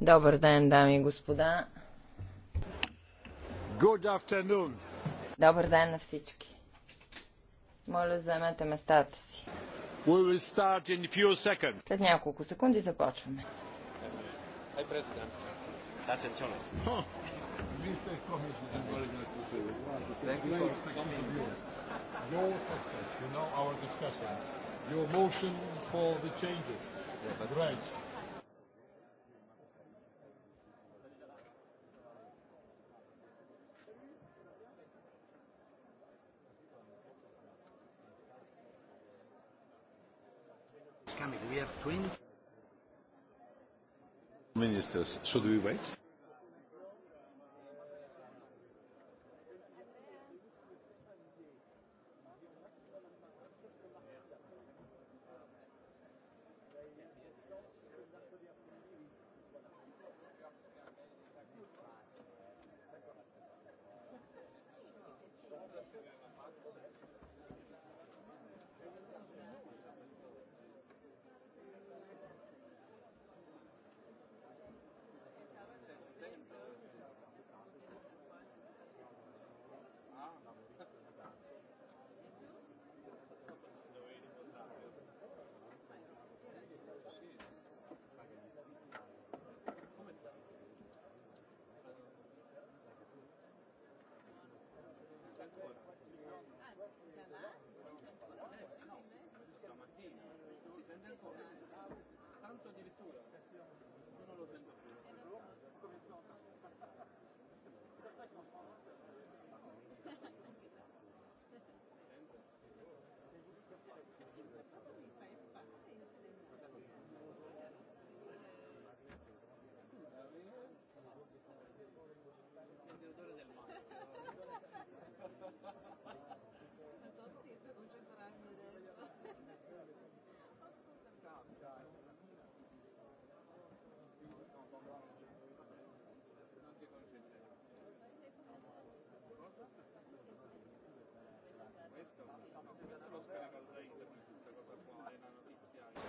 Добър ден, дами и господа. Добър ден на всички. Моля, вземете местата си. След няколко секунди започваме. Your motion for the changes. Right. It's coming. We have 20 ministers. should we wait?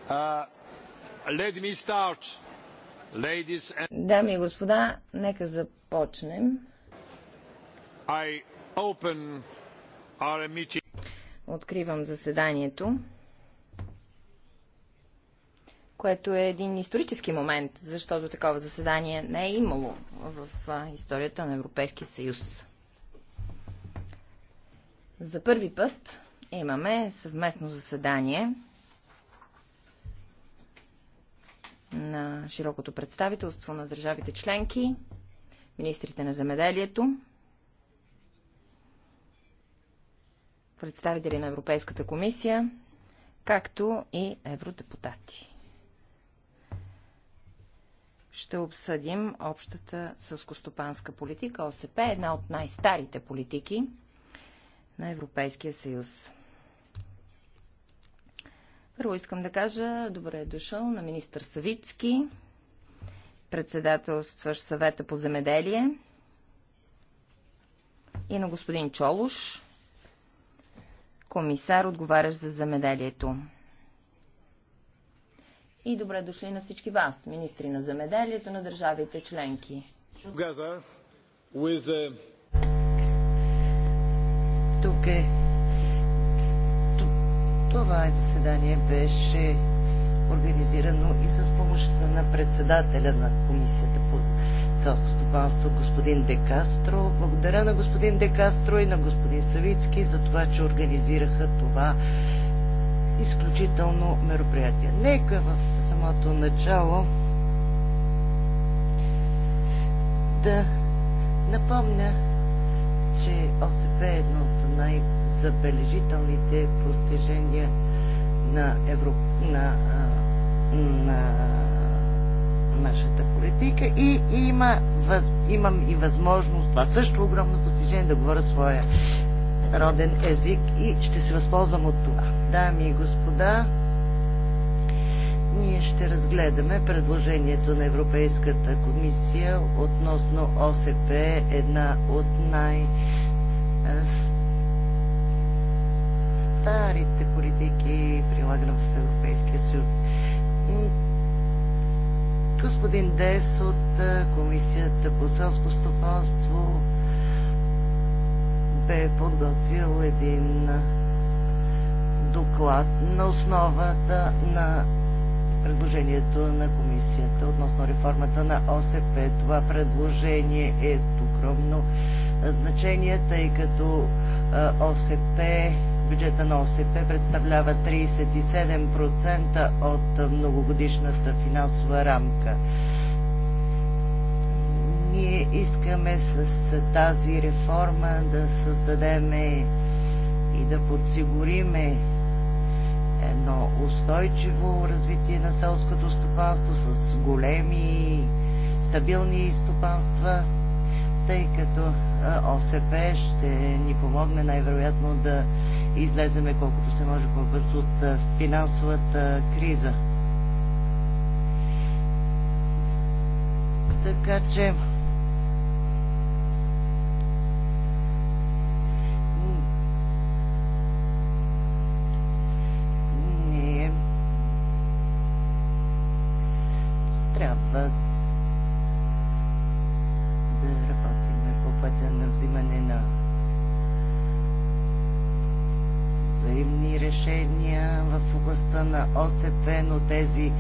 Uh, Дами и господа, нека започнем. Откривам заседанието, което е един исторически момент, защото такова заседание не е имало в историята на Европейския съюз. За първи път имаме съвместно заседание – на широкото представителство на държавите членки, министрите на земеделието, представители на Европейската комисия, както и евродепутати. Ще обсъдим общата сълскостопанска политика ОСП, една от най-старите политики на Европейския съюз. Първо искам да кажа добре е дошъл на министър Савицки, председателстващ съвета по земеделие и на господин Чолуш, комисар, отговарящ за земеделието. И добре дошли на всички вас, министри на земеделието на държавите членки. Тук е това заседание беше организирано и с помощта на председателя на Комисията по селско стопанство господин Декастро. Благодаря на господин Декастро и на господин Савицки за това, че организираха това изключително мероприятие. Нека в самото начало да напомня, че ОСП е едно най-забележителните постижения на, Евро... на, на нашата политика и, и има, въз... имам и възможност, това също огромно постижение, да говоря своя роден език и ще се възползвам от това. Дами и господа, ние ще разгледаме предложението на Европейската комисия относно ОСП, една от най- старите политики, прилагани в Европейския съюз. Господин Дес от Комисията по селско стопанство бе подготвил един доклад на основата на предложението на комисията относно реформата на ОСП. Това предложение е от огромно значение, тъй като ОСП бюджета на ОСП представлява 37% от многогодишната финансова рамка. Ние искаме с тази реформа да създадеме и да подсигуриме едно устойчиво развитие на селското стопанство с големи стабилни стопанства, тъй като ОСП ще ни помогне най-вероятно да излеземе колкото се може по-бързо от финансовата криза. Така че ние трябва процедурата на взимане на взаимни решения в областта на ОСП, но тези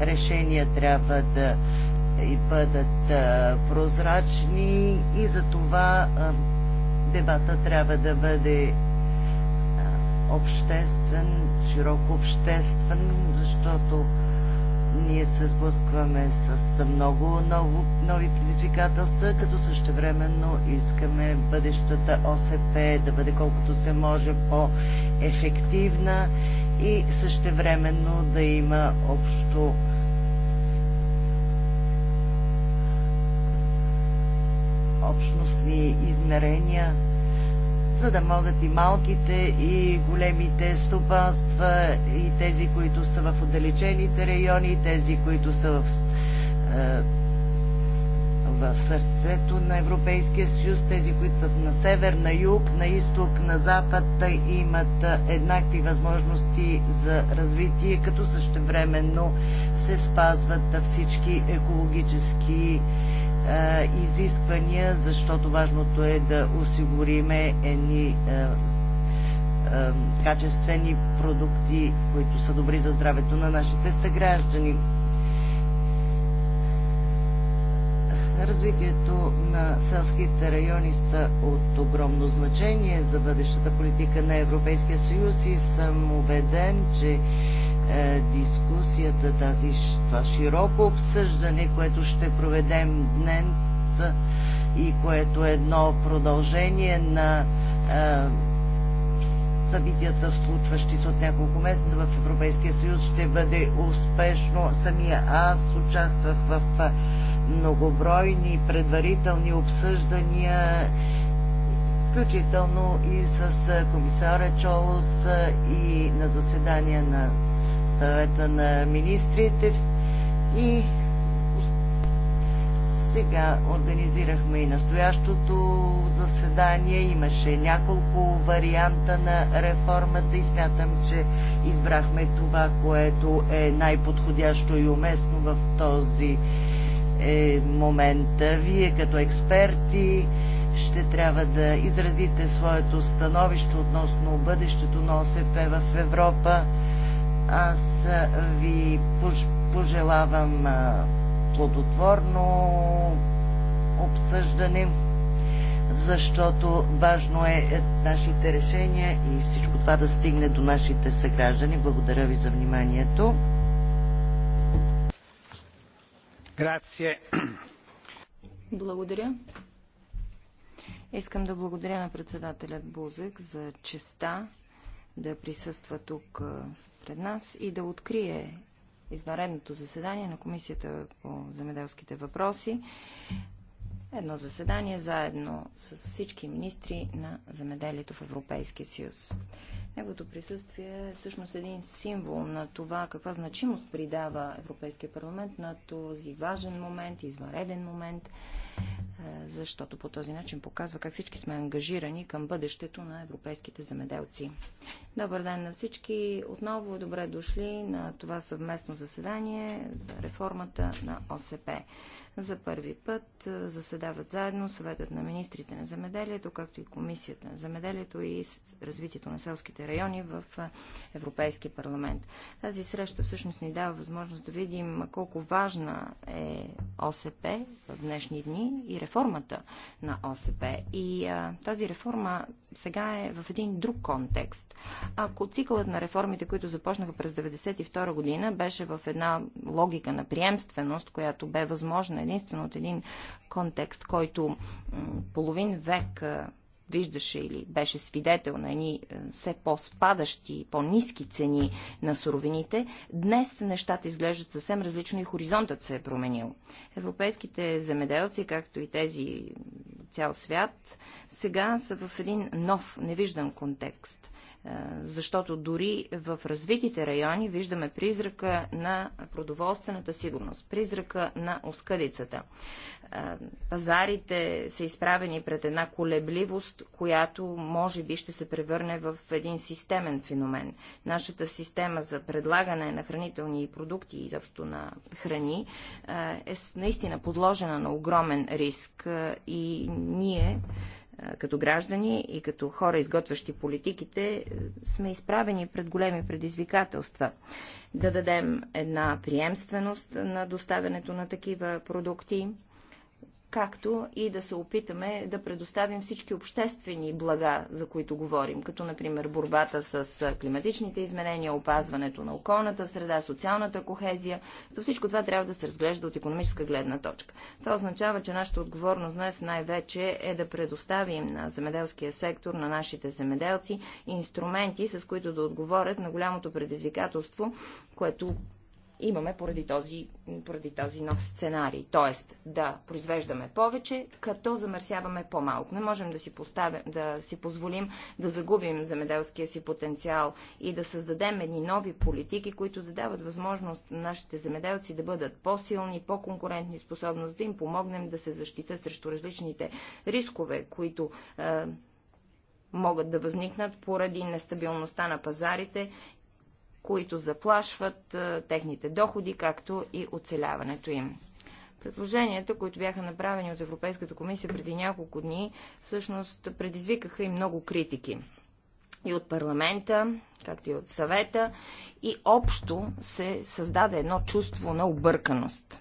решения трябва да и бъдат а, прозрачни и за това а, дебата трябва да бъде а, обществен, широко обществен, защото ние се сблъскваме с много ново, нови предизвикателства, като същевременно искаме бъдещата ОСП да бъде колкото се може по-ефективна и същевременно да има общо общностни измерения за да могат и малките, и големите стопанства, и тези, които са в отдалечените райони, и тези, които са в е, в сърцето на Европейския съюз. Тези, които са на север, на юг, на изток, на запад, имат еднакви възможности за развитие, като същевременно се спазват всички екологически е, изисквания, защото важното е да осигуриме едни е, качествени продукти, които са добри за здравето на нашите съграждани. Развитието на селските райони са от огромно значение за бъдещата политика на Европейския съюз и съм убеден, че е, дискусията, тази, това широко обсъждане, което ще проведем днес и което е едно продължение на е, събитията, случващи се от няколко месеца в Европейския съюз, ще бъде успешно. Самия аз участвах в многобройни предварителни обсъждания, включително и с комисаря Чолос и на заседания на съвета на министрите. И сега организирахме и настоящото заседание. Имаше няколко варианта на реформата и смятам, че избрахме това, което е най-подходящо и уместно в този е, момент. Вие като експерти ще трябва да изразите своето становище относно бъдещето на ОСП в Европа. Аз ви пожелавам плодотворно обсъждане, защото важно е нашите решения и всичко това да стигне до нашите съграждани. Благодаря ви за вниманието. Грация. Благодаря. Искам да благодаря на председателят Бузек за честа да присъства тук пред нас и да открие извънредното заседание на Комисията по земеделските въпроси. Едно заседание заедно с всички министри на земеделието в Европейския съюз. Неговото присъствие е всъщност един символ на това каква значимост придава Европейския парламент на този важен момент, извънреден момент е, защото по този начин показва как всички сме ангажирани към бъдещето на европейските замеделци. Добър ден на всички! Отново добре дошли на това съвместно заседание за реформата на ОСП. За първи път заседават заедно съветът на министрите на земеделието, както и комисията на земеделието и развитието на селските райони в Европейския парламент. Тази среща всъщност ни дава възможност да видим колко важна е ОСП в днешни дни и реформата на ОСП. И а, тази реформа сега е в един друг контекст. Ако цикълът на реформите, които започнаха през 1992 година, беше в една логика на приемственост, която бе възможна единствено от един контекст, който половин век виждаше или беше свидетел на едни все по-спадащи, по-низки цени на суровините, днес нещата изглеждат съвсем различно и хоризонтът се е променил. Европейските земеделци, както и тези цял свят, сега са в един нов, невиждан контекст. Е, защото дори в развитите райони виждаме призрака на продоволствената сигурност, призрака на оскъдицата. Е, пазарите са изправени пред една колебливост, която може би ще се превърне в един системен феномен. Нашата система за предлагане на хранителни продукти и защо на храни е, е наистина подложена на огромен риск и ние като граждани и като хора, изготвящи политиките, е, сме изправени пред големи предизвикателства. Да дадем една приемственост на доставянето на такива продукти, както и да се опитаме да предоставим всички обществени блага, за които говорим, като например борбата с климатичните изменения, опазването на околната среда, социалната кохезия. За всичко това трябва да се разглежда от економическа гледна точка. Това означава, че нашата отговорност днес най-вече е да предоставим на земеделския сектор, на нашите земеделци инструменти, с които да отговорят на голямото предизвикателство, което имаме поради този, поради този нов сценарий. Тоест да произвеждаме повече, като замърсяваме по-малко. Не можем да си, поставя, да си позволим да загубим земеделския си потенциал и да създадем едни нови политики, които да дават възможност на нашите земеделци да бъдат по-силни, по-конкурентни способност, да им помогнем да се защита срещу различните рискове, които е, могат да възникнат поради нестабилността на пазарите които заплашват техните доходи, както и оцеляването им. Предложенията, които бяха направени от Европейската комисия преди няколко дни, всъщност предизвикаха и много критики. И от парламента, както и от съвета, и общо се създаде едно чувство на обърканост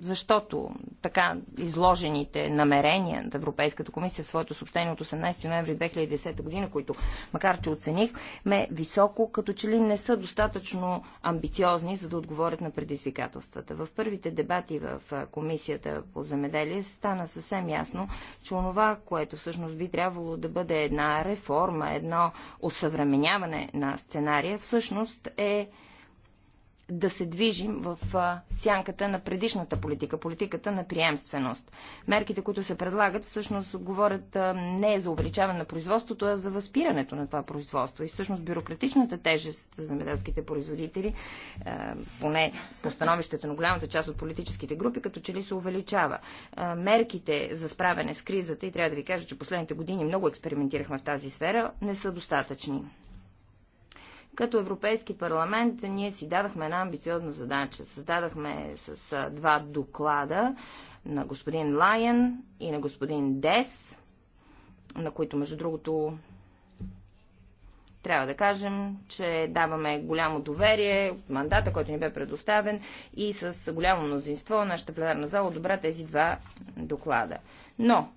защото така изложените намерения на Европейската комисия в своето съобщение от 18 ноември 2010 година, които макар че оцених, ме високо, като че ли не са достатъчно амбициозни, за да отговорят на предизвикателствата. В първите дебати в Комисията по земеделие стана съвсем ясно, че онова, което всъщност би трябвало да бъде една реформа, едно осъвременяване на сценария, всъщност е да се движим в сянката на предишната политика, политиката на приемственост. Мерките, които се предлагат, всъщност говорят не за увеличаване на производството, а за възпирането на това производство. И всъщност бюрократичната тежест за земеделските производители, поне по становището на голямата част от политическите групи, като че ли се увеличава. Мерките за справяне с кризата, и трябва да ви кажа, че последните години много експериментирахме в тази сфера, не са достатъчни. Като Европейски парламент ние си дадахме една амбициозна задача. Създадахме с два доклада на господин Лайен и на господин Дес, на които, между другото, трябва да кажем, че даваме голямо доверие от мандата, който ни бе предоставен и с голямо мнозинство нашата пленарна зала добра тези два доклада. Но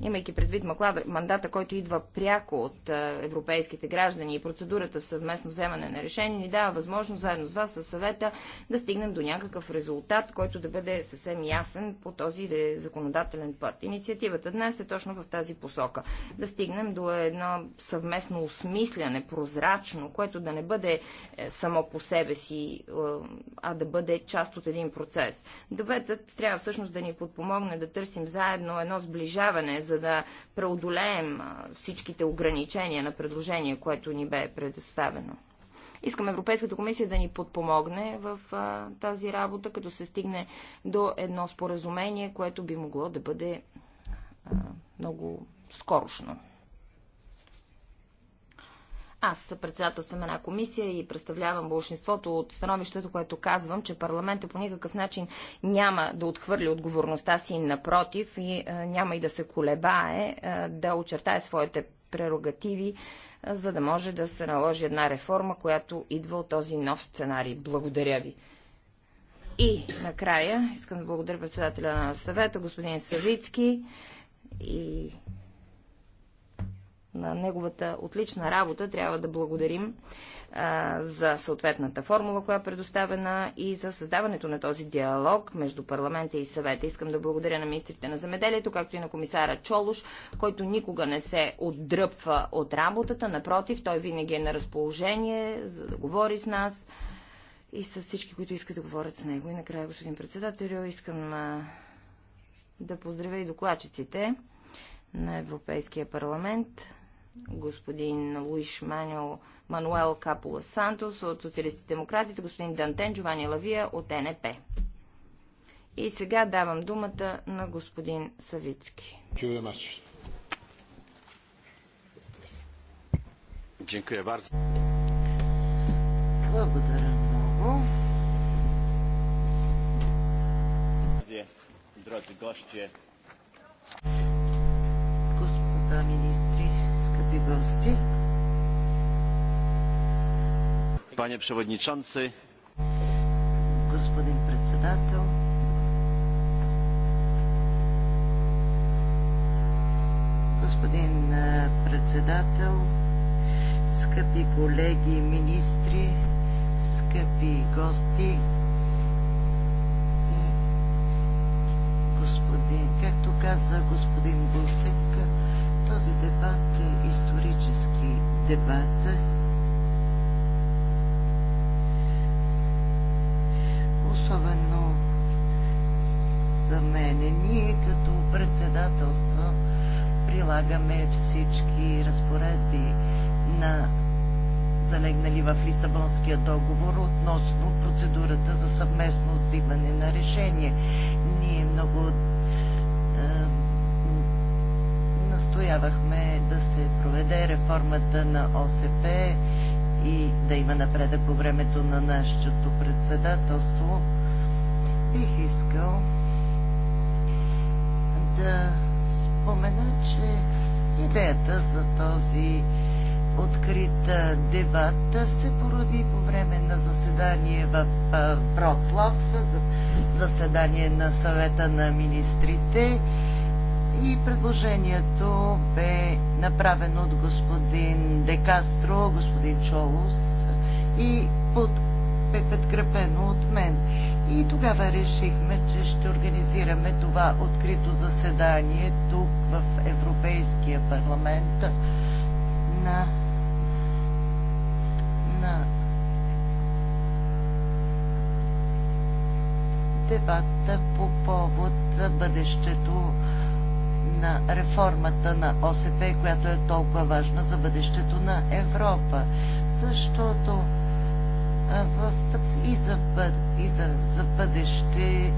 имайки предвид мандата, който идва пряко от европейските граждани и процедурата съвместно вземане на решение, ни дава възможност заедно с вас, с съвета, да стигнем до някакъв резултат, който да бъде съвсем ясен по този законодателен път. Инициативата днес е точно в тази посока. Да стигнем до едно съвместно осмисляне, прозрачно, което да не бъде е, само по себе си, е, а да бъде част от един процес. Дебетът трябва всъщност да ни подпомогне да търсим заедно едно сближаване за да преодолеем всичките ограничения на предложение, което ни бе предоставено. Искам Европейската комисия да ни подпомогне в а, тази работа, като се стигне до едно споразумение, което би могло да бъде а, много скорошно. Аз председател съм една комисия и представлявам большинството от становището, което казвам, че парламента по никакъв начин няма да отхвърли отговорността си напротив и а, е, няма и да се колебае а, е, да очертае своите прерогативи, а, е, за да може да се наложи една реформа, която идва от този нов сценарий. Благодаря ви. И накрая искам да благодаря председателя на съвета, господин Савицки и на неговата отлична работа трябва да благодарим а, за съответната формула, която е предоставена и за създаването на този диалог между парламента и съвета. Искам да благодаря на министрите на земеделието, както и на комисара Чолуш, който никога не се отдръпва от работата. Напротив, той винаги е на разположение, за да говори с нас и с всички, които искат да говорят с него. И накрая, господин председател, искам а, да поздравя и докладчиците на Европейския парламент господин Луиш Манюел, Мануел Капула Сантос от Социалистите демократите, господин Дантен Джовани Лавия от НП. И сега давам думата на господин Савицки. Благодаря много. Драги гости, господа министри, скъпи гости. Пане Преводничанци. Господин председател. Господин е, председател, скъпи колеги министри, скъпи гости, господин, както каза господин Бусек, този дебат е исторически дебат. Особено за мене. Ние като председателство прилагаме всички разпоредби на залегнали в Лисабонския договор относно процедурата за съвместно взимане на решение. Ние много е, настоявахме да се проведе реформата на ОСП и да има напредък по времето на нашето председателство. Бих искал да спомена, че идеята за този открит дебат се породи по време на заседание в Вроцлав, заседание на съвета на министрите и предложението бе направено от господин Декастро, господин Чолус и под, бе подкрепено от мен. И тогава решихме, че ще организираме това открито заседание тук в Европейския парламент на на дебата по повод бъдещето на реформата на ОСП, която е толкова важна за бъдещето на Европа. Защото в, и, за, и за, за бъдеще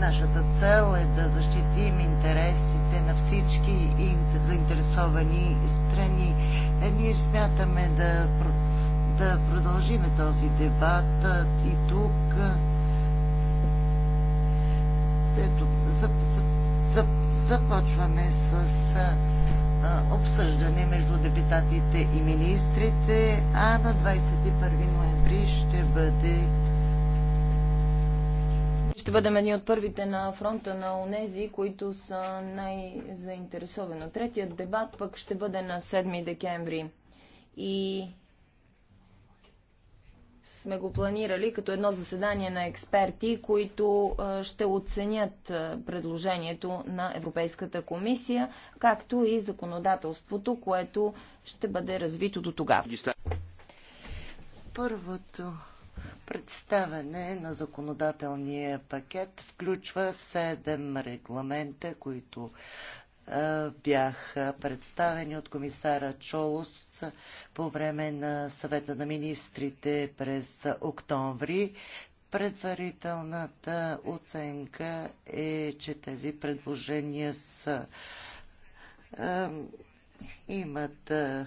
нашата цел е да защитим интересите на всички и заинтересовани страни. Е, ние смятаме да, да продължиме този дебат и тук. Ето, за, за, Започваме с обсъждане между депутатите и министрите, а на 21 ноември ще бъде ще бъдем едни от първите на фронта на онези, които са най-заинтересовани. Третият дебат пък ще бъде на 7 декември. И сме го планирали като едно заседание на експерти, които ще оценят предложението на Европейската комисия, както и законодателството, което ще бъде развито до тогава. Първото представяне на законодателния пакет включва седем регламента, които бяха представени от комисара Чолос по време на съвета на министрите през октомври. Предварителната оценка е, че тези предложения са, е, имат е,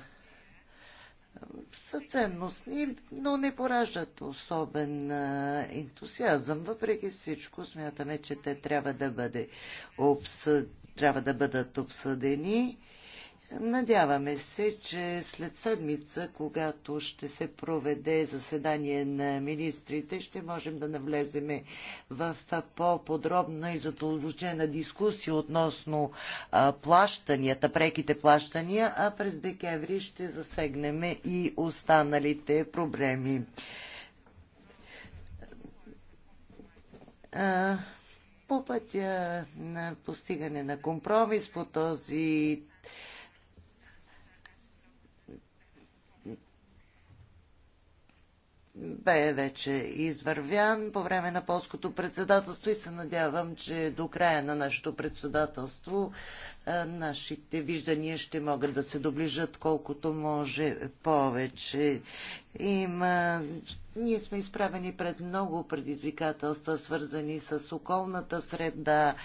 са ценностни, но не пораждат особен ентусиазъм. Въпреки всичко, смятаме, че те трябва да, бъде обсъ... трябва да бъдат обсъдени Надяваме се, че след седмица, когато ще се проведе заседание на министрите, ще можем да навлеземе в по-подробна и задължена дискусия относно плащанията, преките плащания, а през декември ще засегнем и останалите проблеми. По пътя на постигане на компромис по този бе вече извървян по време на полското председателство и се надявам, че до края на нашето председателство нашите виждания ще могат да се доближат колкото може повече. Има ние сме изправени пред много предизвикателства, свързани с околната среда,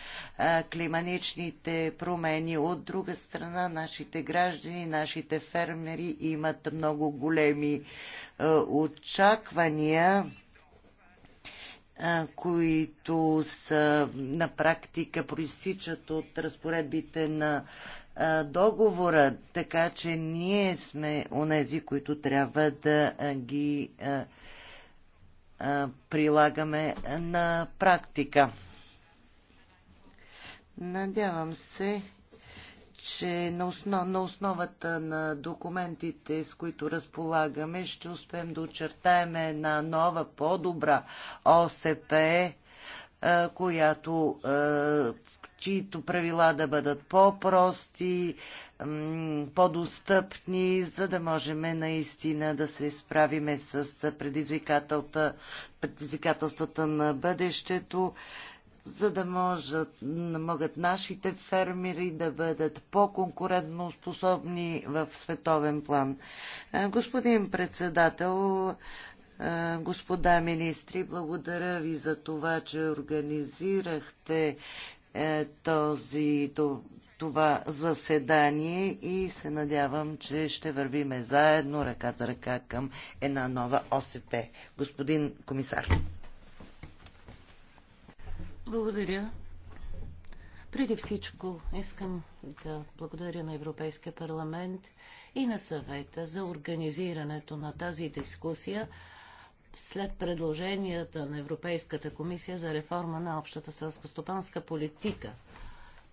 климаничните промени. От друга страна, нашите граждани, нашите фермери имат много големи очаквания които са на практика проистичат от разпоредбите на договора, така че ние сме онези, които трябва да ги прилагаме на практика. Надявам се, че на, основ, на основата на документите, с които разполагаме, ще успеем да очертаем една нова, по-добра ОСП, която чието правила да бъдат по-прости, по-достъпни, за да можем наистина да се справиме с предизвикателствата на бъдещето, за да можат, могат нашите фермери да бъдат по-конкурентно способни в световен план. Господин председател, господа министри, благодаря ви за това, че организирахте е, този, това заседание и се надявам, че ще вървиме заедно ръка за ръка към една нова ОСП. Господин комисар. Благодаря. Преди всичко искам да благодаря на Европейския парламент и на съвета за организирането на тази дискусия – след предложенията на Европейската комисия за реформа на общата селскостопанска политика.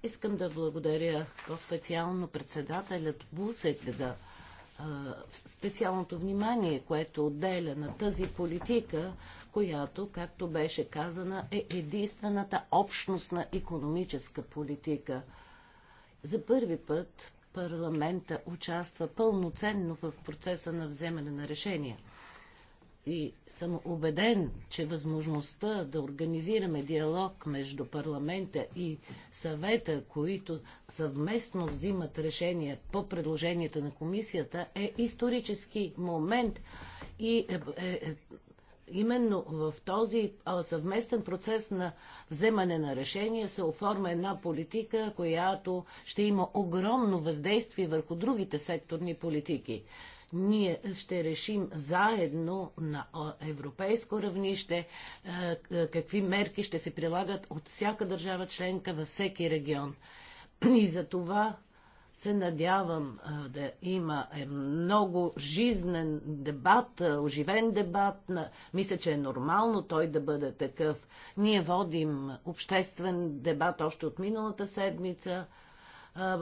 Искам да благодаря по-специално председателят Бусек за специалното внимание, което отделя на тази политика, която, както беше казана, е единствената общностна економическа политика. За първи път парламента участва пълноценно в процеса на вземане на решения – и съм убеден, че възможността да организираме диалог между парламента и съвета, които съвместно взимат решения по предложенията на комисията, е исторически момент и е, е, е именно в този съвместен процес на вземане на решения се оформя една политика, която ще има огромно въздействие върху другите секторни политики. Ние ще решим заедно на европейско равнище какви мерки ще се прилагат от всяка държава членка във всеки регион. И за това се надявам да има е, много жизнен дебат, оживен дебат. Мисля, че е нормално той да бъде такъв. Ние водим обществен дебат още от миналата седмица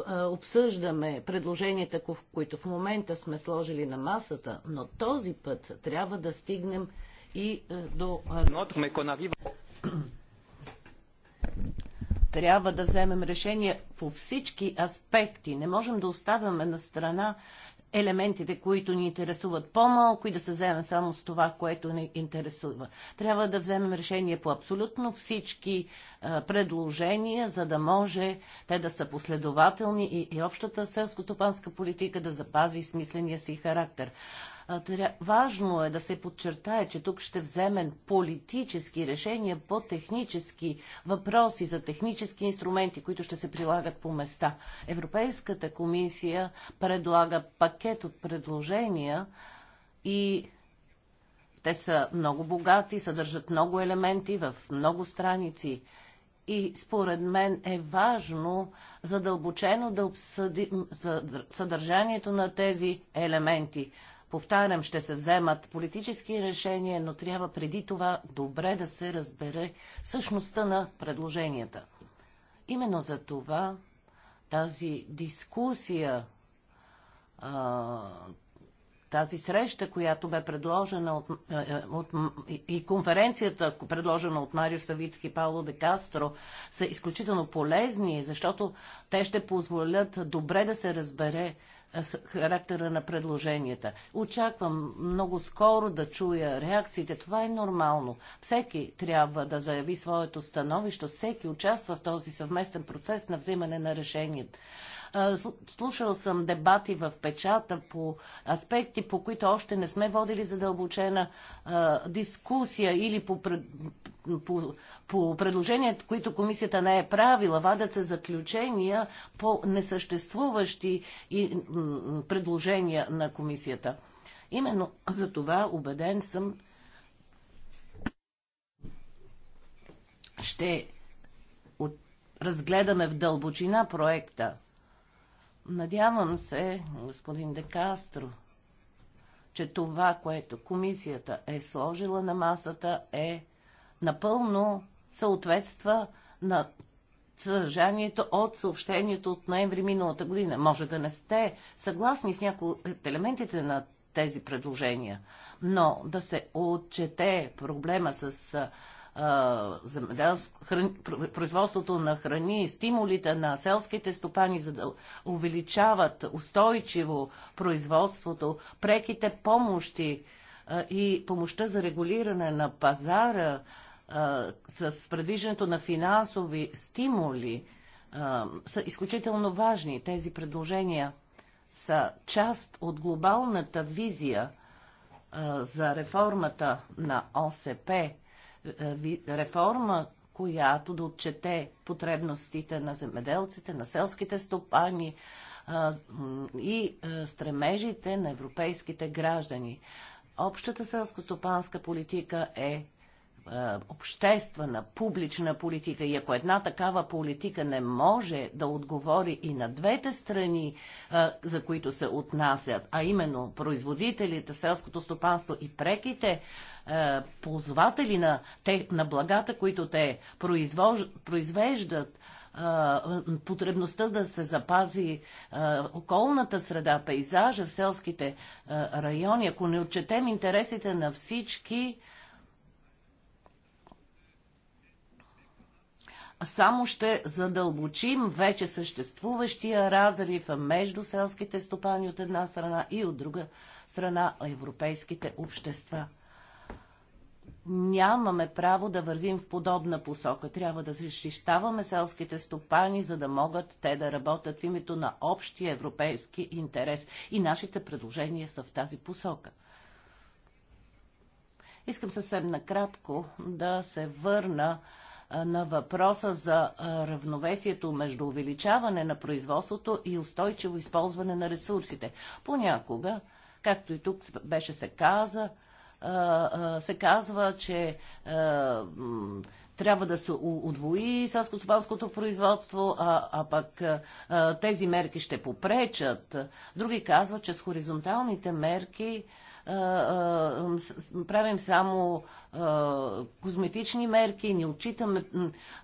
обсъждаме предложенията, които в момента сме сложили на масата, но този път трябва да стигнем и е, до... Е, трябва да вземем решение по всички аспекти. Не можем да оставяме на страна елементите, които ни интересуват по-малко и да се вземем само с това, което ни интересува. Трябва да вземем решение по абсолютно всички а, е, предложения, за да може те да са последователни и, и общата селско-топанска политика да запази смисления си характер. Важно е да се подчертае, че тук ще вземем политически решения по технически въпроси за технически инструменти, които ще се прилагат по места. Европейската комисия предлага пакет от предложения и те са много богати, съдържат много елементи в много страници. И според мен е важно задълбочено да обсъдим съдържанието на тези елементи. Повтарям, ще се вземат политически решения, но трябва преди това добре да се разбере същността на предложенията. Именно за това тази дискусия, тази среща, която бе предложена от, е, е, от, и конференцията, предложена от Марио Савицки и Пауло де Кастро, са изключително полезни, защото те ще позволят добре да се разбере характера на предложенията. Очаквам много скоро да чуя реакциите. Това е нормално. Всеки трябва да заяви своето становище, всеки участва в този съвместен процес на взимане на решението. Слушал съм дебати в печата по аспекти, по които още не сме водили задълбочена дискусия или по, по, по предложения, които комисията не е правила. Вадят се заключения по несъществуващи предложения на комисията. Именно за това убеден съм, ще от... разгледаме в дълбочина проекта Надявам се, господин Декастро, че това, което комисията е сложила на масата, е напълно съответства на съдържанието от съобщението от ноември миналата година. Може да не сте съгласни с някои от елементите на тези предложения, но да се отчете проблема с производството на храни и стимулите на селските стопани, за да увеличават устойчиво производството, преките помощи и помощта за регулиране на пазара с предвиждането на финансови стимули са изключително важни. Тези предложения са част от глобалната визия за реформата на ОСП е, реформа, която да отчете потребностите на земеделците, на селските стопани и е, стремежите на европейските граждани. Общата селско-стопанска политика е е, обществена, публична политика и ако една такава политика не може да отговори и на двете страни, е, за които се отнасят, а именно производителите, селското стопанство и преките е, ползватели на, те, на благата, които те произвож, произвеждат, потребността да се запази околната среда, пейзажа в селските райони, ако не отчетем интересите на всички, само ще задълбочим вече съществуващия разрив между селските стопани от една страна и от друга страна европейските общества. Нямаме право да вървим в подобна посока. Трябва да защищаваме селските стопани, за да могат те да работят в името на общия европейски интерес. И нашите предложения са в тази посока. Искам съвсем накратко да се върна на въпроса за равновесието между увеличаване на производството и устойчиво използване на ресурсите. Понякога, както и тук беше се каза, се казва, че трябва да се удвои селско-стопанското производство, а, а пък а, тези мерки ще попречат. Други казват, че с хоризонталните мерки правим само козметични мерки, не отчитаме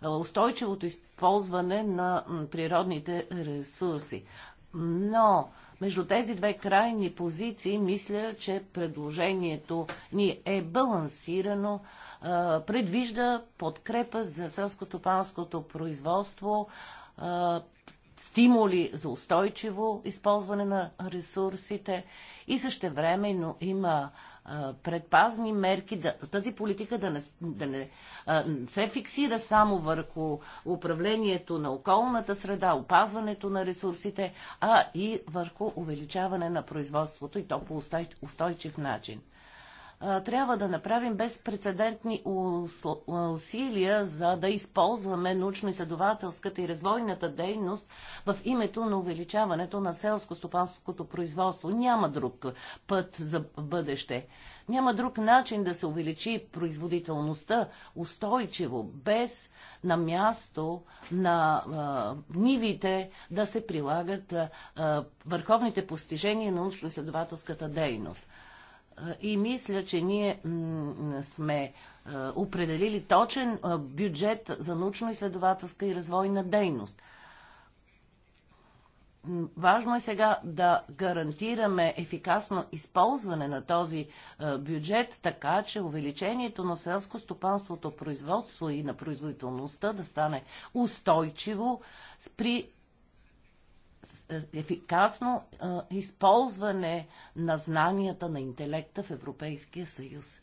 устойчивото използване на природните ресурси. Но между тези две крайни позиции мисля, че предложението ни е балансирано, предвижда подкрепа за селско-топанското производство, стимули за устойчиво използване на ресурсите и също време има предпазни мерки, да, тази политика да не, да не а, се фиксира само върху управлението на околната среда, опазването на ресурсите, а и върху увеличаване на производството и то по устойчив начин трябва да направим безпредседентни усилия, за да използваме научно-изследователската и развойната дейност в името на увеличаването на селско-стопанското производство. Няма друг път за бъдеще. Няма друг начин да се увеличи производителността устойчиво, без на място на а, нивите да се прилагат а, върховните постижения на научно-изследователската дейност. И мисля, че ние сме определили точен бюджет за научно-изследователска и развойна дейност. Важно е сега да гарантираме ефикасно използване на този бюджет, така че увеличението на селско-стопанството производство и на производителността да стане устойчиво при ефикасно а, използване на знанията на интелекта в Европейския съюз.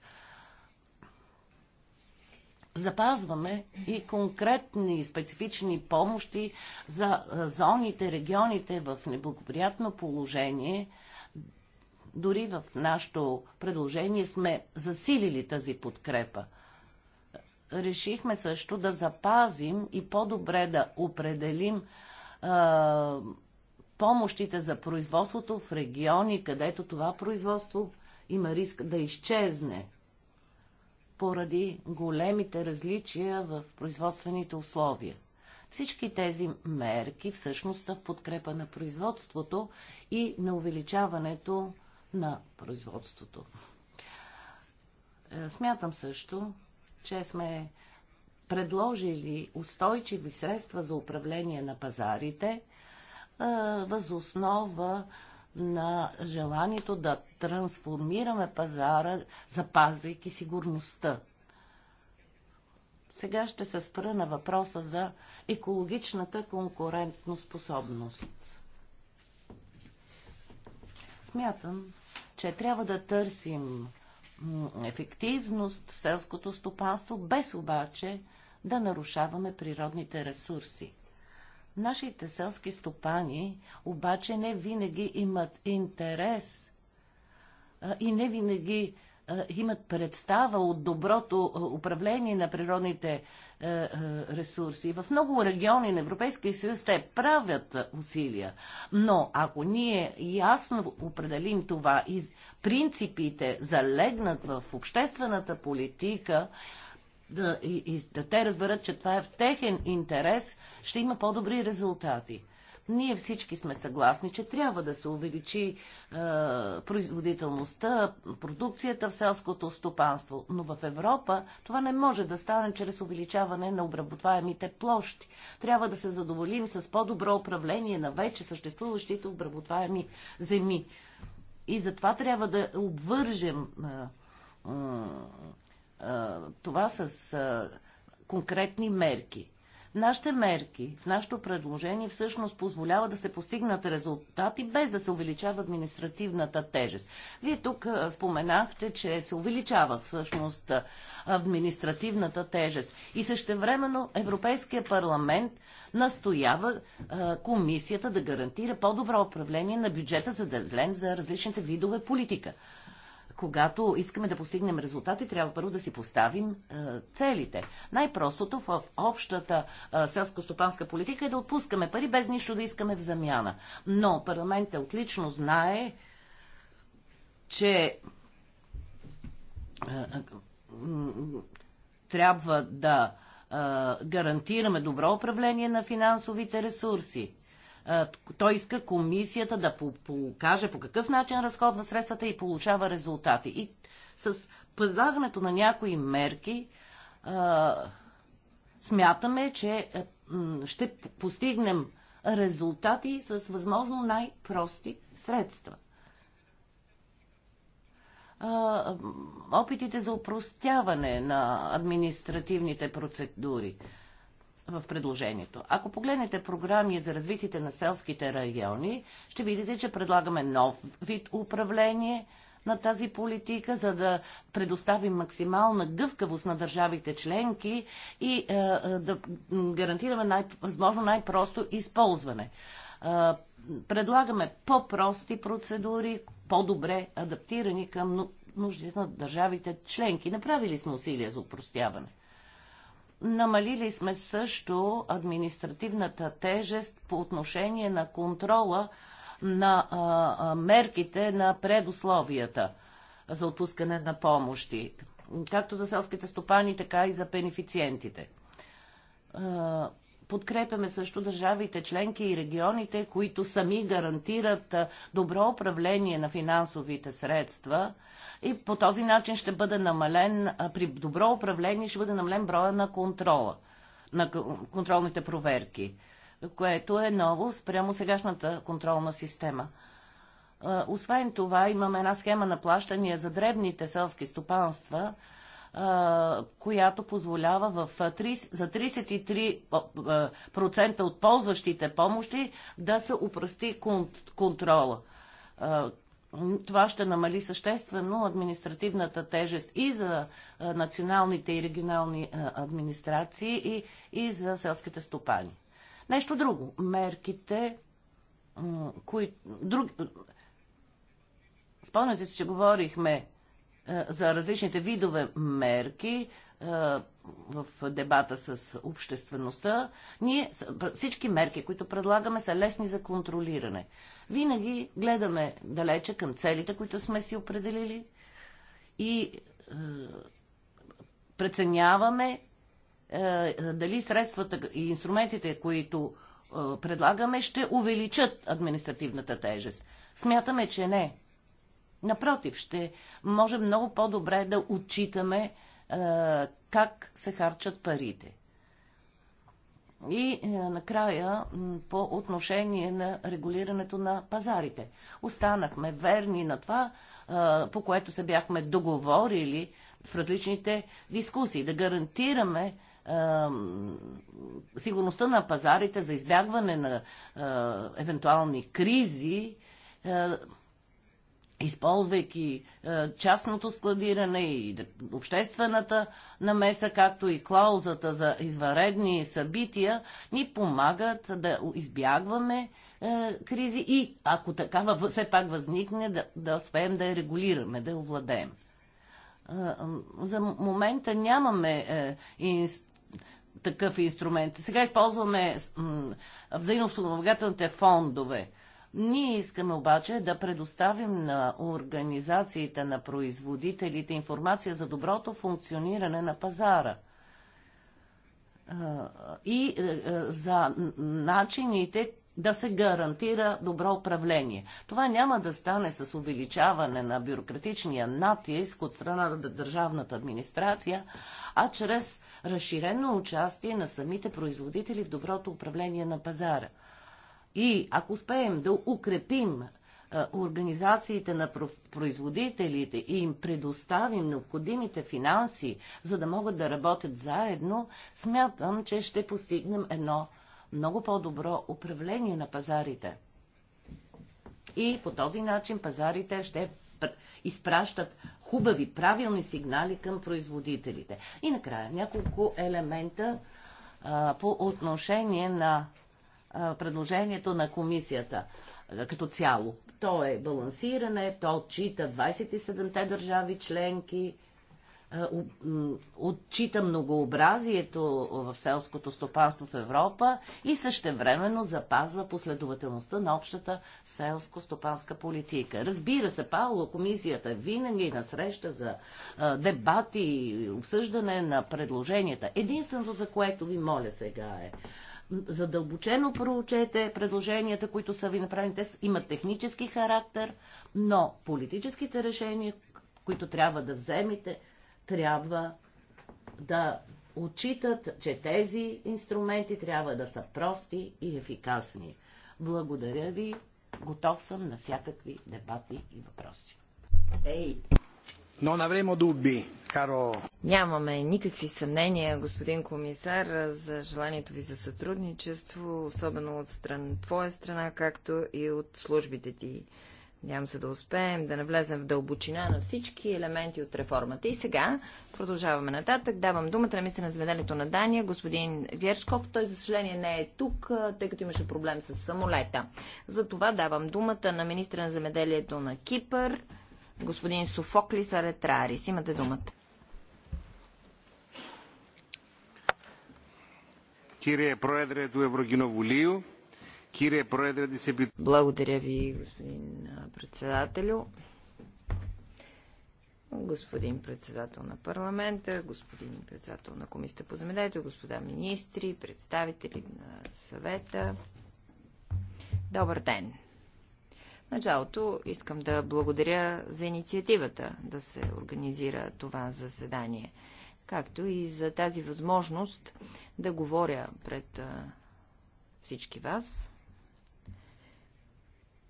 Запазваме и конкретни специфични помощи за зоните, регионите в неблагоприятно положение. Дори в нашето предложение сме засилили тази подкрепа решихме също да запазим и по-добре да определим а, помощите за производството в региони, където това производство има риск да изчезне поради големите различия в производствените условия. Всички тези мерки всъщност са в подкрепа на производството и на увеличаването на производството. Е, смятам също, че сме предложили устойчиви средства за управление на пазарите – е, възоснова на желанието да трансформираме пазара, запазвайки сигурността. Сега ще се спра на въпроса за екологичната конкурентноспособност. Смятам, че трябва да търсим ефективност в селското стопанство, без обаче да нарушаваме природните ресурси. Нашите селски стопани обаче не винаги имат интерес а, и не винаги а, имат представа от доброто управление на природните а, ресурси. В много региони на Европейския съюз те правят усилия, но ако ние ясно определим това и принципите залегнат в обществената политика, да, и, и, да те разберат, че това е в техен интерес, ще има по-добри резултати. Ние всички сме съгласни, че трябва да се увеличи е, производителността, продукцията в селското стопанство, но в Европа това не може да стане чрез увеличаване на обработваемите площи. Трябва да се задоволим с по-добро управление на вече съществуващите обработваеми земи. И затова трябва да обвържем е, е, това с конкретни мерки. Нашите мерки в нашето предложение всъщност позволява да се постигнат резултати без да се увеличава административната тежест. Вие тук споменахте, че се увеличава всъщност административната тежест и същевременно Европейския парламент настоява комисията да гарантира по-добро управление на бюджета, заделен за различните видове политика когато искаме да постигнем резултати, трябва първо да си поставим е, целите. Най-простото в общата е, селско-стопанска политика е да отпускаме пари без нищо да искаме в замяна. Но парламентът отлично знае, че е, е трябва да е, гарантираме добро управление на финансовите ресурси. Той иска комисията да покаже по какъв начин разходва средствата и получава резултати. И с предлагането на някои мерки смятаме, че е, ще постигнем резултати с възможно най-прости средства. Опитите за упростяване на административните процедури – в предложението. Ако погледнете програми за развитите на селските райони, ще видите, че предлагаме нов вид управление на тази политика, за да предоставим максимална гъвкавост на държавите членки и е, е да гарантираме най- възможно най-просто използване. Е, предлагаме по-прости процедури, по-добре адаптирани към нуждите на държавите членки. Направили сме усилия за упростяване. Намалили сме също административната тежест по отношение на контрола на а, а, мерките на предусловията за отпускане на помощи, както за селските стопани, така и за бенефициентите. А, Подкрепяме също държавите, членки и регионите, които сами гарантират добро управление на финансовите средства и по този начин ще бъде намален, при добро управление ще бъде намален броя на контрола, на контролните проверки, което е ново спрямо сегашната контролна система. Освен това, имаме една схема на плащания за дребните селски стопанства – която позволява в 30, за 33% от ползващите помощи да се упрости контрола. Това ще намали съществено административната тежест и за националните и регионални администрации и, и за селските стопани. Нещо друго. Мерките, които... Друг... Спомняте се, че говорихме е, за различните видове мерки е, в дебата с обществеността, ние всички мерки, които предлагаме, са лесни за контролиране. Винаги гледаме далече към целите, които сме си определили и е, преценяваме дали средствата и инструментите, които предлагаме, ще увеличат административната тежест. Смятаме, че не. Напротив, ще може много по-добре да отчитаме е, как се харчат парите. И е, накрая по отношение на регулирането на пазарите. Останахме верни на това, е, по което се бяхме договорили в различните дискусии. Да гарантираме е, сигурността на пазарите за избягване на е, евентуални кризи е, използвайки е, частното складиране и обществената намеса, както и клаузата за извънредни събития, ни помагат да избягваме е, кризи и, ако такава все пак възникне, да, да успеем да я регулираме, да я овладеем. Е, за момента нямаме е, такъв инструмент. Сега използваме взаимоспомагателните фондове – ние искаме обаче да предоставим на организациите на производителите информация за доброто функциониране на пазара и е, е, за начините да се гарантира добро управление. Това няма да стане с увеличаване на бюрократичния натиск от страна на държавната администрация, а чрез разширено участие на самите производители в доброто управление на пазара. И ако успеем да укрепим организациите на производителите и им предоставим необходимите финанси, за да могат да работят заедно, смятам, че ще постигнем едно много по-добро управление на пазарите. И по този начин пазарите ще изпращат хубави, правилни сигнали към производителите. И накрая няколко елемента а, по отношение на предложението на комисията като цяло. То е балансиране, то отчита 27-те държави членки, отчита многообразието в селското стопанство в Европа и същевременно запазва последователността на общата селско-стопанска политика. Разбира се, Павло, комисията винаги е на среща за дебати и обсъждане на предложенията. Единственото, за което ви моля сега е задълбочено проучете предложенията, които са ви направени. Те имат технически характер, но политическите решения, които трябва да вземете, трябва да отчитат, че тези инструменти трябва да са прости и ефикасни. Благодаря ви. Готов съм на всякакви дебати и въпроси. Ей! Non avremo dubbi, Каро. Нямаме никакви съмнения, господин комисар, за желанието ви за сътрудничество, особено от стран, твоя страна, както и от службите ти. Надявам се да успеем да навлезем в дълбочина на всички елементи от реформата. И сега продължаваме нататък. Давам думата на мисля на заведението на Дания, господин Гершков. Той, за съжаление, не е тук, тъй като имаше проблем с самолета. За това давам думата на министра на земеделието на Кипър, господин Софоклис Аретрарис. Имате думата. Кирие Проедре до Еврокиноволию, Кирия Проедре да се... Благодаря ви, господин председателю. Господин председател на парламента, господин председател на комисията по земеделието, господа министри, представители на съвета. Добър ден! началото искам да благодаря за инициативата да се организира това заседание, както и за тази възможност да говоря пред всички вас.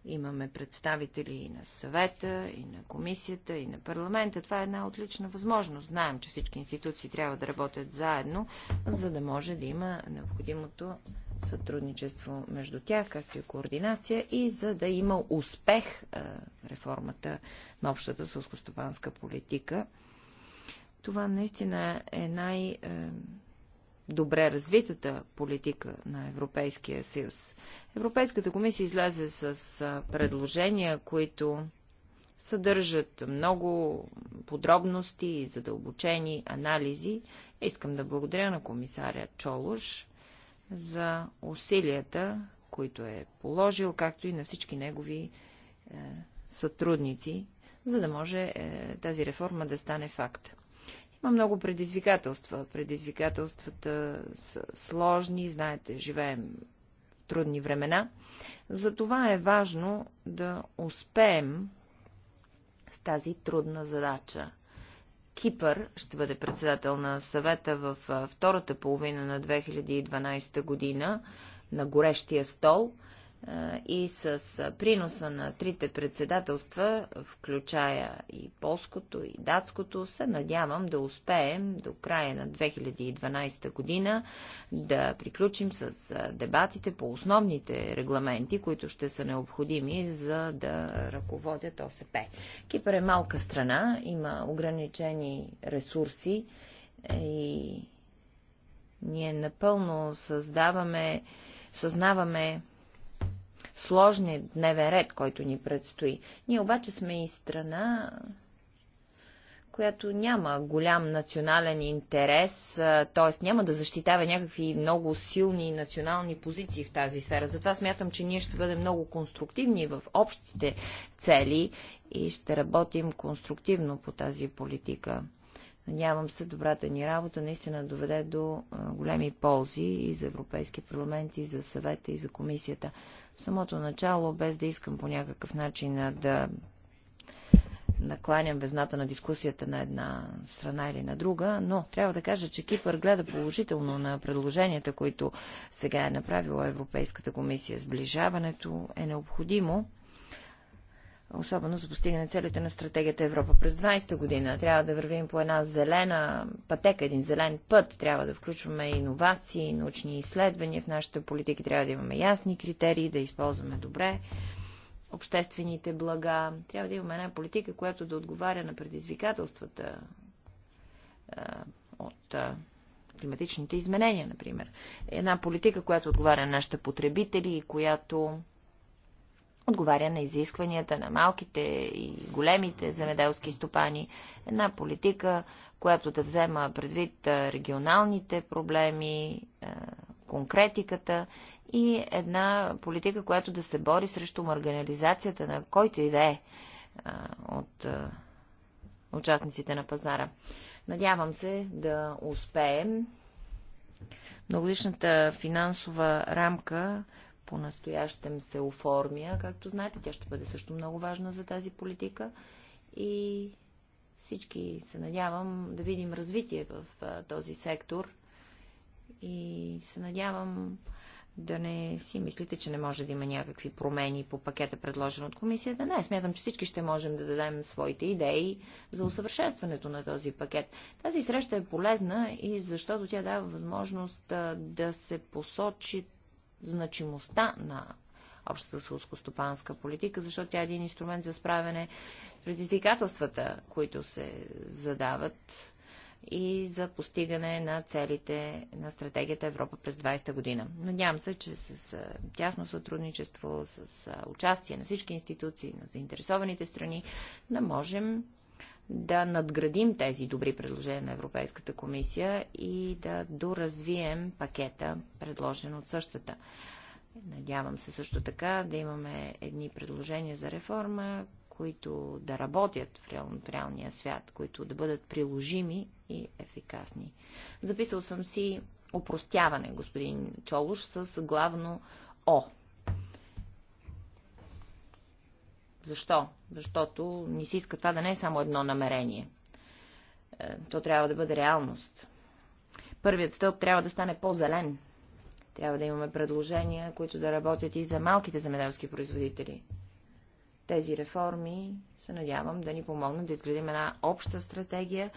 Имаме представители и на съвета, и на комисията, и на парламента. Това е една отлична възможност. Знаем, че всички институции трябва да работят заедно, за да може да има необходимото сътрудничество между тях, както и координация, и за да има успех реформата на общата сълскостопанска политика. Това наистина е най- е, добре развитата политика на Европейския съюз. Европейската комисия излезе с предложения, които съдържат много подробности и задълбочени анализи. Искам да благодаря на комисаря Чолуш за усилията, които е положил, както и на всички негови е, сътрудници, за да може е, тази реформа да стане факт. Има много предизвикателства. Предизвикателствата са сложни, знаете, живеем в трудни времена. Затова е важно да успеем с тази трудна задача – Кипър ще бъде председател на съвета в втората половина на 2012 година на горещия стол – и с приноса на трите председателства, включая и полското, и датското, се надявам да успеем до края на 2012 година да приключим с дебатите по основните регламенти, които ще са необходими за да ръководят ОСП. Кипър е малка страна, има ограничени ресурси и ние напълно създаваме, съзнаваме сложния дневен ред, който ни предстои. Ние обаче сме и страна, която няма голям национален интерес, т.е. няма да защитава някакви много силни национални позиции в тази сфера. Затова смятам, че ние ще бъдем много конструктивни в общите цели и ще работим конструктивно по тази политика. Надявам се добрата ни работа наистина доведе до големи ползи и за Европейския парламент, и за съвета, и за комисията. В самото начало, без да искам по някакъв начин да накланям везната на дискусията на една страна или на друга, но трябва да кажа, че Кипър гледа положително на предложенията, които сега е направила Европейската комисия. Сближаването е необходимо особено за постигане целите на стратегията Европа през 20-та година. Трябва да вървим по една зелена пътека, един зелен път. Трябва да включваме иновации, научни изследвания в нашите политики. Трябва да имаме ясни критерии, да използваме добре обществените блага. Трябва да имаме една политика, която да отговаря на предизвикателствата от климатичните изменения, например. Една политика, която отговаря на нашите потребители и която отговаря на изискванията на малките и големите земеделски стопани. Една политика, която да взема предвид регионалните проблеми, конкретиката и една политика, която да се бори срещу марганализацията на който и да е от участниците на пазара. Надявам се да успеем. Многодишната финансова рамка по-настоящем се оформя. Както знаете, тя ще бъде също много важна за тази политика и всички се надявам да видим развитие в а, този сектор и се надявам да не си мислите, че не може да има някакви промени по пакета, предложен от комисията. Не, смятам, че всички ще можем да дадем своите идеи за усъвършенстването на този пакет. Тази среща е полезна и защото тя дава възможност да се посочи значимостта на общата селско-стопанска политика, защото тя е един инструмент за справяне предизвикателствата, които се задават и за постигане на целите на стратегията Европа през 20-та година. Надявам се, че с тясно сътрудничество, с участие на всички институции, на заинтересованите страни, да можем да надградим тези добри предложения на Европейската комисия и да доразвием пакета, предложен от същата. Надявам се също така да имаме едни предложения за реформа, които да работят в, реал, в реалния свят, които да бъдат приложими и ефикасни. Записал съм си опростяване, господин Чолуш, с главно О. Защо? Защото ни се иска това да не е само едно намерение. Е, то трябва да бъде реалност. Първият стълб трябва да стане по-зелен. Трябва да имаме предложения, които да работят и за малките земеделски производители. Тези реформи се надявам да ни помогнат да изградим една обща стратегия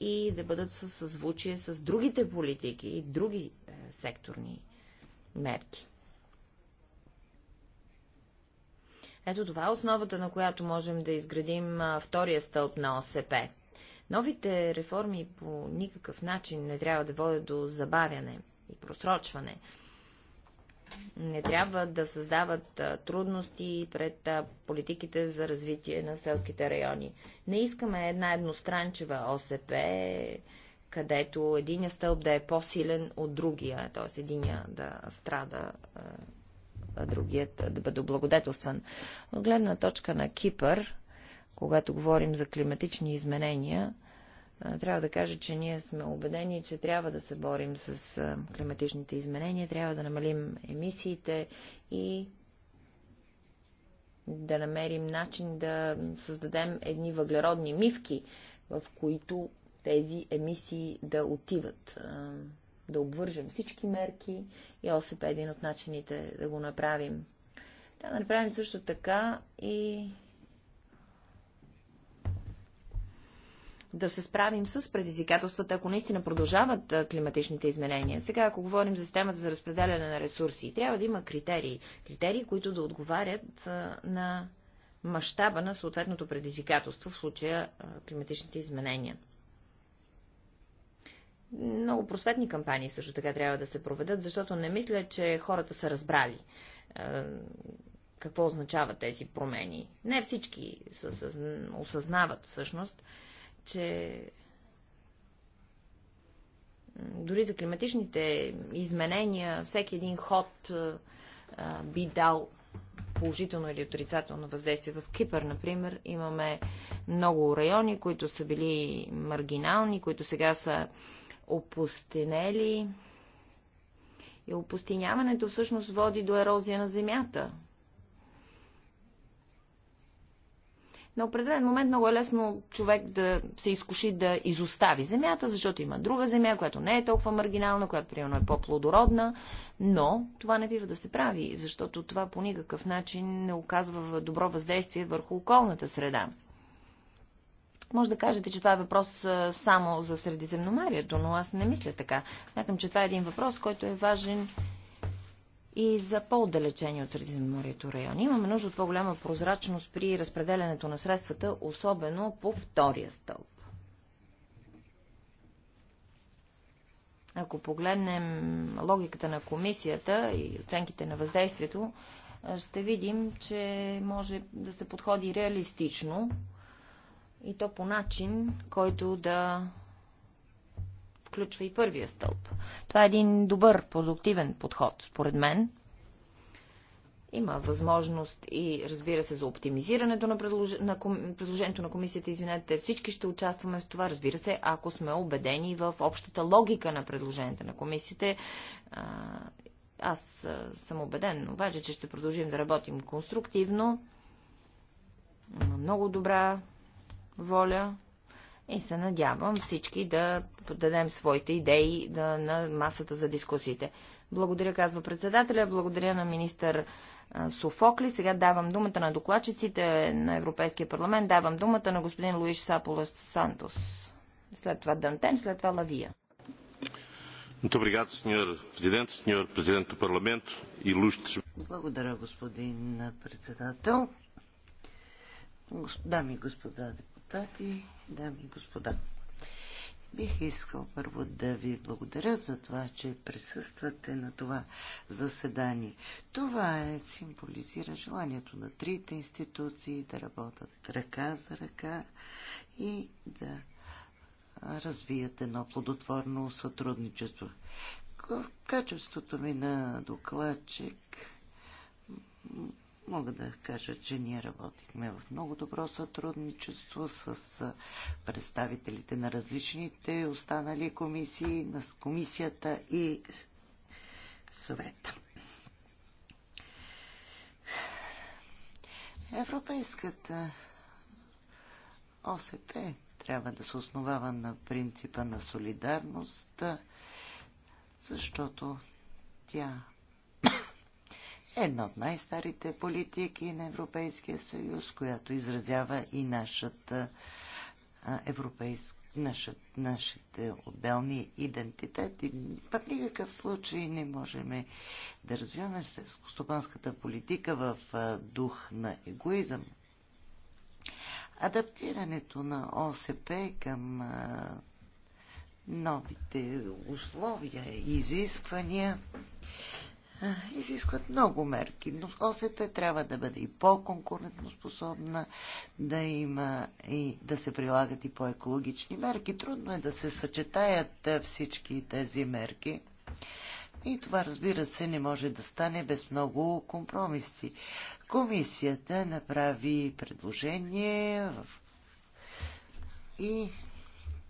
и да бъдат със съзвучие с другите политики и други е, секторни мерки. Ето това е основата, на която можем да изградим втория стълб на ОСП. Новите реформи по никакъв начин не трябва да водят до забавяне и просрочване. Не трябва да създават трудности пред политиките за развитие на селските райони. Не искаме една едностранчева ОСП, където един стълб да е по-силен от другия, т.е. единия да страда другият да бъде облагодетелстван. От гледна точка на Кипър, когато говорим за климатични изменения, трябва да кажа, че ние сме убедени, че трябва да се борим с климатичните изменения, трябва да намалим емисиите и да намерим начин да създадем едни въглеродни мивки, в които тези емисии да отиват да обвържем всички мерки и ОСП е един от начините да го направим. Трябва да направим също така и да се справим с предизвикателствата, ако наистина продължават климатичните изменения. Сега, ако говорим за системата за разпределяне на ресурси, трябва да има критерии. Критерии, които да отговарят на мащаба на съответното предизвикателство, в случая климатичните изменения. Много просветни кампании също така трябва да се проведат, защото не мисля, че хората са разбрали е, какво означават тези промени. Не всички осъзнават всъщност, че дори за климатичните изменения всеки един ход е, е, би дал положително или отрицателно въздействие. В Кипър, например, имаме много райони, които са били маргинални, които сега са опустенели. И опустиняването всъщност води до ерозия на земята. На определен момент много е лесно човек да се изкуши да изостави земята, защото има друга земя, която не е толкова маргинална, която примерно е по-плодородна, но това не бива да се прави, защото това по никакъв начин не оказва добро въздействие върху околната среда. Може да кажете, че това е въпрос само за Средиземноморието, но аз не мисля така. Смятам, че това е един въпрос, който е важен и за по-отдалечени от Средиземноморието райони. Имаме нужда от по-голяма прозрачност при разпределянето на средствата, особено по втория стълб. Ако погледнем логиката на комисията и оценките на въздействието, ще видим, че може да се подходи реалистично и то по начин, който да включва и първия стълб. Това е един добър, продуктивен подход, според мен. Има възможност и, разбира се, за оптимизирането на, предлож... на ком... предложението на комисията. Извинете, всички ще участваме в това, разбира се, ако сме убедени в общата логика на предложението на комисията. Аз съм убеден, обаче, че ще продължим да работим конструктивно. много добра воля и се надявам всички да дадем своите идеи да, на масата за дискусиите. Благодаря, казва председателя, благодаря на министър Софокли. Сега давам думата на докладчиците на Европейския парламент, давам думата на господин Луиш Саполос Сантос. След това Дантен, след това Лавия. Благодаря, господин председател. Дами и господа депутати, дами и господа. Бих искал първо да ви благодаря за това, че присъствате на това заседание. Това е символизира желанието на трите институции да работят ръка за ръка и да развият едно плодотворно сътрудничество. В качеството ми на докладчик Мога да кажа, че ние работихме в много добро сътрудничество с представителите на различните останали комисии, на комисията и съвета. Европейската ОСП трябва да се основава на принципа на солидарност, защото тя една от най-старите политики на Европейския съюз, която изразява и нашата европейска нашът, нашите отделни идентитети. В никакъв случай не можем да развиваме стопанската политика в дух на егоизъм. Адаптирането на ОСП към новите условия и изисквания изискват много мерки, но ОСП трябва да бъде и по-конкурентоспособна, да има и да се прилагат и по-екологични мерки. Трудно е да се съчетаят всички тези мерки. И това, разбира се, не може да стане без много компромиси. Комисията направи предложение и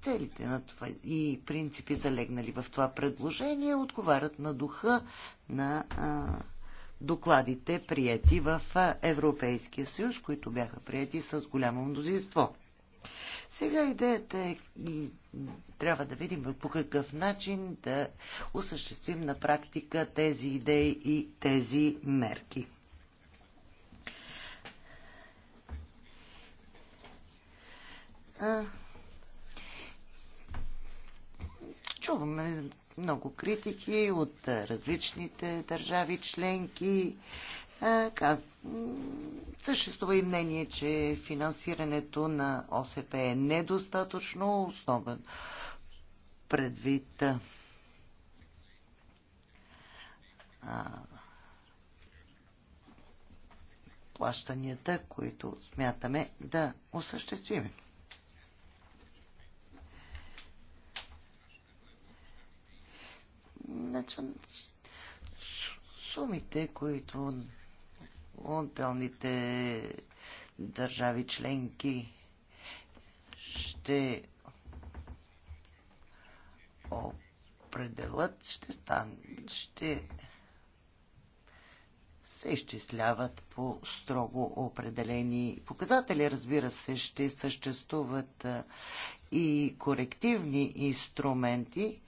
целите на това и принципи залегнали в това предложение отговарят на духа на а, докладите, прияти в Европейския съюз, които бяха прияти с голямо мнозинство. Сега идеята е и трябва да видим по какъв начин да осъществим на практика тези идеи и тези мерки. А, Чуваме много критики от различните държави членки. Каз... Съществува и мнение, че финансирането на ОСП е недостатъчно основен предвид плащанията, които смятаме да осъществим. Значи, сумите, които отделните държави членки ще определят, ще станат, ще се изчисляват по строго определени показатели. Разбира се, ще съществуват и корективни инструменти,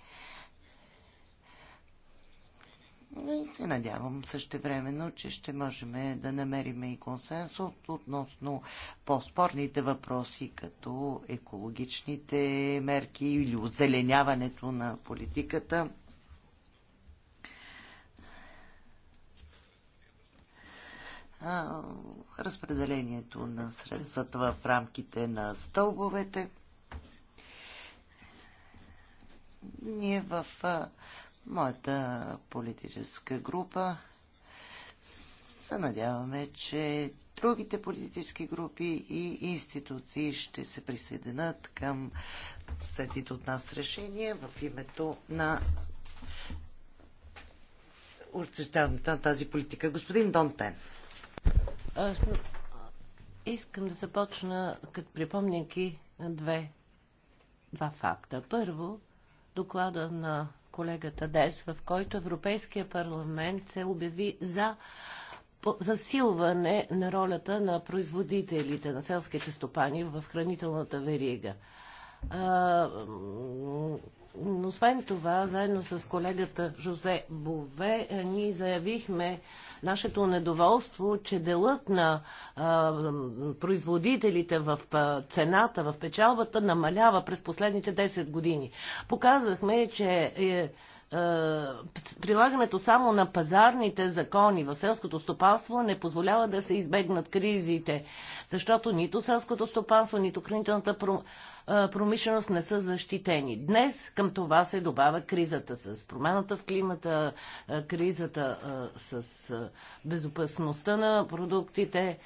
И се надявам същевременно, че ще можем да намерим и консенсус относно по-спорните въпроси, като екологичните мерки или озеленяването на политиката. разпределението на средствата в рамките на стълбовете. Ние в моята политическа група се надяваме, че другите политически групи и институции ще се присъединят към всетите от нас решения в името на отсъщаването на тази политика. Господин Донтен. Аз искам да започна, като припомняки две, два факта. Първо, доклада на колегата Дес, в който Европейския парламент се обяви за засилване на ролята на производителите, на селските стопани в хранителната верига. Освен това, заедно с колегата Жозе Бове, е, ние заявихме нашето недоволство, че делът на а, производителите в цената, в печалбата намалява през последните 10 години. Показахме, че е, е, прилагането само на пазарните закони в селското стопанство не позволява да се избегнат кризите, защото нито селското стопанство, нито хранителната е, промишленост не са защитени. Днес към това се добавя кризата с промената в климата, е, кризата с безопасността на продуктите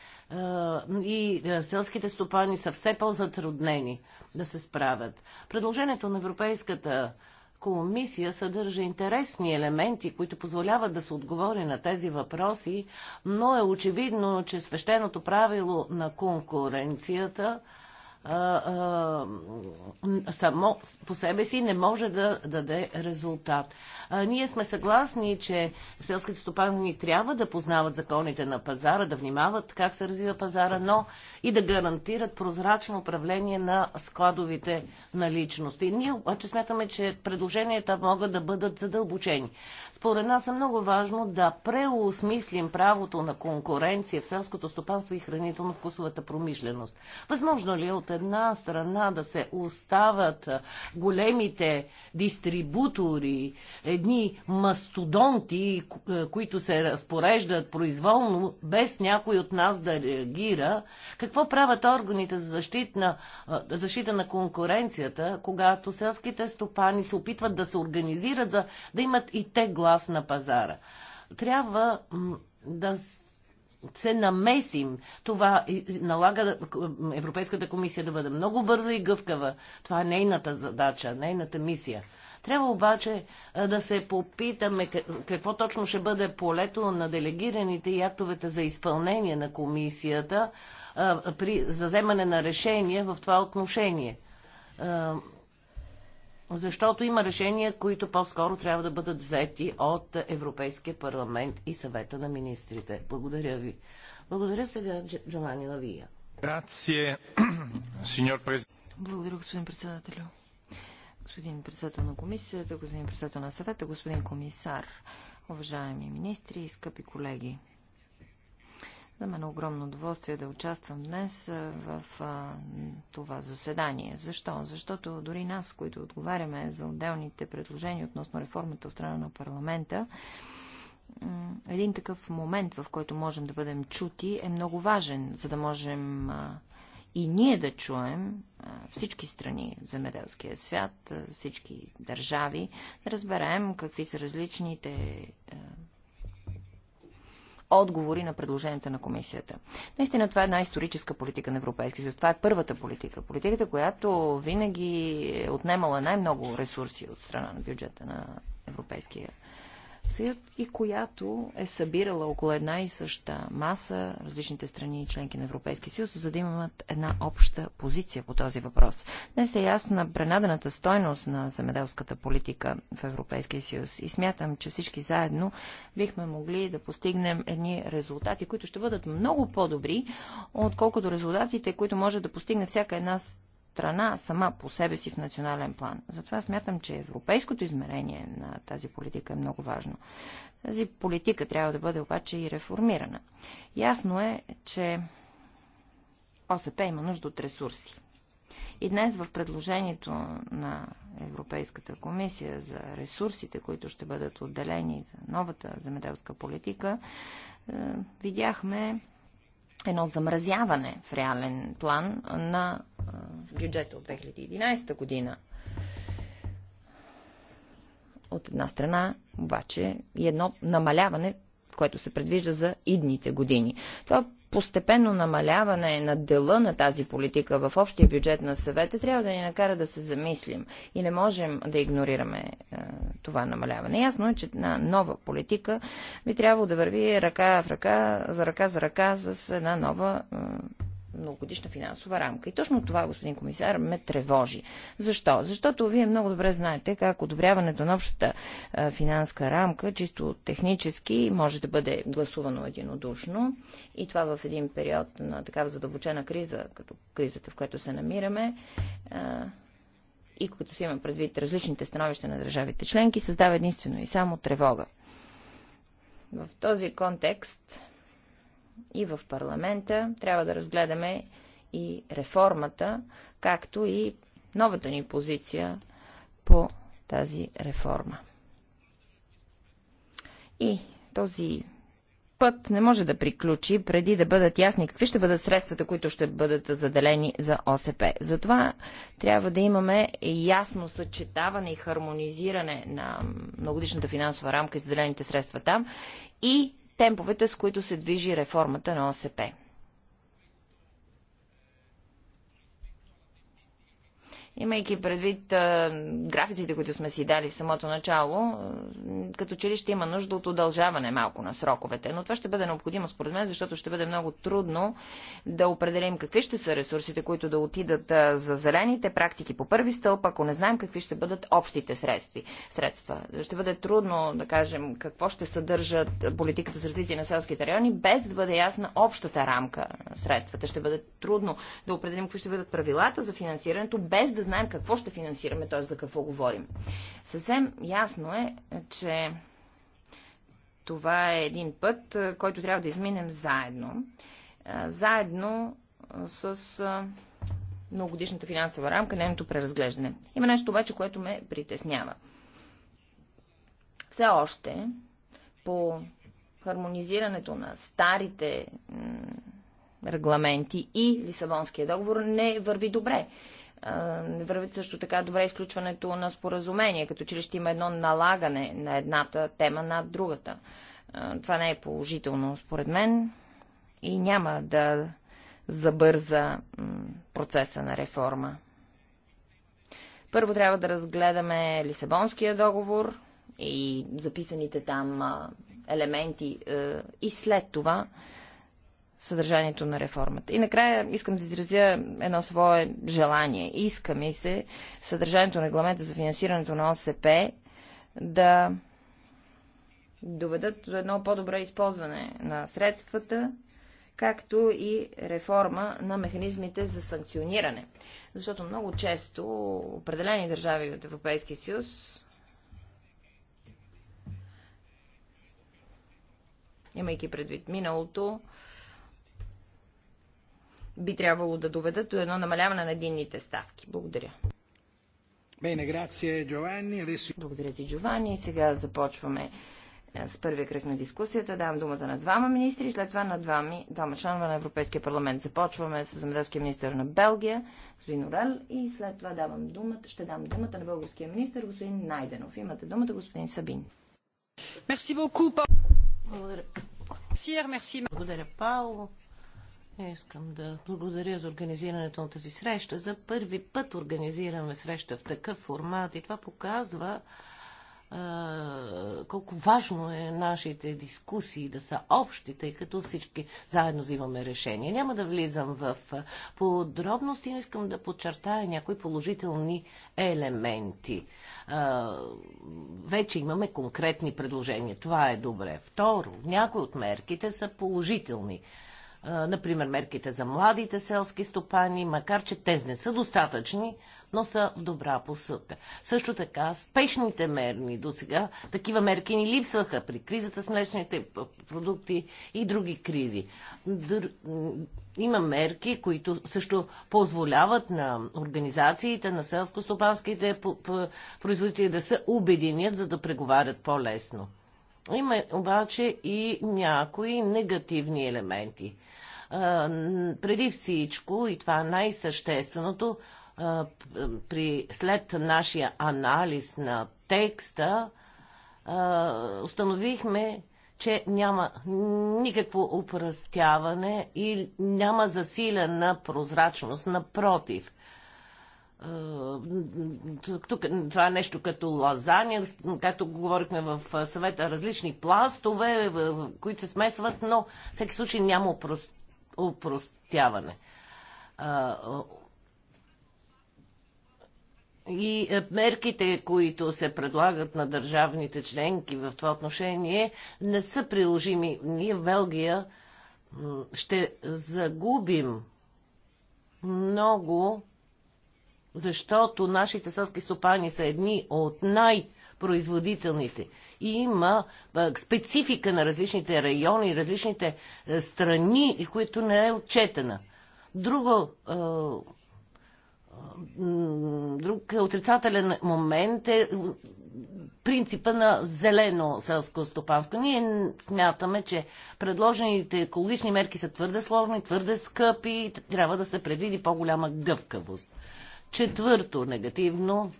и селските стопани са все по-затруднени да се справят. Предложението на Европейската комисия съдържа интересни елементи, които позволяват да се отговори на тези въпроси, но е очевидно, че свещеното правило на конкуренцията само по себе си не може да даде резултат. Ние сме съгласни, че селските стопани трябва да познават законите на пазара, да внимават как се развива пазара, но и да гарантират прозрачно управление на складовите наличности. Ние обаче смятаме, че предложенията могат да бъдат задълбочени. Според нас е много важно да преосмислим правото на конкуренция в селското стопанство и хранително-вкусовата промишленост. Възможно ли е от една страна да се остават големите дистрибутори, едни мастодонти, е, които се разпореждат произволно, без някой от нас да реагира, как какво правят органите за защита на, защита на конкуренцията, когато селските стопани се опитват да се организират, за да имат и те глас на пазара? Трябва да се намесим. Това налага Европейската комисия да бъде много бърза и гъвкава. Това е нейната задача, нейната мисия. Трябва обаче да се попитаме какво точно ще бъде полето на делегираните и актовете за изпълнение на комисията при заземане на решение в това отношение. Защото има решения, които по-скоро трябва да бъдат взети от Европейския парламент и съвета на министрите. Благодаря ви. Благодаря сега Джованни Лавия. Благодаря, господин председателю господин председател на комисията, господин председател на съвета, господин комисар, уважаеми министри и скъпи колеги. За мен е огромно удоволствие да участвам днес в а, това заседание. Защо? Защото дори нас, които отговаряме за отделните предложения относно реформата от страна на парламента, един такъв момент, в който можем да бъдем чути, е много важен, за да можем а, и ние да чуем всички страни в земеделския свят, всички държави, да разберем какви са различните отговори на предложенията на комисията. Наистина това е една историческа политика на Европейския съюз. Това е първата политика. Политиката, която винаги е отнемала най-много ресурси от страна на бюджета на Европейския съюз и която е събирала около една и съща маса различните страни и членки на Европейския съюз, за да имат една обща позиция по този въпрос. Днес е ясна пренадената стойност на земеделската политика в Европейския съюз и смятам, че всички заедно бихме могли да постигнем едни резултати, които ще бъдат много по-добри, отколкото резултатите, които може да постигне всяка една страна сама по себе си в национален план. Затова смятам, че европейското измерение на тази политика е много важно. Тази политика трябва да бъде обаче и реформирана. Ясно е, че ОСП има нужда от ресурси. И днес в предложението на Европейската комисия за ресурсите, които ще бъдат отделени за новата земеделска политика, е, видяхме едно замразяване в реален план на бюджета от 2011 година. От една страна, обаче, и едно намаляване, което се предвижда за идните години. Това постепенно намаляване на дела на тази политика в общия бюджет на съвета трябва да ни накара да се замислим и не можем да игнорираме е, това намаляване. Ясно е, че една нова политика би трябвало да върви ръка в ръка, за ръка за ръка с една нова е, многогодишна финансова рамка. И точно това, господин комисар, ме тревожи. Защо? Защото вие много добре знаете как одобряването на общата финанска рамка, чисто технически, може да бъде гласувано единодушно. И това в един период на такава задълбочена криза, като кризата, в която се намираме, и като си има предвид различните становища на държавите членки, създава единствено и само тревога. В този контекст и в парламента. Трябва да разгледаме и реформата, както и новата ни позиция по тази реформа. И този път не може да приключи преди да бъдат ясни какви ще бъдат средствата, които ще бъдат заделени за ОСП. Затова трябва да имаме ясно съчетаване и хармонизиране на многодишната финансова рамка и заделените средства там и темповете, с които се движи реформата на ОСП. Имайки предвид а, графиците, които сме си дали в самото начало, като че ли ще има нужда от удължаване малко на сроковете. Но това ще бъде необходимо според мен, защото ще бъде много трудно да определим какви ще са ресурсите, които да отидат а, за зелените практики по първи стълб, ако не знаем какви ще бъдат общите средства. средства. Ще бъде трудно да кажем какво ще съдържат политиката за развитие на селските райони, без да бъде ясна общата рамка на средствата. Ще бъде трудно да определим какви ще бъдат правилата за финансирането, без да знаем какво ще финансираме, т.е. за какво говорим. Съвсем ясно е, че това е един път, който трябва да изминем заедно. Заедно с многогодишната финансова рамка, нейното преразглеждане. Има нещо обаче, което ме притеснява. Все още по хармонизирането на старите регламенти и Лисабонския договор не върви добре не върви също така добре изключването на споразумение, като че ли ще има едно налагане на едната тема над другата. Това не е положително, според мен, и няма да забърза процеса на реформа. Първо трябва да разгледаме Лисабонския договор и записаните там елементи и след това съдържанието на реформата. И накрая искам да изразя едно свое желание. Иска ми се съдържанието на регламента за финансирането на ОСП да доведат до едно по-добро използване на средствата, както и реформа на механизмите за санкциониране. Защото много често определени държави от Европейския съюз имайки предвид миналото, би трябвало да доведат до едно намаляване на единните ставки. Благодаря. Bene, grazie, Adesso... Благодаря ти, Джованни. Сега започваме е, с първия кръг на дискусията. Давам думата на двама министри, след това на двами, двама членове на Европейския парламент. Започваме с земеделския министр на Белгия, господин Орел, и след това давам думата, ще дам думата на българския министр, господин Найденов. Имате думата, господин Сабин. Merci beaucoup, Благодаря. Благодаря, Пауло. Искам да благодаря за организирането на тази среща. За първи път организираме среща в такъв формат и това показва е, колко важно е нашите дискусии да са общи, тъй като всички заедно взимаме решение. Няма да влизам в подробности, но искам да подчертая някои положителни елементи. Е, вече имаме конкретни предложения. Това е добре. Второ, някои от мерките са положителни например, мерките за младите селски стопани, макар че те не са достатъчни, но са в добра посъдка. Също така, спешните мерни до сега, такива мерки ни липсваха при кризата с млечните продукти и други кризи. Др... Има мерки, които също позволяват на организациите, на селско-стопанските производители да се обединят, за да преговарят по-лесно. Има обаче и някои негативни елементи – преди всичко, и това е най-същественото, при, след нашия анализ на текста, установихме, че няма никакво упростяване и няма засилена прозрачност. Напротив, тук, това е нещо като лазания, както говорихме в съвета, различни пластове, които се смесват, но всеки случай няма упростяване упростяване. И е, мерките, които се предлагат на държавните членки в това отношение, не са приложими. Ние в Белгия ще загубим много, защото нашите сълски стопани са едни от най- производителните. И има специфика на различните райони, различните страни, които не е отчетена. Друго, друг отрицателен момент е принципа на зелено селско стопанско. Ние смятаме, че предложените екологични мерки са твърде сложни, твърде скъпи и трябва да се предвиди по-голяма гъвкавост. Четвърто негативно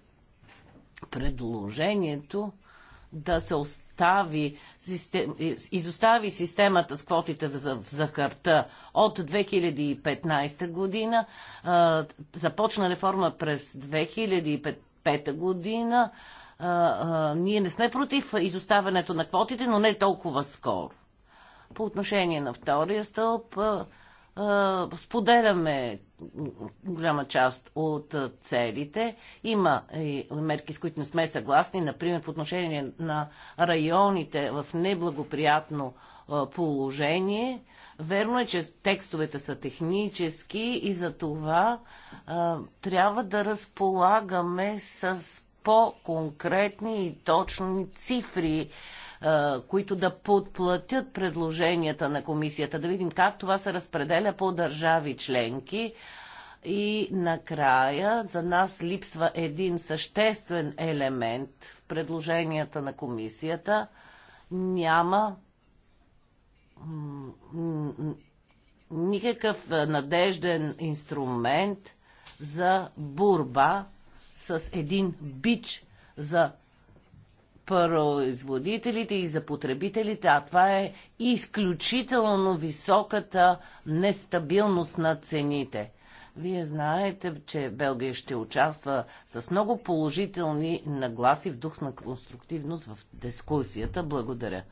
предложението да се остави, систем, изостави системата с квотите за захарта от 2015 година. започна реформа през 2005 година. ние не сме против изоставането на квотите, но не толкова скоро. По отношение на втория стълб, споделяме голяма част от целите. Има и мерки, с които не сме съгласни, например по отношение на районите в неблагоприятно положение. Верно е, че текстовете са технически и за това трябва да разполагаме с по-конкретни и точни цифри, е, които да подплатят предложенията на комисията, да видим как това се разпределя по държави членки. И накрая за нас липсва един съществен елемент в предложенията на комисията. Няма никакъв надежден инструмент за борба с един бич за производителите и за потребителите, а това е изключително високата нестабилност на цените. Вие знаете, че Белгия ще участва с много положителни нагласи в дух на конструктивност в дискусията. Благодаря.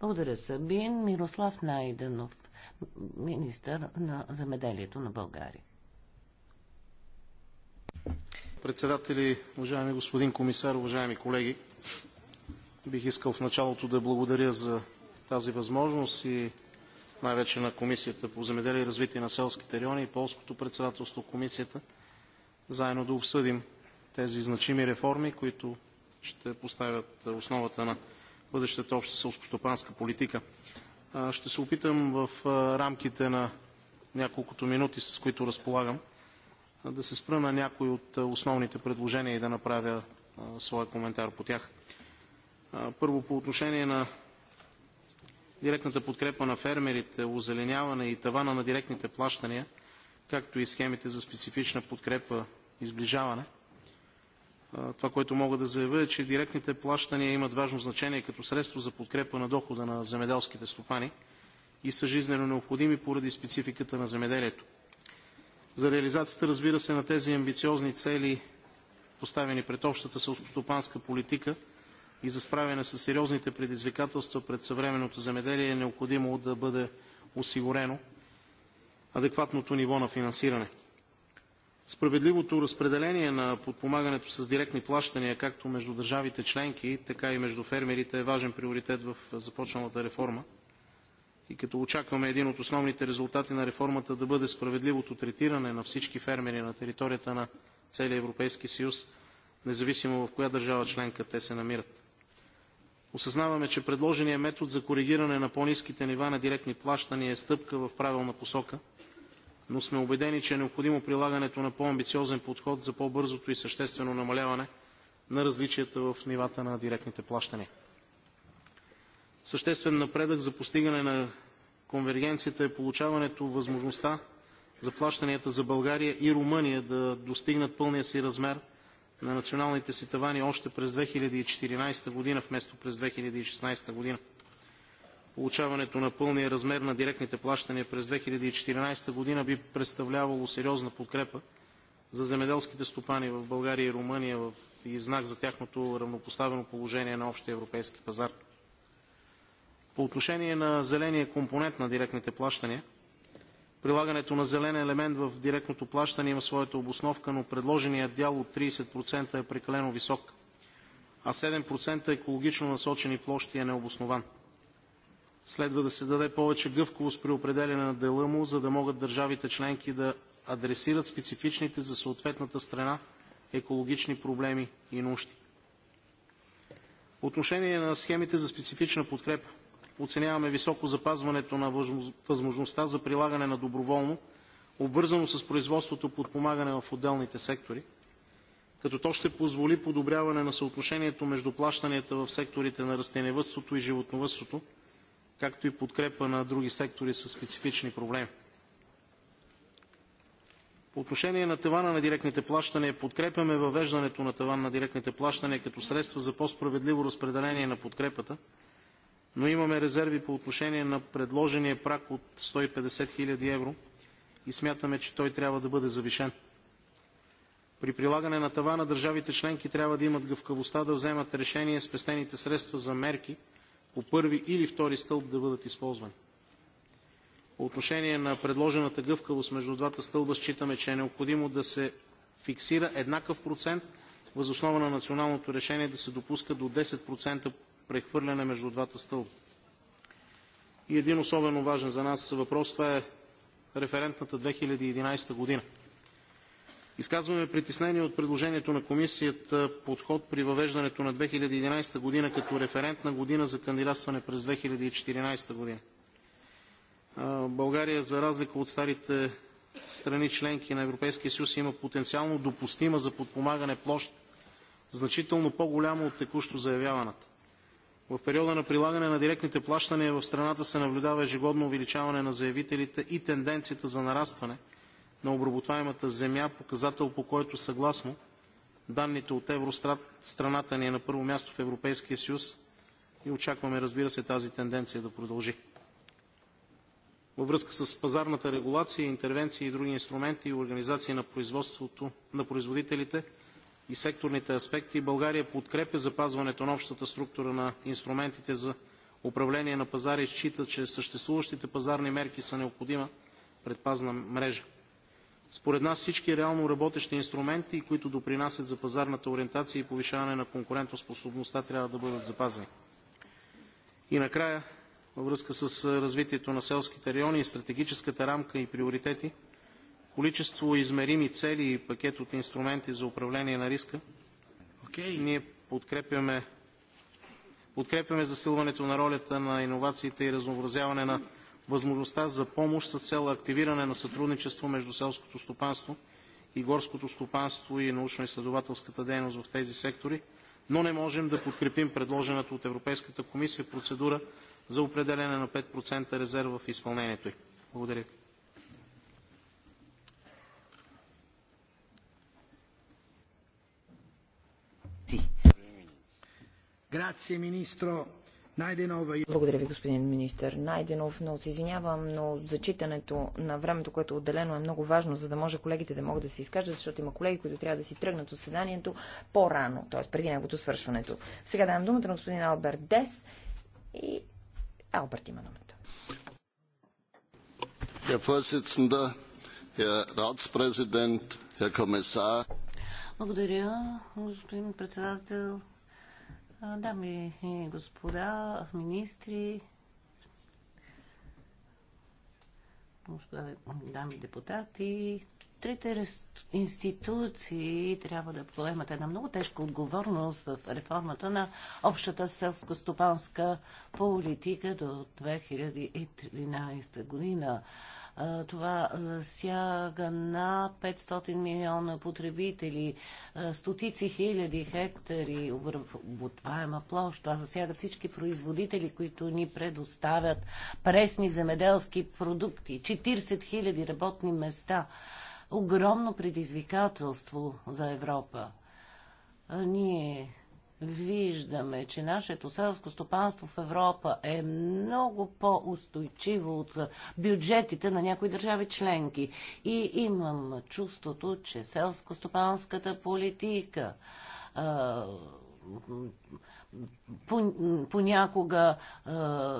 Благодаря, Сабин. Мирослав Найденов, министър на замеделието на България председатели, уважаеми господин комисар, уважаеми колеги! Бих искал в началото да благодаря за тази възможност и най-вече на Комисията по земеделие и развитие на селските райони и полското председателство Комисията, заедно да обсъдим тези значими реформи, които ще поставят основата на бъдещата обща селскостопанска политика. Ще се опитам в рамките на няколкото минути, с които разполагам, да се спра на някои от основните предложения и да направя своя коментар по тях. Първо, по отношение на директната подкрепа на фермерите, озеленяване и тавана на директните плащания, както и схемите за специфична подкрепа и сближаване. Това, което мога да заявя е, че директните плащания имат важно значение като средство за подкрепа на дохода на земеделските стопани и са жизнено необходими поради спецификата на земеделието. За реализацията, разбира се, на тези амбициозни цели, поставени пред общата селскостопанска политика и за справяне с сериозните предизвикателства пред съвременното земеделие е необходимо да бъде осигурено адекватното ниво на финансиране. Справедливото разпределение на подпомагането с директни плащания както между държавите членки, така и между фермерите е важен приоритет в започналата реформа и като очакваме един от основните резултати на реформата да бъде справедливото третиране на всички фермери на територията на целия Европейски съюз, независимо в коя държава членка те се намират. Осъзнаваме, че предложеният метод за коригиране на по-низките нива на директни плащания е стъпка в правилна посока, но сме убедени, че е необходимо прилагането на по-амбициозен подход за по-бързото и съществено намаляване на различията в нивата на директните плащания. Съществен напредък за постигане на конвергенцията е получаването възможността за плащанията за България и Румъния да достигнат пълния си размер на националните си тавани още през 2014 година, вместо през 2016 година. Получаването на пълния размер на директните плащания през 2014 година би представлявало сериозна подкрепа за земеделските стопани в България и Румъния и знак за тяхното равнопоставено положение на общия европейски пазар. По отношение на зеления компонент на директните плащания, прилагането на зелен елемент в директното плащане има своята обосновка, но предложеният дял от 30% е прекалено висок, а 7% екологично насочени площи е необоснован. Следва да се даде повече гъвковост при определене на дела му, за да могат държавите членки да адресират специфичните за съответната страна екологични проблеми и нужди. По отношение на схемите за специфична подкрепа, Оценяваме високо запазването на възможността за прилагане на доброволно, обвързано с производството подпомагане в отделните сектори, като то ще позволи подобряване на съотношението между плащанията в секторите на растениевъдството и животновъдството, както и подкрепа на други сектори със специфични проблеми. По отношение на тавана на директните плащания, подкрепяме въвеждането на таван на директните плащания като средство за по-справедливо разпределение на подкрепата но имаме резерви по отношение на предложения прак от 150 хиляди евро и смятаме, че той трябва да бъде завишен. При прилагане на тавана държавите членки трябва да имат гъвкавостта да вземат решение спестените средства за мерки по първи или втори стълб да бъдат използвани. По отношение на предложената гъвкавост между двата стълба считаме, че е необходимо да се фиксира еднакъв процент, възоснова на националното решение да се допуска до 10% прехвърляне между двата стълба. И един особено важен за нас въпрос, това е референтната 2011 година. Изказваме притеснение от предложението на комисията подход при въвеждането на 2011 година като референтна година за кандидатстване през 2014 година. България, за разлика от старите страни членки на Европейския съюз, има потенциално допустима за подпомагане площ, значително по-голяма от текущо заявяваната. В периода на прилагане на директните плащания в страната се наблюдава ежегодно увеличаване на заявителите и тенденцията за нарастване на обработваемата земя, показател по който съгласно данните от Евростат страната ни е на първо място в Европейския съюз и очакваме, разбира се, тази тенденция да продължи. Във връзка с пазарната регулация, интервенции и други инструменти и организации на производителите, и секторните аспекти, България подкрепя запазването на общата структура на инструментите за управление на пазара и счита, че съществуващите пазарни мерки са необходима предпазна мрежа. Според нас всички реално работещи инструменти, които допринасят за пазарната ориентация и повишаване на конкурентоспособността, трябва да бъдат запазени. И накрая, във връзка с развитието на селските райони и стратегическата рамка и приоритети, количество измерими цели и пакет от инструменти за управление на риска. Okay. Ние подкрепяме, подкрепяме засилването на ролята на иновациите и разнообразяване на възможността за помощ с цел активиране на сътрудничество между селското стопанство и горското стопанство и научно-изследователската дейност в тези сектори, но не можем да подкрепим предложената от Европейската комисия процедура за определене на 5% резерва в изпълнението й. Благодаря. Благодаря ви, господин министр. Найденов, но се извинявам, но зачитането на времето, което е отделено е много важно, за да може колегите да могат да се изкажат, защото има колеги, които трябва да си тръгнат от съданието по-рано, т.е. преди негото свършването. Сега давам думата на господин Алберт Дес и Алберт има думата. Благодаря, господин председател, Дами и господа, министри, господа, дами депутати, трите институции трябва да поемат една много тежка отговорност в реформата на общата селско-стопанска политика до 2013 година. Това засяга над 500 милиона потребители, стотици хиляди хектари обработваема площ. Това засяга всички производители, които ни предоставят пресни земеделски продукти. 40 хиляди работни места. Огромно предизвикателство за Европа. Ние виждаме, че нашето селско стопанство в Европа е много по-устойчиво от бюджетите на някои държави членки. И имам чувството, че селско-стопанската политика а, понякога а,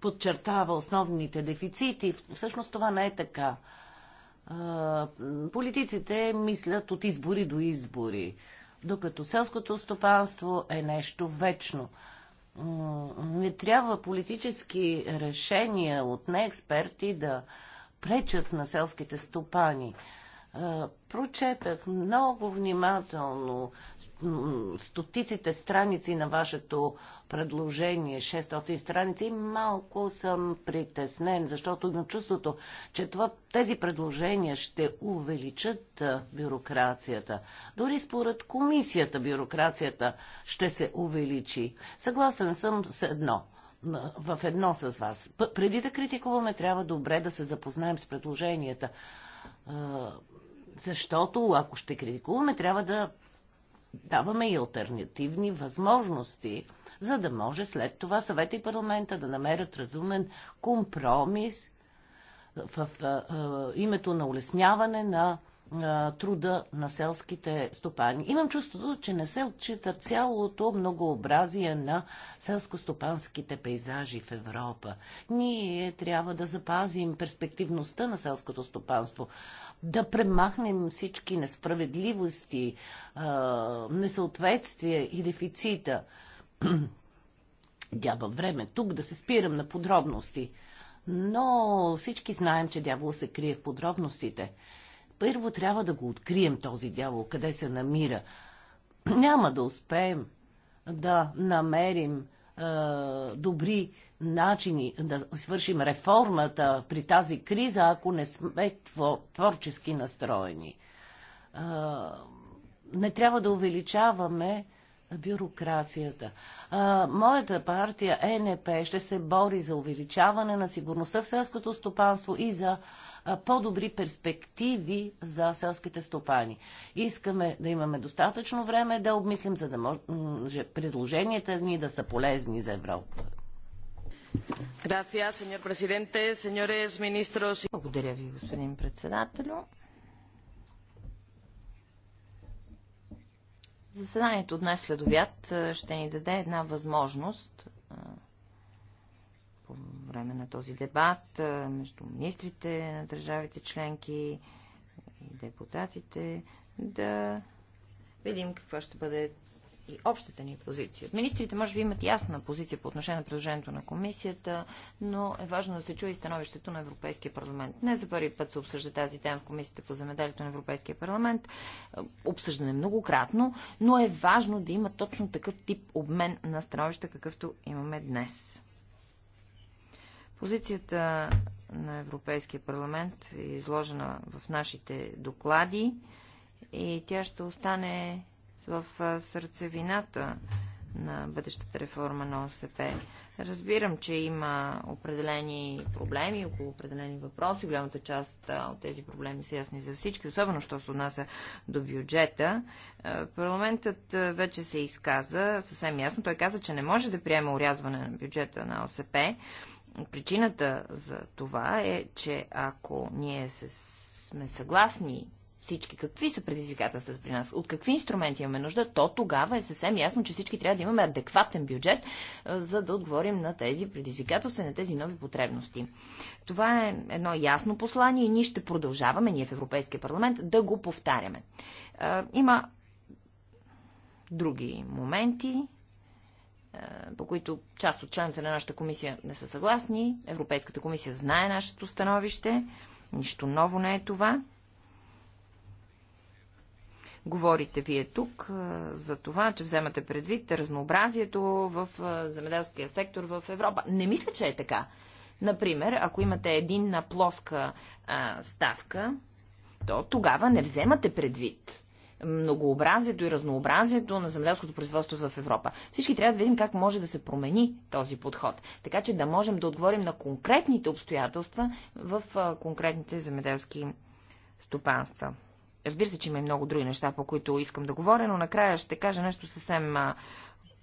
подчертава основните дефицити. Всъщност това не е така. А, политиците мислят от избори до избори докато селското стопанство е нещо вечно. Не трябва политически решения от неексперти да пречат на селските стопани прочетах много внимателно стотиците страници на вашето предложение, 600 страници, и малко съм притеснен, защото на чувството, че това, тези предложения ще увеличат бюрокрацията. Дори според комисията бюрокрацията ще се увеличи. Съгласен съм с едно – в едно с вас. Преди да критикуваме, трябва добре да се запознаем с предложенията защото ако ще критикуваме, трябва да даваме и альтернативни възможности, за да може след това съвета и парламента да намерят разумен компромис в, в, в името на улесняване на труда на селските стопани. Имам чувството, че не се отчита цялото многообразие на селско-стопанските пейзажи в Европа. Ние трябва да запазим перспективността на селското стопанство, да премахнем всички несправедливости, несъответствия и дефицита. Дяба време е тук да се спирам на подробности. Но всички знаем, че дявол се крие в подробностите. Първо трябва да го открием този дявол, къде се намира. Няма да успеем да намерим е, добри начини да свършим реформата при тази криза, ако не сме творчески настроени. Е, не трябва да увеличаваме бюрокрацията. А, моята партия ЕНП ще се бори за увеличаване на сигурността в селското стопанство и за по-добри перспективи за селските стопани. Искаме да имаме достатъчно време да обмислим, за да може предложенията ни да са полезни за Европа. Благодаря ви, господин председателю. Заседанието днес след обяд ще ни даде една възможност по време на този дебат между министрите на държавите членки и депутатите да видим каква ще бъде и общата ни позиция. Министрите може би имат ясна позиция по отношение на предложението на комисията, но е важно да се чуе и становището на Европейския парламент. Не за първи път се обсъжда тази тема в комисията по земеделието на Европейския парламент. Обсъждане многократно, но е важно да има точно такъв тип обмен на становища, какъвто имаме днес. Позицията на Европейския парламент е изложена в нашите доклади и тя ще остане в сърцевината на бъдещата реформа на ОСП. Разбирам, че има определени проблеми около определени въпроси. Голямата част от тези проблеми са ясни за всички, особено що се отнася до бюджета. Парламентът вече се изказа съвсем ясно. Той каза, че не може да приема урязване на бюджета на ОСП. Причината за това е, че ако ние се сме съгласни всички какви са предизвикателствата при нас, от какви инструменти имаме нужда, то тогава е съвсем ясно, че всички трябва да имаме адекватен бюджет, за да отговорим на тези предизвикателства, на тези нови потребности. Това е едно ясно послание и ние ще продължаваме, ние в Европейския парламент, да го повтаряме. Има други моменти, по които част от членовете на нашата комисия не са съгласни. Европейската комисия знае нашето становище. Нищо ново не е това. Говорите вие тук за това, че вземате предвид разнообразието в земеделския сектор в Европа. Не мисля, че е така. Например, ако имате един на плоска а, ставка, то тогава не вземате предвид многообразието и разнообразието на земеделското производство в Европа. Всички трябва да видим как може да се промени този подход, така че да можем да отговорим на конкретните обстоятелства в конкретните земеделски стопанства. Разбира се, че има и много други неща, по които искам да говоря, но накрая ще кажа нещо съвсем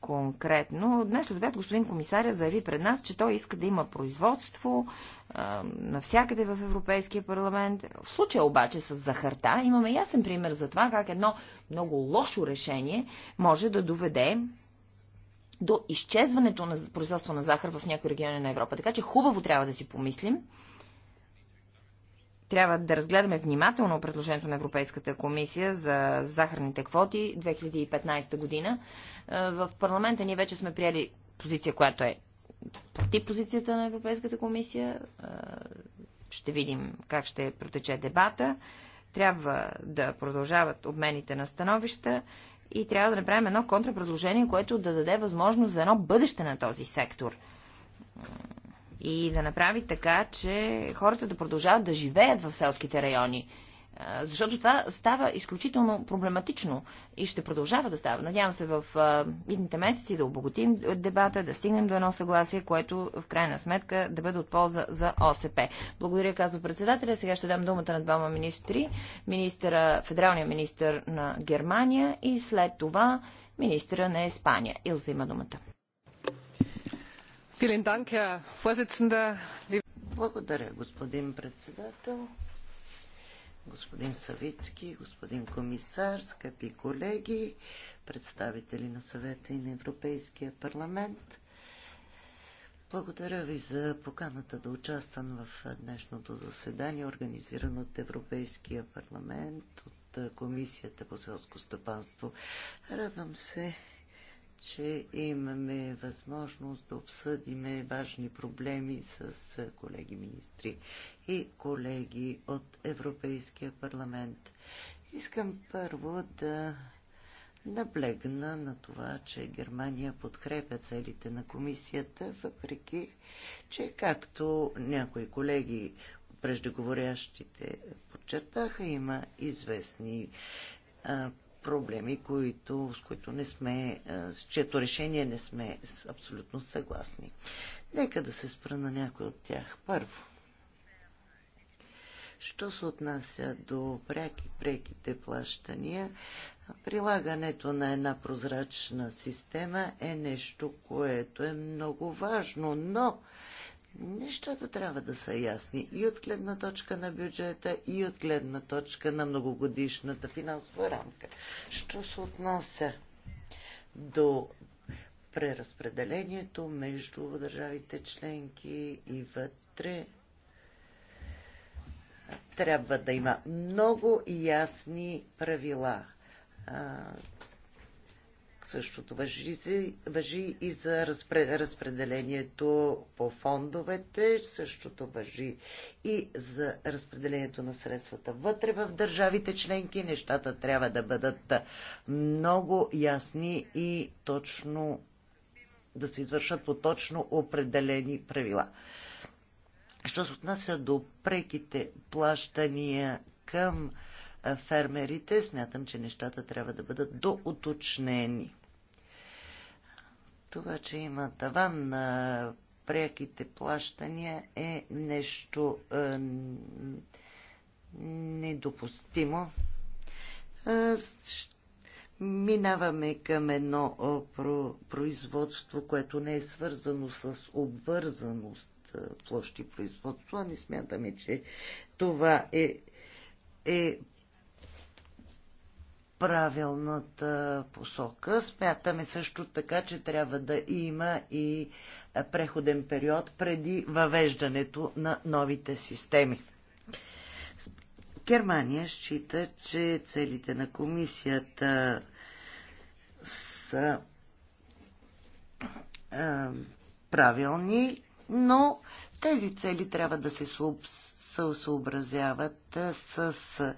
конкретно. Днес след обед господин комисаря заяви пред нас, че той иска да има производство а, навсякъде в Европейския парламент. В случая обаче с захарта имаме ясен пример за това как едно много лошо решение може да доведе до изчезването на производство на захар в някои региони на Европа. Така че хубаво трябва да си помислим трябва да разгледаме внимателно предложението на Европейската комисия за захарните квоти 2015 година. Е, в парламента ние вече сме приели позиция, която е против позицията на Европейската комисия. Е, ще видим как ще протече дебата. Трябва да продължават обмените на становища и трябва да направим едно контрапредложение, което да даде възможност за едно бъдеще на този сектор е, и да направи така, че хората да продължават да живеят в селските райони. Защото това става изключително проблематично и ще продължава да става. Надявам се в идните месеци да обогатим дебата, да стигнем до едно съгласие, което в крайна сметка да бъде от полза за ОСП. Благодаря, казва председателя. Сега ще дам думата на двама министри. Министъра, федералния министр на Германия и след това министра на Испания. Илза има думата. Благодаря, господин председател, господин Савицки, господин комисар, скъпи колеги, представители на съвета и на Европейския парламент. Благодаря ви за поканата да участвам в днешното заседание, организирано от Европейския парламент, от Комисията по селско стопанство. Радвам се, че имаме възможност да обсъдиме важни проблеми с е, колеги министри и колеги от Европейския парламент. Искам първо да наблегна на това, че Германия подкрепя целите на комисията, въпреки, че както някои колеги преждеговорящите подчертаха, има известни проблеми, които, с които не сме, с чието решение не сме абсолютно съгласни. Нека да се спра на някой от тях. Първо, що се отнася до пряки, преките плащания, прилагането на една прозрачна система е нещо, което е много важно, но Нещата трябва да са ясни и от гледна точка на бюджета, и от гледна точка на многогодишната финансова рамка. Що се отнася до преразпределението между държавите членки и вътре, трябва да има много ясни правила Същото въжи, въжи и за разпределението по фондовете, същото въжи и за разпределението на средствата вътре в държавите членки. Нещата трябва да бъдат много ясни и точно да се извършат по точно определени правила. Що се отнася до преките плащания към фермерите, смятам, че нещата трябва да бъдат доуточнени. Това, че има таван на преките плащания е нещо е, недопустимо. Е, минаваме към едно е, производство, което не е свързано с обвързаност е, площи производство. Не смятаме, че това е, е правилната посока. Смятаме също така, че трябва да има и преходен период преди въвеждането на новите системи. Германия счита, че целите на комисията са правилни, но тези цели трябва да се съобразяват с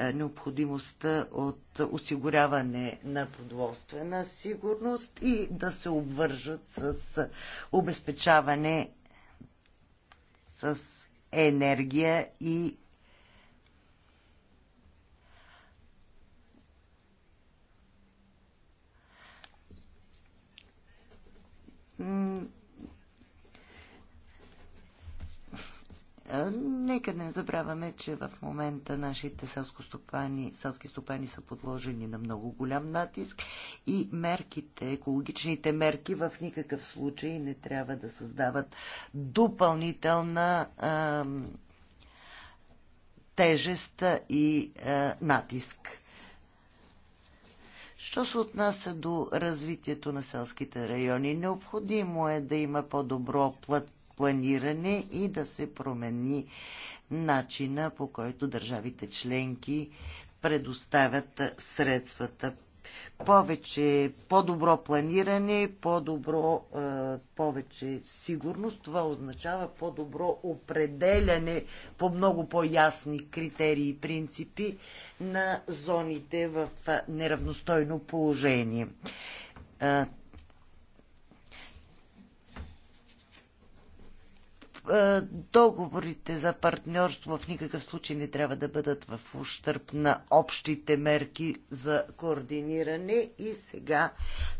е, необходимостта от осигуряване на продоволствена сигурност и да се обвържат с обезпечаване с енергия и Нека не забравяме, че в момента нашите селско-стопани, селски стопани са подложени на много голям натиск и мерките, екологичните мерки в никакъв случай не трябва да създават допълнителна а, тежест и а, натиск. Що се отнася до развитието на селските райони, необходимо е да има по-добро плат планиране и да се промени начина по който държавите членки предоставят средствата. Повече, по-добро планиране, по-добро, е, повече сигурност, това означава по-добро определяне по много по-ясни критерии и принципи на зоните в е, неравностойно положение е, Е, договорите за партньорство в никакъв случай не трябва да бъдат в ущърп на общите мерки за координиране. И сега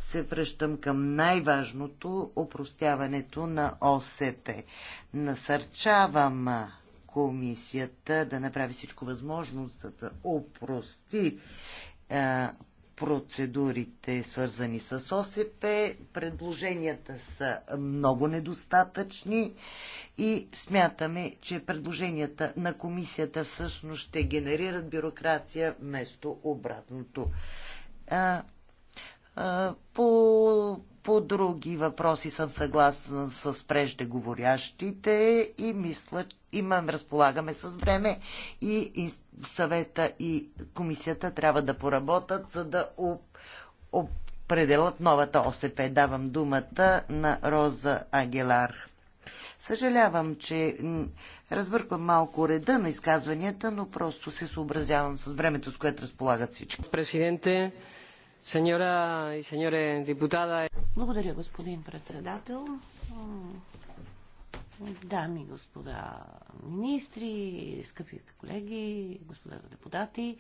се връщам към най-важното опростяването на ОСП. Насърчавам комисията да направи всичко възможно, за да опрости е, процедурите, свързани с ОСП. Предложенията са много недостатъчни и смятаме, че предложенията на комисията всъщност ще генерират бюрокрация вместо обратното. А, а, по, по други въпроси съм съгласна с преждеговорящите и мисля, имам, разполагаме с време и, и съвета и комисията трябва да поработят, за да об, определят новата ОСП. Давам думата на Роза Агелар. Съжалявам, че разбърквам малко реда на изказванията, но просто се съобразявам с времето, с което разполагат всички. Президенте, сеньора и сеньоре депутата. Е- Благодаря, господин председател. Дами и господа министри, скъпи колеги, господа депутати,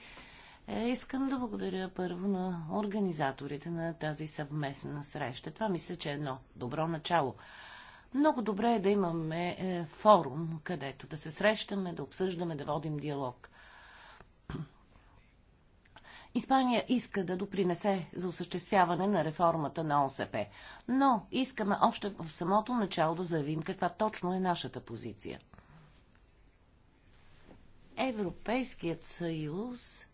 е, искам да благодаря първо на организаторите на тази съвместна среща. Това мисля, че е едно добро начало. Много добре е да имаме е, форум, където да се срещаме, да обсъждаме, да водим диалог. Испания иска да допринесе за осъществяване на реформата на ОСП, но искаме още в самото начало да заявим каква точно е нашата позиция. Европейският съюз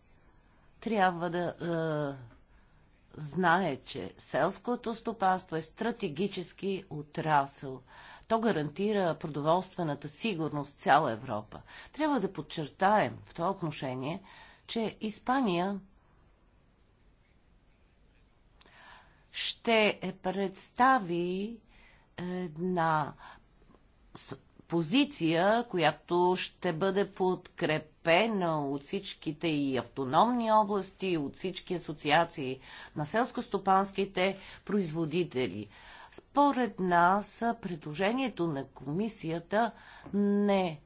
трябва да е, знае, че селското стопанство е стратегически отрасъл. То гарантира продоволствената сигурност цяла Европа. Трябва да подчертаем в това отношение, че Испания ще представи една позиция, която ще бъде подкрепена от всичките и автономни области, от всички асоциации на селскостопанските производители. Според нас предложението на комисията не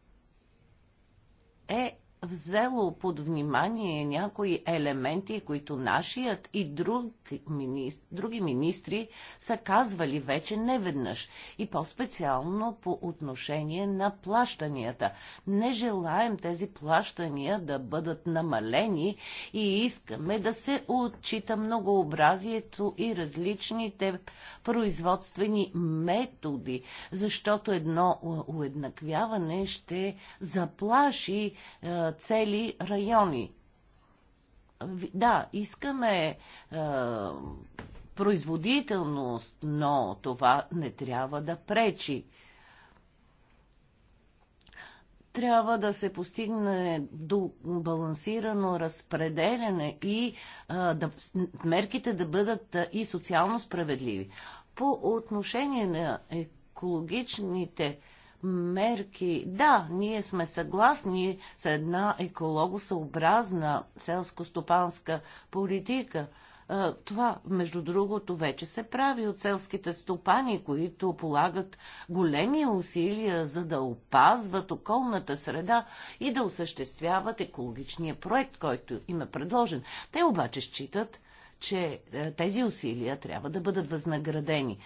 е взело под внимание някои елементи, които нашият и друг министр, други министри са казвали вече неведнъж и по-специално по отношение на плащанията. Не желаем тези плащания да бъдат намалени и искаме да се отчита многообразието и различните производствени методи, защото едно уеднаквяване ще заплаши е, цели райони. Да, искаме е, производителност, но това не трябва да пречи. Трябва да се постигне до балансирано разпределене и е, да, мерките да бъдат е, и социално справедливи. По отношение на екологичните е, мерки. Да, ние сме съгласни с една екологосъобразна селско-стопанска политика. Това, между другото, вече се прави от селските стопани, които полагат големи усилия за да опазват околната среда и да осъществяват екологичния проект, който им е предложен. Те обаче считат, че е, тези усилия трябва да бъдат възнаградени.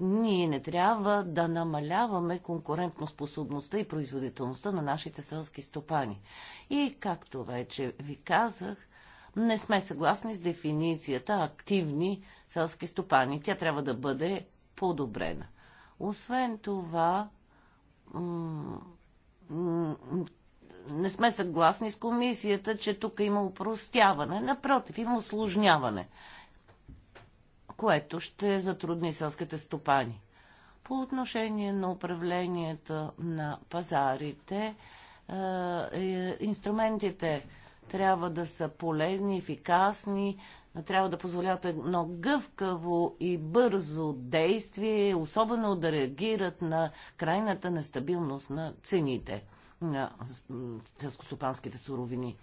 Ние не трябва да намаляваме конкурентноспособността и производителността на нашите селски стопани. И както вече ви казах, не сме съгласни с дефиницията активни селски стопани. Тя трябва да бъде подобрена. Освен това, не сме съгласни с комисията, че тук има упростяване. Напротив, има осложняване което ще затрудни селските стопани. По отношение на управлението на пазарите, е, е, инструментите трябва да са полезни, ефикасни, трябва да позволяват едно гъвкаво и бързо действие, особено да реагират на крайната нестабилност на цените на селскостопанските суровини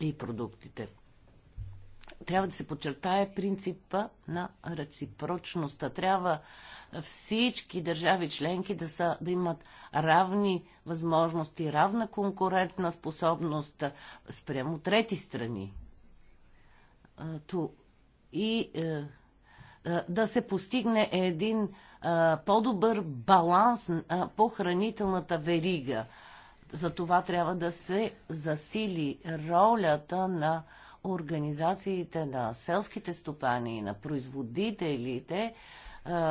и продуктите трябва да се подчертае принципа на реципрочността. Трябва всички държави членки да, са, да имат равни възможности, равна конкурентна способност спрямо трети страни. И е, е, да се постигне един е, по-добър баланс по хранителната верига. За това трябва да се засили ролята на организациите на селските стопани, на производителите,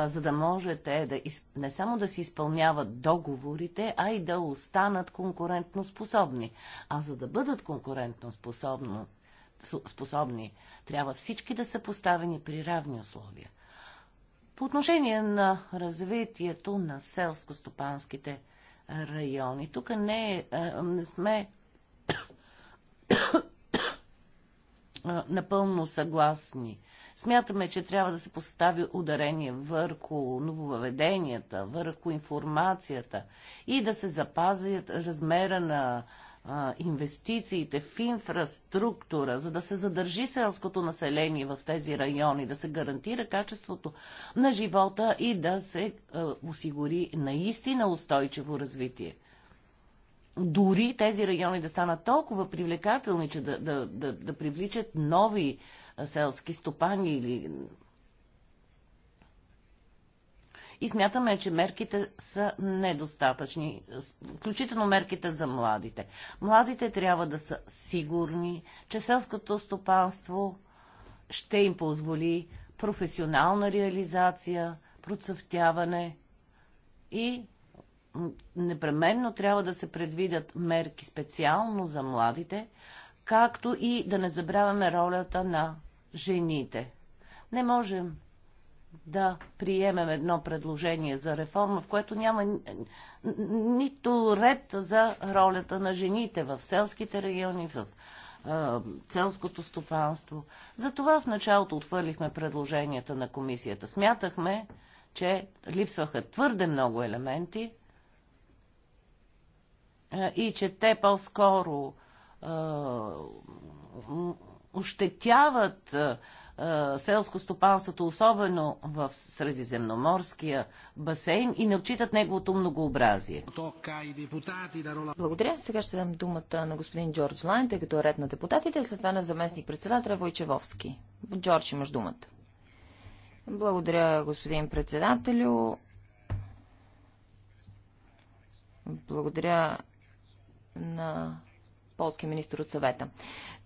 за да можете да из... не само да си изпълняват договорите, а и да останат конкурентно способни. А за да бъдат конкурентно способно, способни, трябва всички да са поставени при равни условия. По отношение на развитието на селско-стопанските райони, тук не, е, не сме напълно съгласни. Смятаме, че трябва да се постави ударение върху нововъведенията, върху информацията и да се запазят размера на а, инвестициите в инфраструктура, за да се задържи селското население в тези райони, да се гарантира качеството на живота и да се а, осигури наистина устойчиво развитие дори тези райони да станат толкова привлекателни, че да, да, да, да привличат нови селски стопани или. И смятаме, че мерките са недостатъчни, включително мерките за младите. Младите трябва да са сигурни, че селското стопанство ще им позволи професионална реализация, процъфтяване и непременно трябва да се предвидят мерки специално за младите, както и да не забравяме ролята на жените. Не можем да приемем едно предложение за реформа, в което няма нито ред за ролята на жените в селските райони, в селското стопанство. Затова в началото отвърлихме предложенията на комисията. Смятахме, че липсваха твърде много елементи и че те по-скоро ощетяват селско стопанството, особено в Средиземноморския басейн и не отчитат неговото многообразие. Благодаря. Сега ще дам думата на господин Джордж Лайн, тъй като е ред на депутатите, след това на заместник председателя Войчевовски. Джордж, имаш думата. Благодаря, господин председателю. Благодаря на полския министр от съвета.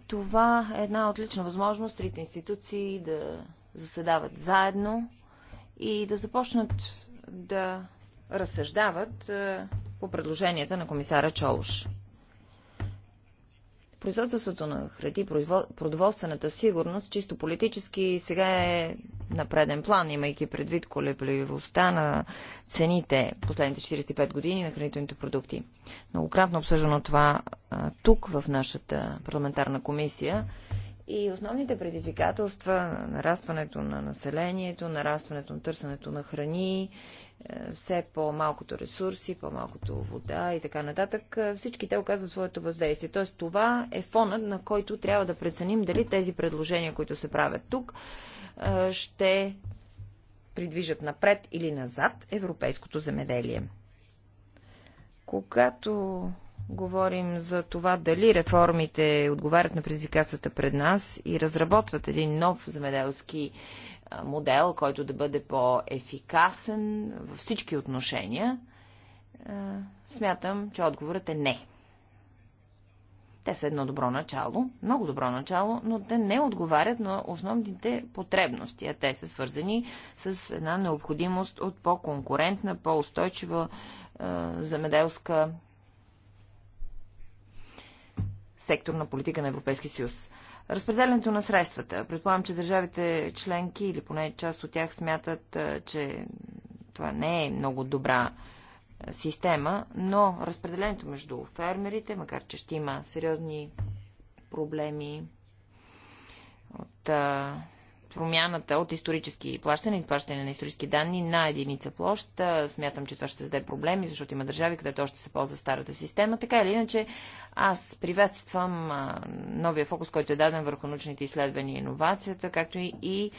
Това е една отлична възможност трите институции да заседават заедно и да започнат да разсъждават е, по предложенията на комисара Чолуш. Производството на храни, продоволствената сигурност, чисто политически, сега е на преден план, имайки предвид колебливостта на цените последните 45 години на хранителните продукти. Многократно обсъждано това тук в нашата парламентарна комисия. И основните предизвикателства, нарастването на населението, нарастването на търсенето на храни все по-малкото ресурси, по-малкото вода и така нататък, всички те оказват своето въздействие. Тоест това е фонът, на който трябва да преценим дали тези предложения, които се правят тук, ще придвижат напред или назад европейското земеделие. Когато говорим за това дали реформите отговарят на предизвикателствата пред нас и разработват един нов земеделски модел, който да бъде по-ефикасен във всички отношения, смятам, че отговорът е не. Те са едно добро начало, много добро начало, но те не отговарят на основните потребности, а те са свързани с една необходимост от по-конкурентна, по-устойчива е, замеделска секторна политика на Европейския съюз. Разпределянето на средствата. Предполагам, че държавите членки или поне част от тях смятат, че това не е много добра система, но разпределението между фермерите, макар че ще има сериозни проблеми от промяната от исторически плащане и плащане на исторически данни на единица площ. Смятам, че това ще създаде проблеми, защото има държави, където още се ползва старата система. Така или иначе, аз приветствам новия фокус, който е даден върху научните изследвания и иновацията, както и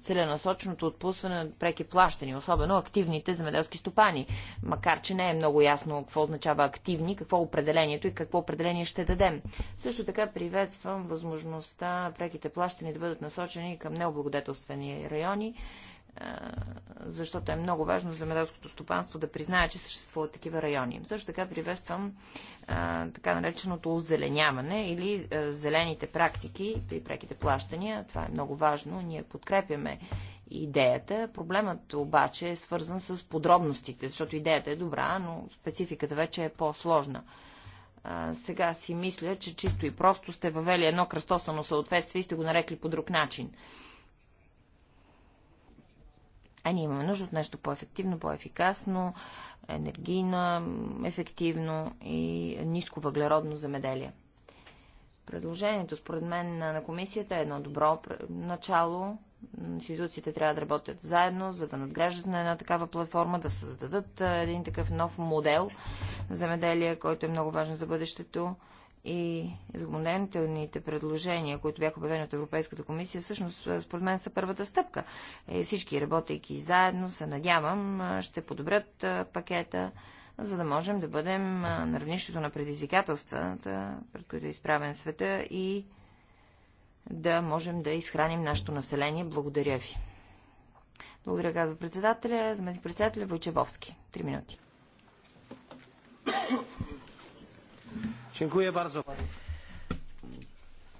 целенасоченото отпусване на преки плащани, особено активните земеделски стопани. Макар, че не е много ясно какво означава активни, какво е определението и какво определение ще дадем. Също така приветствам възможността преките плащани да бъдат насочени към необлагодетелствени облагодетелствени райони, защото е много важно за медалското стопанство да признае, че съществуват такива райони. Също така приветствам така нареченото озеленяване или зелените практики при преките плащания. Това е много важно. Ние подкрепяме идеята. Проблемът обаче е свързан с подробностите, защото идеята е добра, но спецификата вече е по-сложна. сега си мисля, че чисто и просто сте въвели едно кръстосано съответствие и сте го нарекли по друг начин. А ние имаме нужда от нещо по-ефективно, по-ефикасно, енергийно, ефективно и ниско въглеродно земеделие. Предложението, според мен, на комисията е едно добро начало. Институциите трябва да работят заедно, за да надграждат на една такава платформа, да създадат един такъв нов модел за меделие, който е много важен за бъдещето и изгонителните предложения, които бяха обявени от Европейската комисия, всъщност според мен са първата стъпка. И е, всички работейки заедно, се надявам, ще подобрят пакета, за да можем да бъдем на равнището на предизвикателствата, пред които е изправен света и да можем да изхраним нашето население. Благодаря ви. Благодаря, казва председателя. Заместник председателя Войчевовски. Три минути.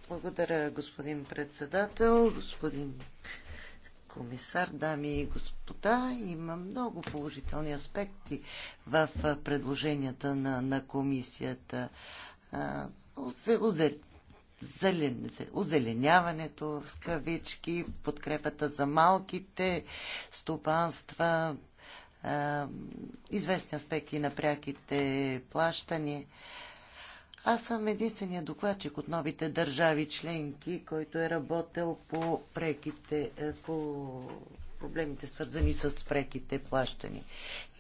Благодаря, господин председател, господин комисар, дами и господа. Има много положителни аспекти в предложенията на, на комисията. озеленяването в скавички, подкрепата за малките стопанства, известни аспекти на пряките плащания. Аз съм единствения докладчик от новите държави членки, който е работил по преките, е, по проблемите свързани с преките плащани.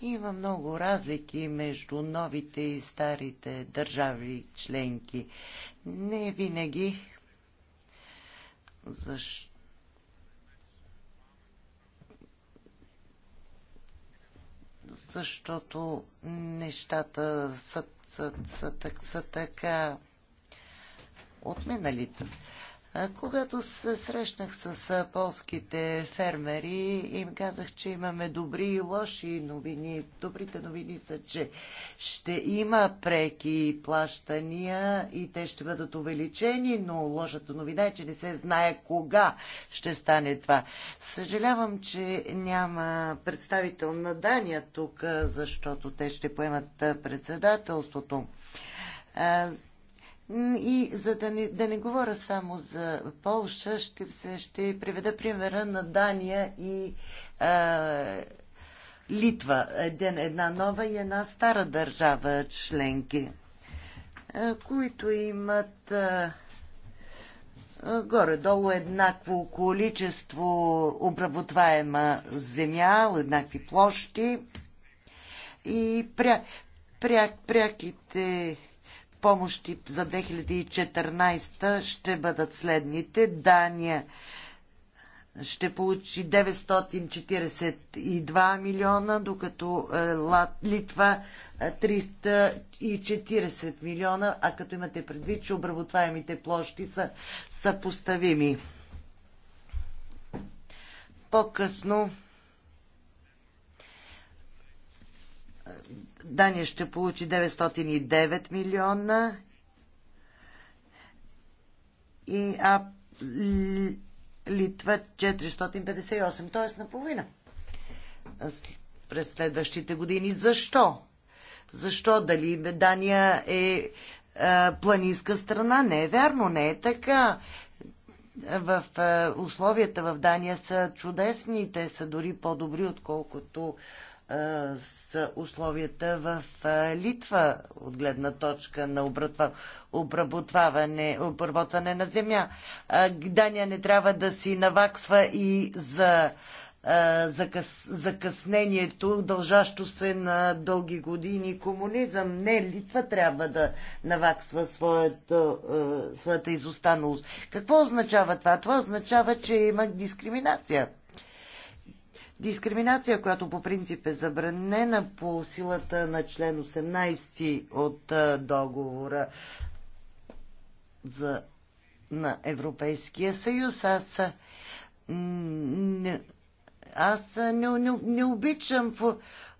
Има много разлики между новите и старите държави членки. Не винаги, защото защото нещата са са, са, са, са така отминалите. Когато се срещнах с полските фермери, им казах, че имаме добри и лоши новини. Добрите новини са, че ще има преки плащания и те ще бъдат увеличени, но лошата новина е, че не се знае кога ще стане това. Съжалявам, че няма представител на Дания тук, защото те ще поемат председателството. И за да не, да не говоря само за Полша, ще, ще приведа примера на Дания и а, Литва. една нова и една стара държава членки, а, които имат горе-долу еднакво количество обработваема земя, еднакви площи и пря, пря, пряките помощи за 2014 ще бъдат следните. Дания ще получи 942 милиона, докато е, Литва 340 е, милиона, а като имате предвид, че обработваемите площи са съпоставими. По-късно Дания ще получи 909 милиона и а Литва 458, т.е. наполовина през следващите години. Защо? Защо? Дали Дания е а, планинска страна? Не е вярно, не е така. В а, условията в Дания са чудесни, те са дори по-добри, отколкото с условията в Литва от гледна точка на обработване, обработване на земя. Дания не трябва да си наваксва и за закъснението, дължащо се на дълги години комунизъм. Не, Литва трябва да наваксва своята, своята изостаналост. Какво означава това? Това означава, че има дискриминация дискриминация, която по принцип е забранена по силата на член 18 от договора за, на Европейския съюз. Аз, не, аз не, не, не обичам в,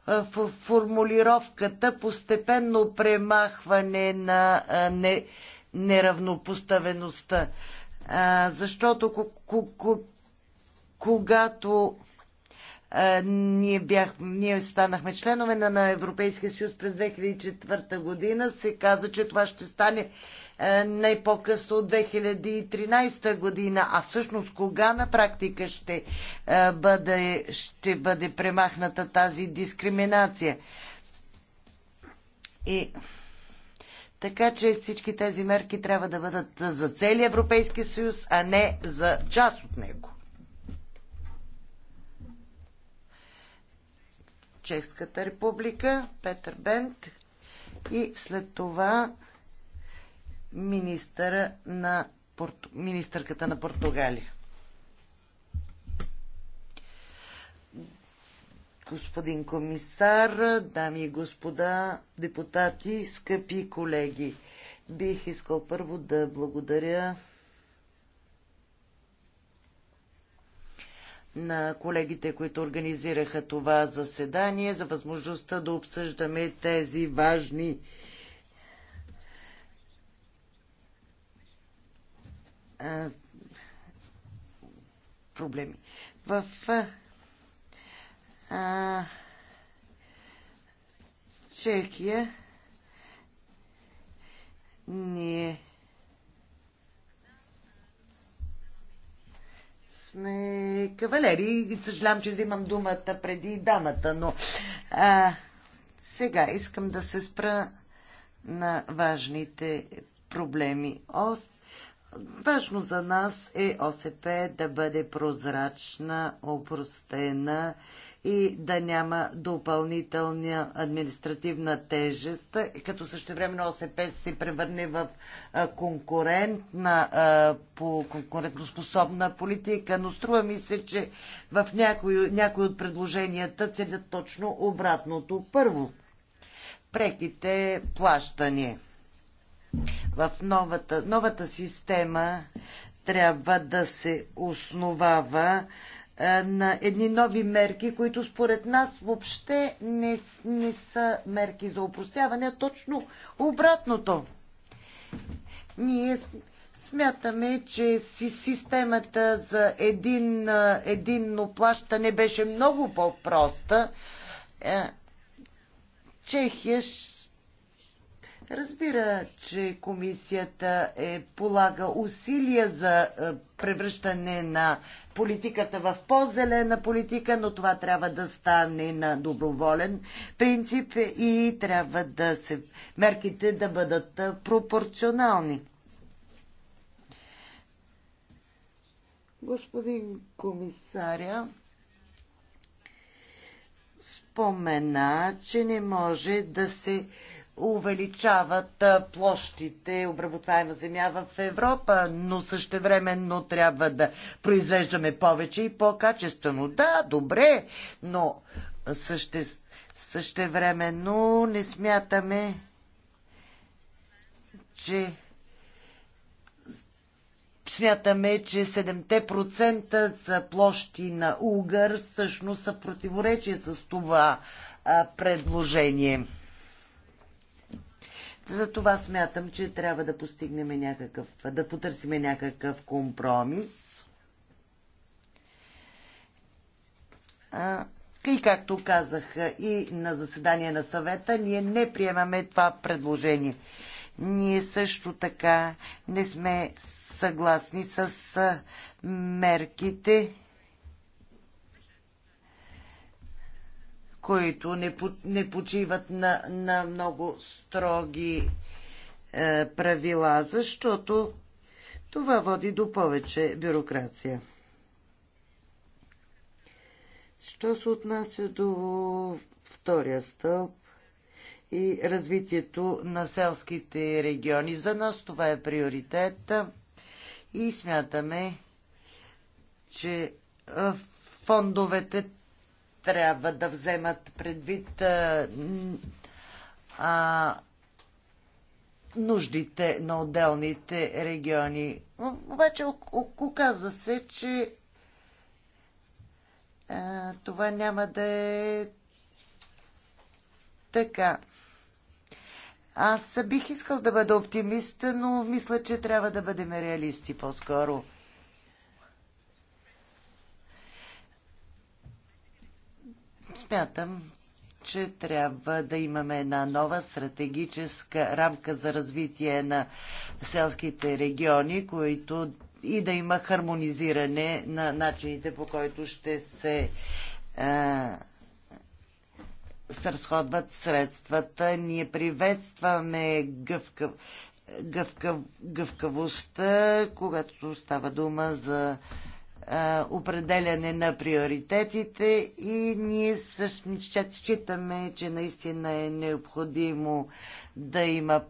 в формулировката постепенно премахване на не, неравнопоставеността. А, защото когато ние, бях, ние станахме членове на, на Европейския съюз през 2004 година, се каза, че това ще стане най по-късно от 2013 година, а всъщност кога на практика ще бъде, ще бъде премахната тази дискриминация. И така че всички тези мерки трябва да бъдат за целия Европейски съюз, а не за част от него. Чехската република, Петър Бент и след това министъра на Порту... министърката на Португалия. Господин комисар, дами и господа, депутати, скъпи колеги, бих искал първо да благодаря на колегите, които организираха това заседание, за възможността да обсъждаме тези важни проблеми. В а, Чехия ние сме кавалери и съжалявам, че взимам думата преди дамата, но а, сега искам да се спра на важните проблеми. Ост Важно за нас е ОСП да бъде прозрачна, опростена и да няма допълнителна административна тежест, като време ОСП се превърне в конкурентна, по конкурентоспособна политика. Но струва ми се, че в някои, някои от предложенията целят точно обратното. Първо, преките плащания в новата, новата система трябва да се основава е, на едни нови мерки, които според нас въобще не, не са мерки за упростяване, а точно обратното. Ние смятаме, че системата за един, е, единно плащане беше много по-проста. Е, Чехия Разбира, че комисията е полага усилия за е, превръщане на политиката в по-зелена политика, но това трябва да стане на доброволен принцип и трябва да се мерките да бъдат е, пропорционални. Господин комисаря, спомена, че не може да се увеличават площите обработаема земя в Европа, но същевременно трябва да произвеждаме повече и по-качествено. Да, добре, но съще, същевременно не смятаме, че смятаме, че 7% за площи на Угър всъщност са противоречие с това а, предложение. За това смятам, че трябва да постигнем някакъв, да потърсим някакъв компромис. А, и както казах и на заседание на съвета, ние не приемаме това предложение. Ние също така не сме съгласни с мерките, които не, по, не почиват на, на много строги е, правила, защото това води до повече бюрокрация. Що се отнася до втория стълб и развитието на селските региони, за нас това е приоритет и смятаме, че е, фондовете трябва да вземат предвид а, а, нуждите на отделните региони. Обаче оказва се, че а, това няма да е така. Аз бих искал да бъда оптимист, но мисля, че трябва да бъдем реалисти по-скоро. Смятам, че трябва да имаме една нова стратегическа рамка за развитие на селските региони, които и да има хармонизиране на начините по който ще се е, разходват средствата. Ние приветстваме гъвкав, гъвкав, гъвкавостта, когато става дума за определяне на приоритетите и ние считаме, че наистина е необходимо да има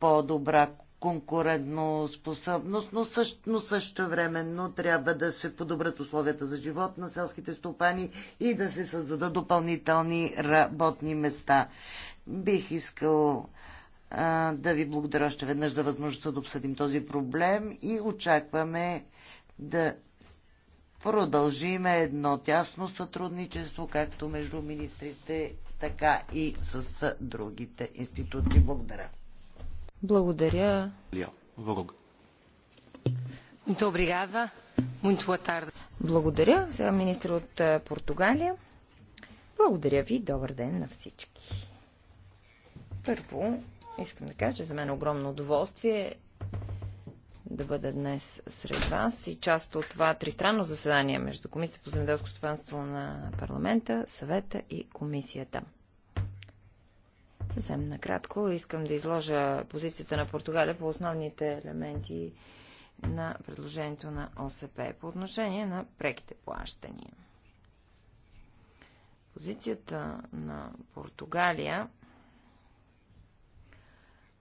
по-добра конкурентно способност, но също, но също временно трябва да се подобрят условията за живот на селските стопани и да се създадат допълнителни работни места. Бих искал а, да ви благодаря още веднъж за възможността да обсъдим този проблем и очакваме да продължиме едно тясно сътрудничество, както между министрите, така и с другите институции. Благодаря. Благодаря. Благодаря. Сега министър от Португалия. Благодаря ви. Добър ден на всички. Първо, искам да кажа, че за мен е огромно удоволствие да бъда днес сред вас и част от това тристранно заседание между Комисията по земеделско стопанство на парламента, съвета и комисията. Съвсем накратко искам да изложа позицията на Португалия по основните елементи на предложението на ОСП по отношение на преките плащания. Позицията на Португалия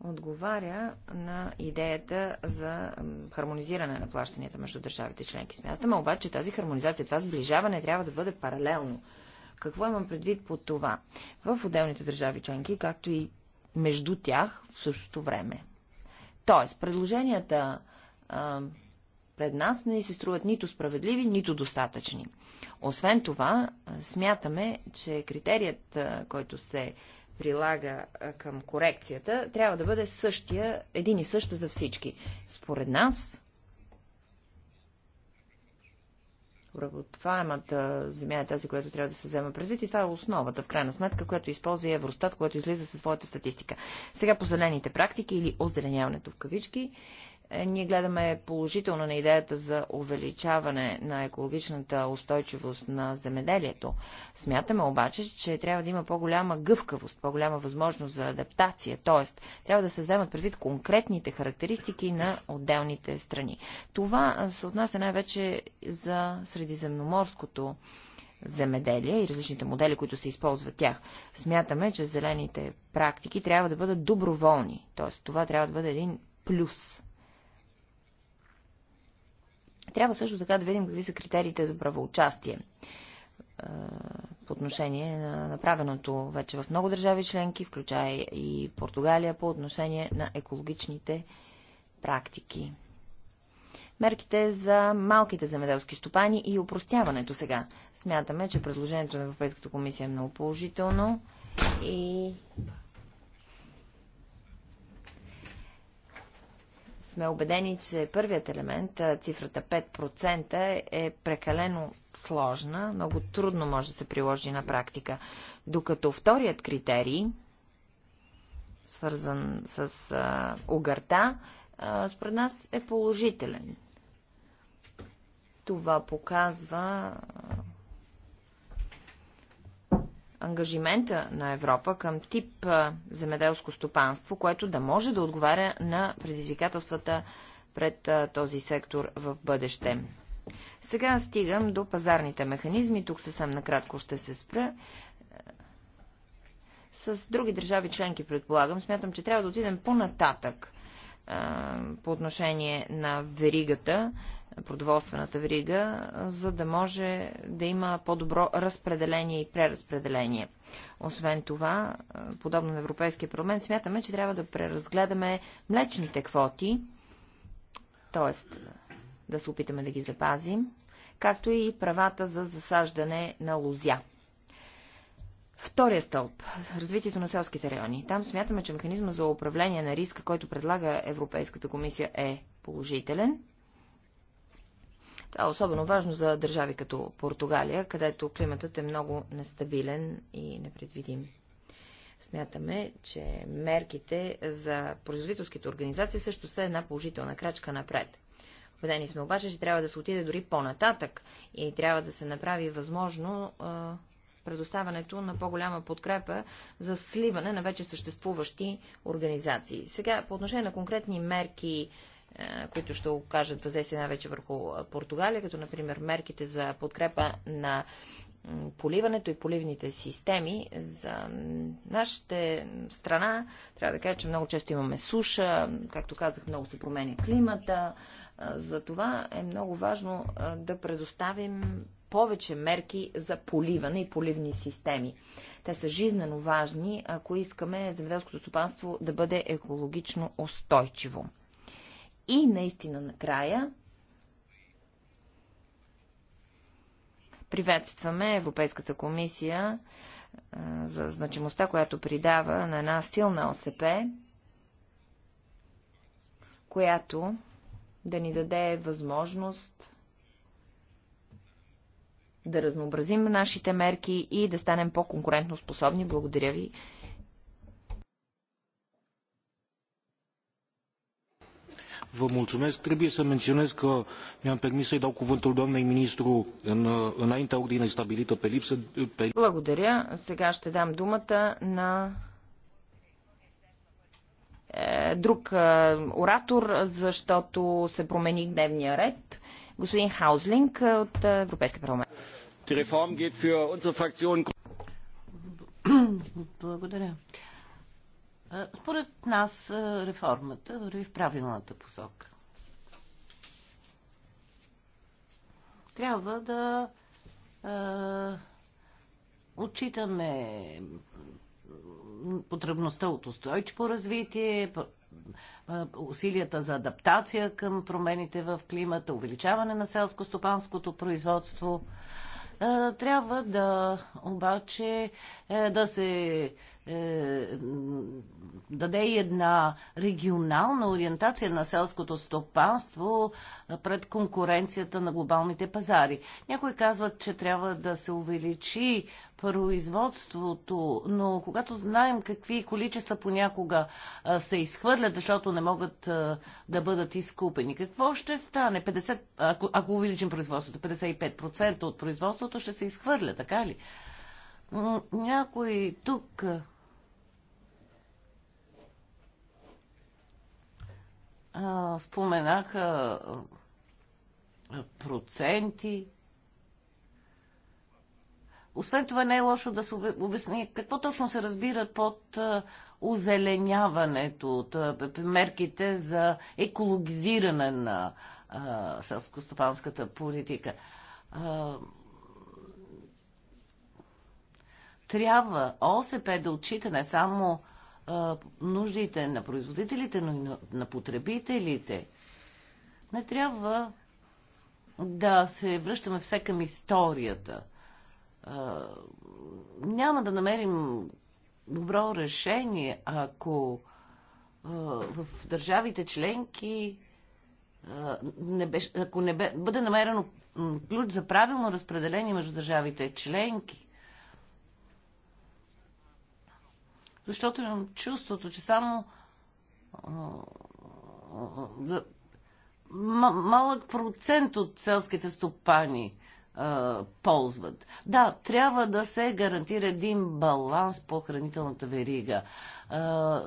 отговаря на идеята за хармонизиране на плащанията между държавите членки. Смятаме обаче, че тази хармонизация, това сближаване трябва да бъде паралелно. Какво имам предвид по това? В отделните държави членки, както и между тях в същото време. Тоест, предложенията а, пред нас не се струват нито справедливи, нито достатъчни. Освен това, смятаме, че критерият, който се прилага към корекцията, трябва да бъде същия, един и същ за всички. Според нас, работваемата земя е тази, която трябва да се взема предвид и това е основата, в крайна сметка, която използва и Евростат, която излиза със своята статистика. Сега по зелените практики или озеленяването в кавички, ние гледаме положително на идеята за увеличаване на екологичната устойчивост на земеделието. Смятаме обаче, че трябва да има по-голяма гъвкавост, по-голяма възможност за адаптация, т.е. трябва да се вземат предвид конкретните характеристики на отделните страни. Това се отнася най-вече за средиземноморското земеделие и различните модели, които се използват тях. Смятаме, че зелените практики трябва да бъдат доброволни, т.е. това трябва да бъде един плюс трябва също така да видим какви са критериите за правоучастие е, по отношение на направеното вече в много държави членки, включая и Португалия, по отношение на екологичните практики. Мерките за малките земеделски стопани и упростяването сега. Смятаме, че предложението на Европейската комисия е много положително и сме убедени, че първият елемент, цифрата 5%, е прекалено сложна, много трудно може да се приложи на практика. Докато вторият критерий, свързан с а, угърта, а, според нас е положителен. Това показва ангажимента на Европа към тип земеделско стопанство, което да може да отговаря на предизвикателствата пред този сектор в бъдеще. Сега стигам до пазарните механизми. Тук съвсем накратко ще се спра. С други държави членки, предполагам, смятам, че трябва да отидем по-нататък по отношение на веригата продоволствената врига, за да може да има по-добро разпределение и преразпределение. Освен това, подобно на Европейския парламент, смятаме, че трябва да преразгледаме млечните квоти, т.е. да се опитаме да ги запазим, както и правата за засаждане на лузя. Втория стълб – развитието на селските райони. Там смятаме, че механизма за управление на риска, който предлага Европейската комисия е положителен – това е особено важно за държави като Португалия, където климатът е много нестабилен и непредвидим. Смятаме, че мерките за производителските организации също са една положителна крачка напред. Обедени сме обаче, че трябва да се отиде дори по-нататък и трябва да се направи възможно предоставането на по-голяма подкрепа за сливане на вече съществуващи организации. Сега, по отношение на конкретни мерки е, които ще окажат въздействие най-вече върху Португалия, като например мерките за подкрепа на поливането и поливните системи. За нашата страна трябва да кажа, че много често имаме суша, както казах, много се променя климата. За това е много важно да предоставим повече мерки за поливане и поливни системи. Те са жизненно важни, ако искаме земеделското стопанство да бъде екологично устойчиво. И наистина накрая приветстваме Европейската комисия за значимостта, която придава на една силна ОСП, която да ни даде възможност да разнообразим нашите мерки и да станем по-конкурентно способни. Благодаря ви Vă mulțumesc. Trebuie să menționez că mi-am permis să-i dau cuvântul doamnei ministru în, înaintea ordinei stabilită pe lipsă. Pe... Благодаря. Сега ще дам думата на е, друг е, оратор, защото се промени дневния ред. Господин Хаузлинг от е, Европейския парламент. Благодаря. Според нас реформата върви в правилната посока. Трябва да е, отчитаме потребността от устойчиво развитие, усилията за адаптация към промените в климата, увеличаване на селско-стопанското производство. Е, трябва да обаче е, да се е, даде и една регионална ориентация на селското стопанство пред конкуренцията на глобалните пазари. Някои казват, че трябва да се увеличи производството, но когато знаем какви количества понякога а, се изхвърлят, защото не могат а, да бъдат изкупени, какво ще стане? 50, ако, ако увеличим производството, 55% от производството ще се изхвърля, така ли? Някой тук а, споменаха проценти, освен това не е лошо да се обясни какво точно се разбира под озеленяването, мерките за екологизиране на селскостопанската политика. Трябва ОСП да отчита не само нуждите на производителите, но и на потребителите. Не трябва да се връщаме все към историята – а, няма да намерим добро решение, ако а, в държавите членки а, не беше, ако не бе, бъде намерено ключ за правилно разпределение между държавите членки. Защото имам чувството, че само за малък процент от селските стопани а, ползват. Да, трябва да се гарантира един баланс по хранителната верига. А,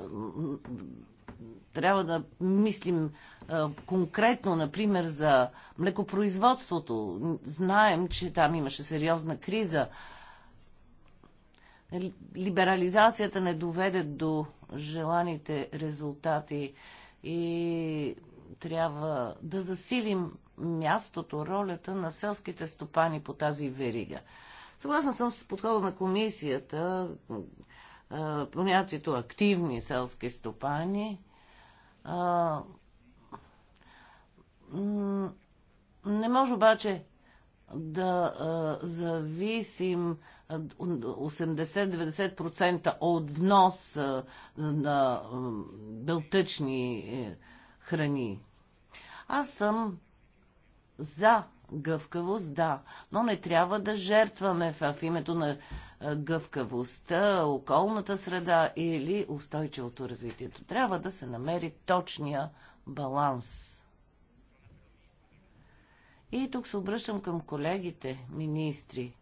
трябва да мислим а, конкретно, например, за млекопроизводството. Знаем, че там имаше сериозна криза. Либерализацията не доведе до желаните резултати и трябва да засилим мястото, ролята на селските стопани по тази верига. Съгласна съм с подхода на комисията, понятието активни селски стопани. Не може обаче да зависим 80-90% от внос на белтъчни е, храни. Аз съм за гъвкавост, да, но не трябва да жертваме в името на гъвкавостта, околната среда или устойчивото развитието. Трябва да се намери точния баланс. И тук се обръщам към колегите, министри.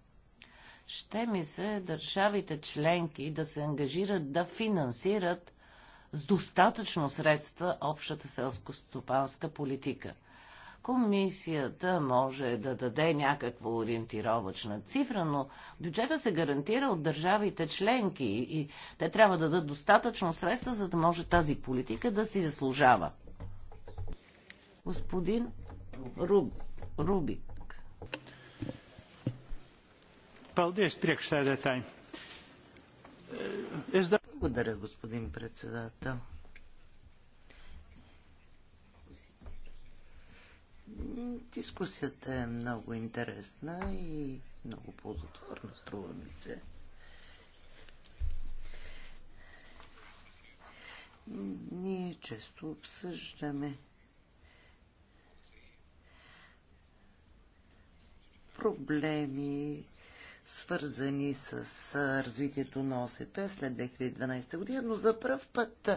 Ще ми се държавите членки да се ангажират да финансират с достатъчно средства общата селско-стопанска политика. Комисията може да даде някаква ориентировачна цифра, но бюджета се гарантира от държавите членки и те трябва да дадат достатъчно средства, за да може тази политика да си заслужава. Господин Руб, Рубик. Paldies, priekšsēdētāji. Благодаря, господин председател. Дискусията е много интересна и много ползотворна, струва ми се. Ние често обсъждаме проблеми, свързани с развитието на ОСП след 2012 година, но за първ път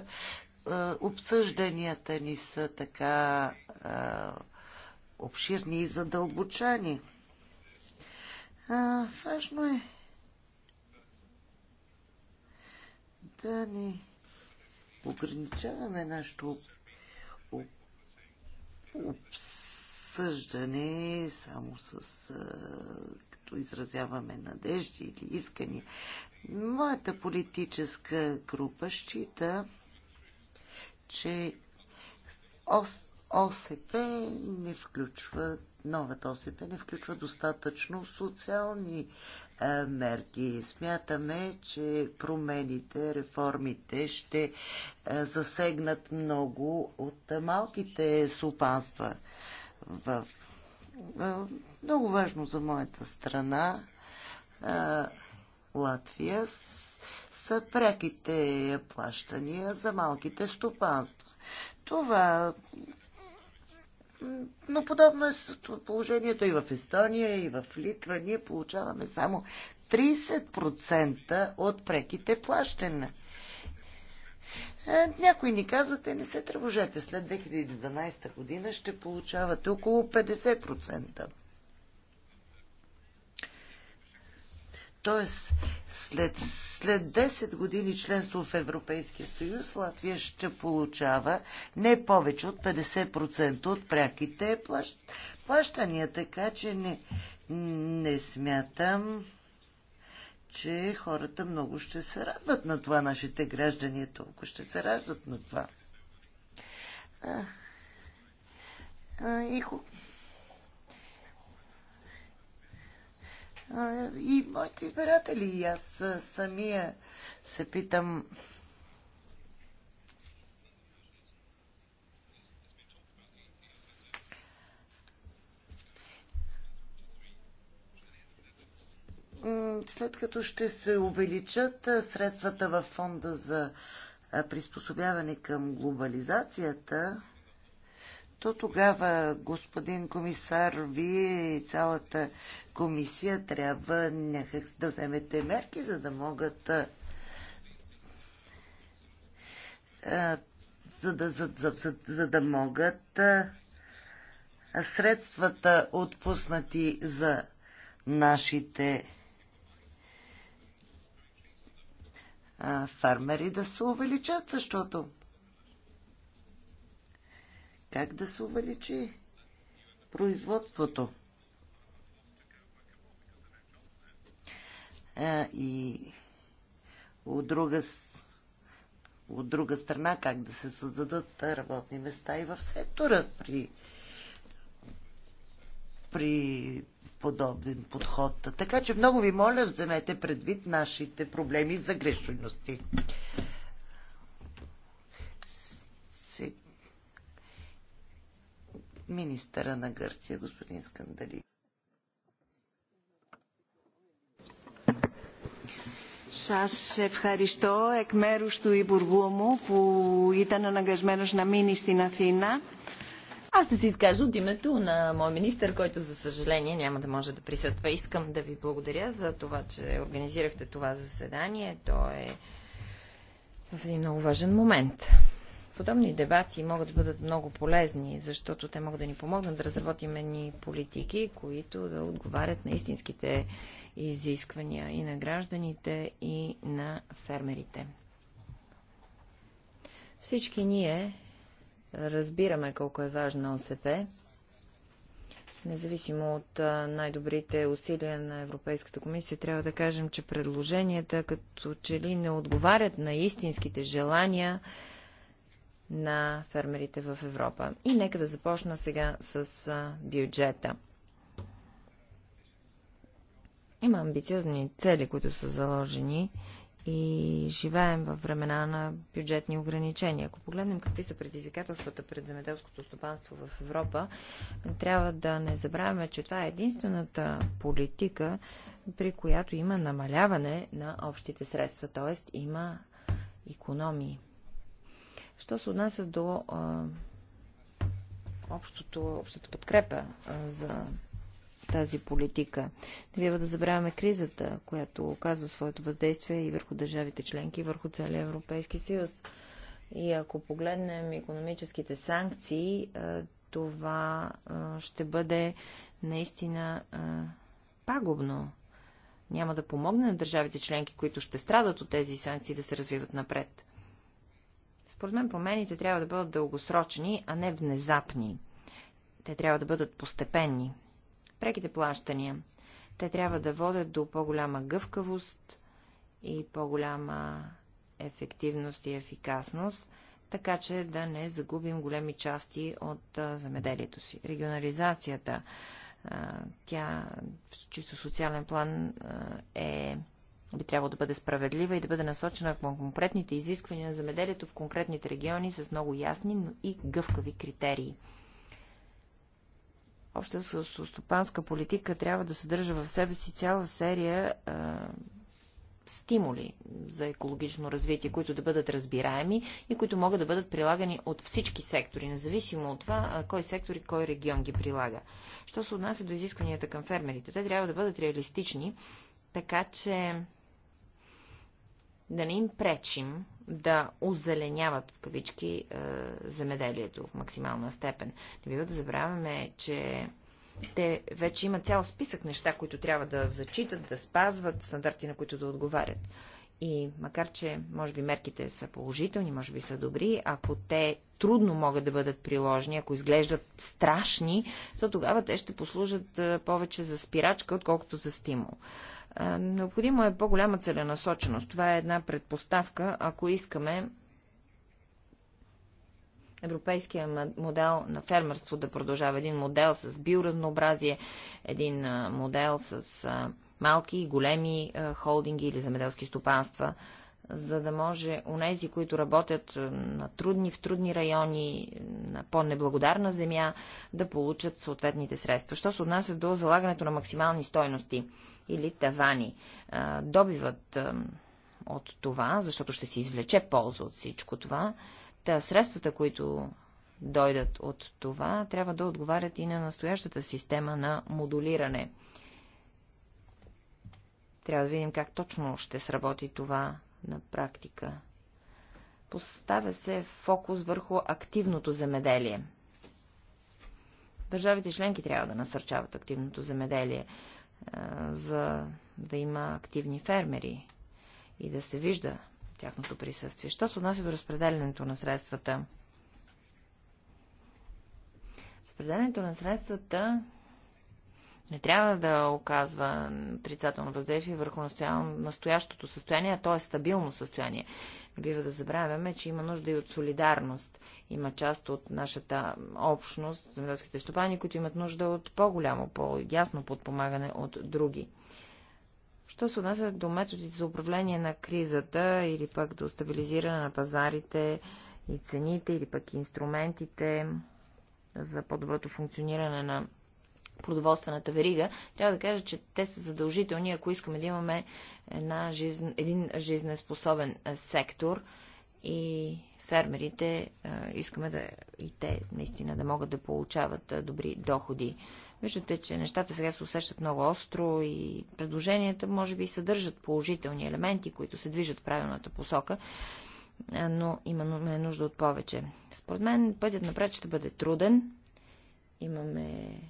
обсъжданията ни са така обширни и задълбочани. А, важно е да ни ограничаваме нашето обсъждане само с като изразяваме надежди или искания. Моята политическа група счита, че ост ОСП не включва, новата ОСП не включва достатъчно социални е, мерки. Смятаме, че промените, реформите ще е, засегнат много от малките супанства. В... Е, много важно за моята страна Латвия са преките плащания за малките стопанства. Това но подобно е положението и в Естония, и в Литва. Ние получаваме само 30% от преките плащане. Някои ни казвате, не се тревожете, след 2012 година ще получавате около 50%. Тоест, след, след 10 години членство в Европейския съюз, Латвия ще получава не повече от 50% от пряките плащ, плащания. Така че не, не смятам, че хората много ще се радват на това, нашите граждани е толкова ще се радват на това. А, а, и И моите избиратели, и аз самия се питам. След като ще се увеличат средствата в фонда за приспособяване към глобализацията, защо тогава, господин комисар, вие и цялата комисия трябва някак да вземете мерки, за да могат за да, за, за, за, за да могат средствата отпуснати за нашите фармери да се увеличат, защото как да се увеличи производството. А, и от друга, от друга страна как да се създадат работни места и в сектора при, при подобен подход. Така че много ви моля, вземете предвид нашите проблеми за грешности. министъра на Гърция, господин Скандали. Σας ευχαριστώ εκ μέρους του Υπουργού μου που ήταν αναγκασμένος να μείνει στην Αθήνα. Аз ще се изкажа от името на мой министър, който за съжаление няма да може да присъства. Искам да ви благодаря за това, че организирахте това заседание. То е в един много важен момент. Подобни дебати могат да бъдат много полезни, защото те могат да ни помогнат да разработим едни политики, които да отговарят на истинските изисквания и на гражданите, и на фермерите. Всички ние разбираме колко е важна ОСП, независимо от най-добрите усилия на Европейската комисия, трябва да кажем, че предложенията като че ли не отговарят на истинските желания на фермерите в Европа. И нека да започна сега с бюджета. Има амбициозни цели, които са заложени и живеем във времена на бюджетни ограничения. Ако погледнем какви са предизвикателствата пред земеделското стопанство в Европа, трябва да не забравяме, че това е единствената политика, при която има намаляване на общите средства, т.е. има економии. Що се отнася до а, общото, общата подкрепа а, за тази политика. Не бива да забравяме кризата, която оказва своето въздействие и върху държавите членки, и върху целия Европейски съюз. И ако погледнем економическите санкции, това ще бъде наистина пагубно. Няма да помогне на държавите членки, които ще страдат от тези санкции да се развиват напред. Според мен промените трябва да бъдат дългосрочни, а не внезапни. Те трябва да бъдат постепенни. Преките плащания. Те трябва да водят до по-голяма гъвкавост и по-голяма ефективност и ефикасност, така че да не загубим големи части от замеделието си. Регионализацията, тя в чисто социален план е би трябвало да бъде справедлива и да бъде насочена към конкретните изисквания на замеделието в конкретните региони с много ясни, но и гъвкави критерии. Обща стопанска политика трябва да съдържа в себе си цяла серия а, стимули за екологично развитие, които да бъдат разбираеми и които могат да бъдат прилагани от всички сектори, независимо от това а, кой сектор и кой регион ги прилага. Що се отнася до изискванията към фермерите? Те трябва да бъдат реалистични, така че да не им пречим да озеленяват в кавички е, земеделието в максимална степен. Не бива да забравяме, че те вече имат цял списък неща, които трябва да зачитат, да спазват, стандарти на които да отговарят. И макар, че може би мерките са положителни, може би са добри, ако те трудно могат да бъдат приложени, ако изглеждат страшни, то тогава те ще послужат е, повече за спирачка, отколкото за стимул. Необходимо е по-голяма целенасоченост. Това е една предпоставка, ако искаме европейския модел на фермерство да продължава. Един модел с биоразнообразие, един модел с малки и големи холдинги или земеделски стопанства, за да може унези, които работят на трудни, в трудни райони, на по-неблагодарна земя, да получат съответните средства. Що се отнася до залагането на максимални стойности? или тавани. Добиват от това, защото ще си извлече полза от всичко това. Та средствата, които дойдат от това, трябва да отговарят и на настоящата система на модулиране. Трябва да видим как точно ще сработи това на практика. Поставя се фокус върху активното земеделие. Държавите членки трябва да насърчават активното земеделие за да има активни фермери и да се вижда тяхното присъствие. Що се отнася до разпределянето на средствата? Разпределянето на средствата не трябва да оказва отрицателно въздействие върху настоящото състояние, а то е стабилно състояние. Не бива да забравяме, че има нужда и от солидарност. Има част от нашата общност, земеделските стопани, които имат нужда от по-голямо, по-ясно подпомагане от други. Що се отнася до методите за управление на кризата или пък до стабилизиране на пазарите и цените или пък инструментите за по-доброто функциониране на продоволствената верига, трябва да кажа, че те са задължителни, ако искаме да имаме една жизн, един жизнеспособен сектор и фермерите искаме да и те наистина да могат да получават добри доходи. Виждате, че нещата сега се усещат много остро и предложенията може би съдържат положителни елементи, които се движат в правилната посока, но имаме е нужда от повече. Според мен пътят напред ще бъде труден. Имаме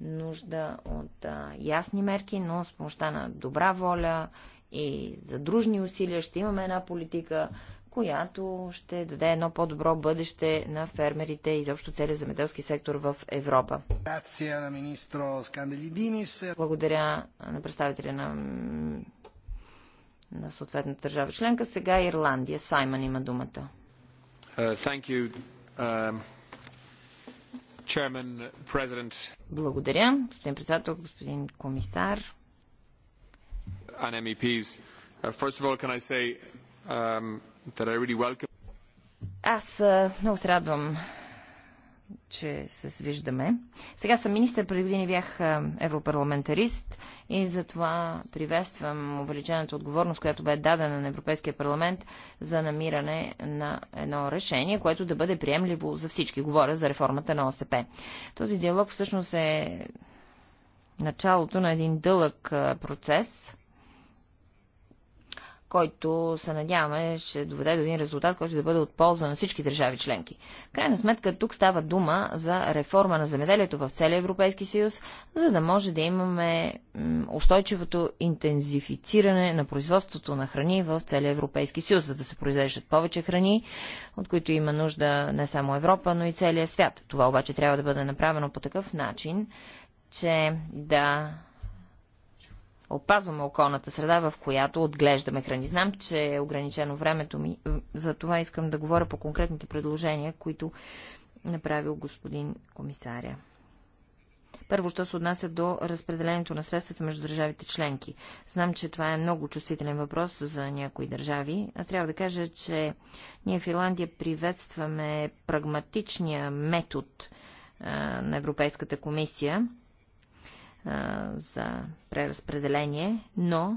нужда от а, ясни мерки, но с помощта на добра воля и за дружни усилия ще имаме една политика, която ще даде едно по-добро бъдеще на фермерите и заобщо целият земеделски сектор в Европа. Благодаря на представителя на, на съответната държава членка. Сега Ирландия. Саймън има думата. Uh, um, Chairman, President. Благодаря, господин председател, господин комисар. And MEPs. First of all, can I say um, that I really welcome аз много се радвам че се свиждаме. Сега съм министър, преди години бях европарламентарист и затова приветствам увеличената отговорност, която бе дадена на Европейския парламент за намиране на едно решение, което да бъде приемливо за всички. Говоря за реформата на ОСП. Този диалог всъщност е началото на един дълъг процес, който се надяваме ще доведе до един резултат, който да бъде от полза на всички държави членки. В крайна сметка тук става дума за реформа на земеделието в целия Европейски съюз, за да може да имаме устойчивото интензифициране на производството на храни в целия Европейски съюз, за да се произвеждат повече храни, от които има нужда не само Европа, но и целия свят. Това обаче трябва да бъде направено по такъв начин, че да опазваме околната среда, в която отглеждаме храни. Знам, че е ограничено времето ми, за това искам да говоря по конкретните предложения, които направил господин комисаря. Първо, що се отнася до разпределението на средствата между държавите членки. Знам, че това е много чувствителен въпрос за някои държави. Аз трябва да кажа, че ние в Ирландия приветстваме прагматичния метод а, на Европейската комисия, за преразпределение, но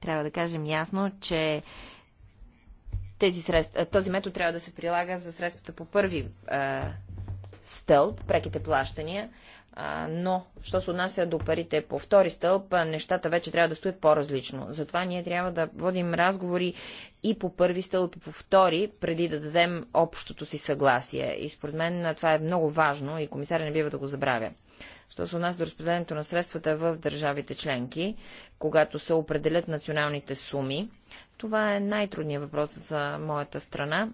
трябва да кажем ясно, че тези средства, този метод трябва да се прилага за средствата по първи а, стълб, преките плащания, а, но, що се отнася до парите по втори стълб, нещата вече трябва да стоят по-различно. Затова ние трябва да водим разговори и по първи стълб, и по втори, преди да дадем общото си съгласие. И според мен това е много важно и комисаря не бива да го забравя. Що се отнася до разпределението на средствата в държавите членки, когато се определят националните суми, това е най-трудният въпрос за моята страна.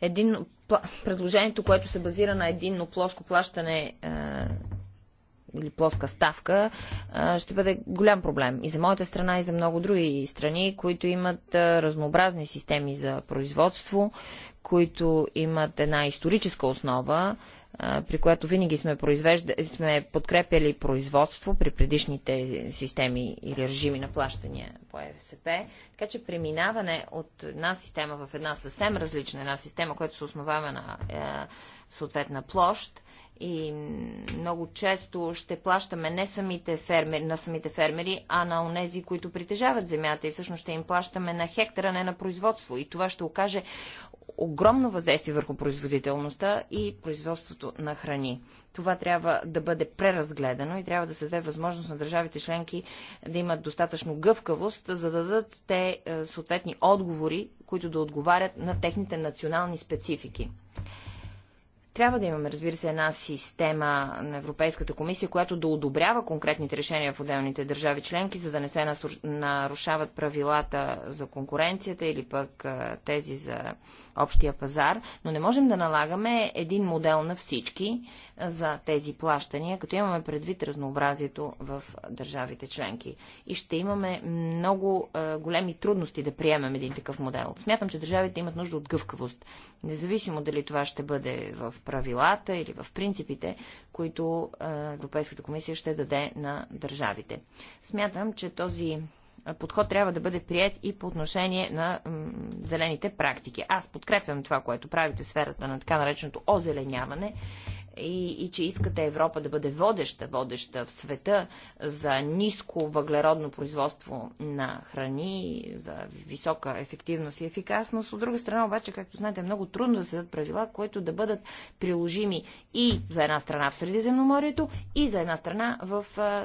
Един, предложението, което се базира на единно плоско плащане е, или плоска ставка, ще бъде голям проблем и за моята страна, и за много други страни, които имат разнообразни системи за производство, които имат една историческа основа, при която винаги сме, произвежда... сме подкрепяли производство при предишните системи или режими на плащания по ЕВСП. Така че преминаване от една система в една съвсем различна, една система, която се основава на е, съответна площ, и много често ще плащаме не самите фермери, на самите фермери, а на онези, които притежават земята и всъщност ще им плащаме на хектара, не на производство. И това ще окаже огромно въздействие върху производителността и производството на храни. Това трябва да бъде преразгледано и трябва да се даде възможност на държавите членки да имат достатъчно гъвкавост, за да дадат те е, съответни отговори, които да отговарят на техните национални специфики. Трябва да имаме, разбира се, една система на Европейската комисия, която да одобрява конкретните решения в отделните държави членки, за да не се нарушават правилата за конкуренцията или пък тези за общия пазар. Но не можем да налагаме един модел на всички за тези плащания, като имаме предвид разнообразието в държавите членки. И ще имаме много големи трудности да приемем един такъв модел. Смятам, че държавите имат нужда от гъвкавост. Независимо дали това ще бъде в в правилата или в принципите, които Европейската комисия ще даде на държавите. Смятам, че този подход трябва да бъде прият и по отношение на зелените практики. Аз подкрепям това, което правите в сферата на така нареченото озеленяване, и, и че искате Европа да бъде водеща, водеща в света за ниско въглеродно производство на храни, за висока ефективност и ефикасност. От друга страна обаче, както знаете, е много трудно да се дадат правила, които да бъдат приложими и за една страна в Средиземноморието, и за една страна в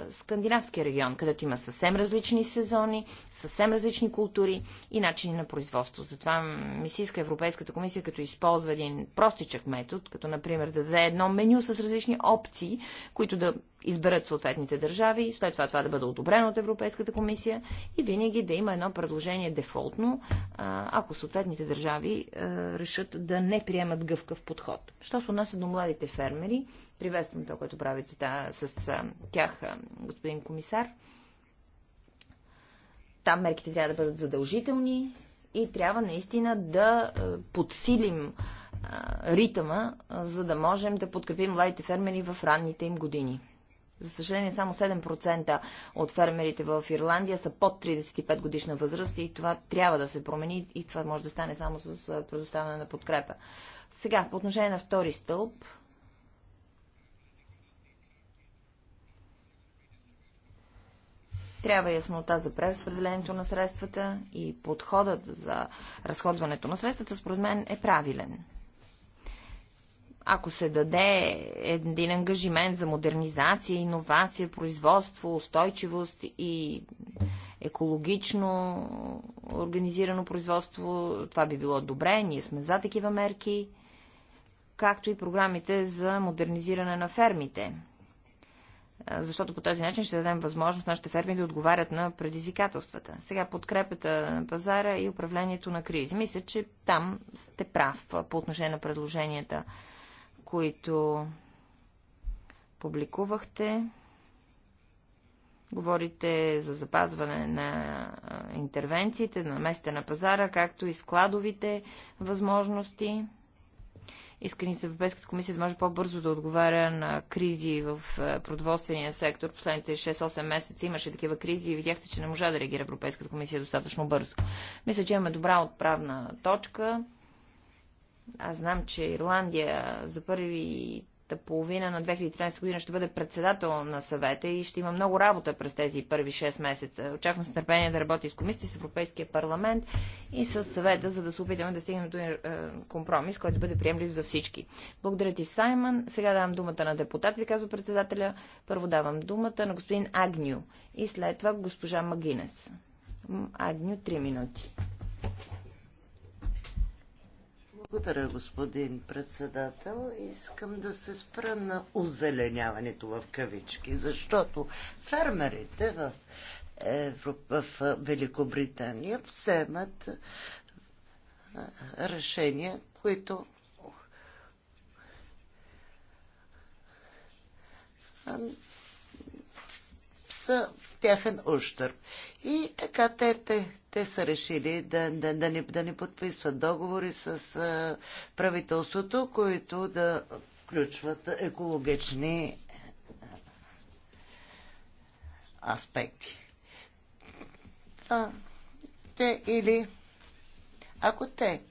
Скандинавския регион, където има съвсем различни сезони, съвсем различни култури и начини на производство. Затова ми се иска Европейската комисия, като използва един простичък метод, като например да даде едно меню с различни опции, които да изберат съответните държави, след това това да бъде одобрено от Европейската комисия и винаги да има едно предложение дефолтно, ако съответните държави решат да не приемат гъвкав подход. Що се отнася до младите фермери, приветствам това, което правите с тях, господин комисар. Там мерките трябва да бъдат задължителни и трябва наистина да подсилим ритъма, за да можем да подкрепим младите фермери в ранните им години. За съжаление, само 7% от фермерите в Ирландия са под 35 годишна възраст и това трябва да се промени и това може да стане само с предоставяне на подкрепа. Сега, по отношение на втори стълб, трябва яснота за преразпределението на средствата и подходът за разходването на средствата, според мен, е правилен ако се даде един ангажимент за модернизация, иновация, производство, устойчивост и екологично организирано производство, това би било добре. Ние сме за такива мерки, както и програмите за модернизиране на фермите. Защото по този начин ще дадем възможност нашите ферми да отговарят на предизвикателствата. Сега подкрепата на пазара и управлението на кризи. Мисля, че там сте прав по отношение на предложенията които публикувахте. Говорите за запазване на интервенциите, на месте на пазара, както и складовите възможности. Иска се Европейската комисия да може по-бързо да отговаря на кризи в продоволствения сектор. Последните 6-8 месеца имаше такива кризи и видяхте, че не можа да реагира Европейската комисия достатъчно бързо. Мисля, че имаме добра отправна точка аз знам, че Ирландия за първита половина на 2013 година ще бъде председател на съвета и ще има много работа през тези първи 6 месеца. Очаквам с търпение да работи с комисията, с Европейския парламент и с съвета, за да се опитаме да стигнем до е, компромис, който бъде приемлив за всички. Благодаря ти, Саймън. Сега давам думата на депутатите, казва председателя. Първо давам думата на господин Агню и след това госпожа Магинес. Агню, 3 минути. Благодаря, господин председател. Искам да се спра на озеленяването в кавички, защото фермерите в, Европ... в Великобритания вземат решения, които са тяхен ущърп. И така те, те, те са решили да, да, да, не, да не подписват договори с а, правителството, които да включват екологични аспекти. А, те или ако те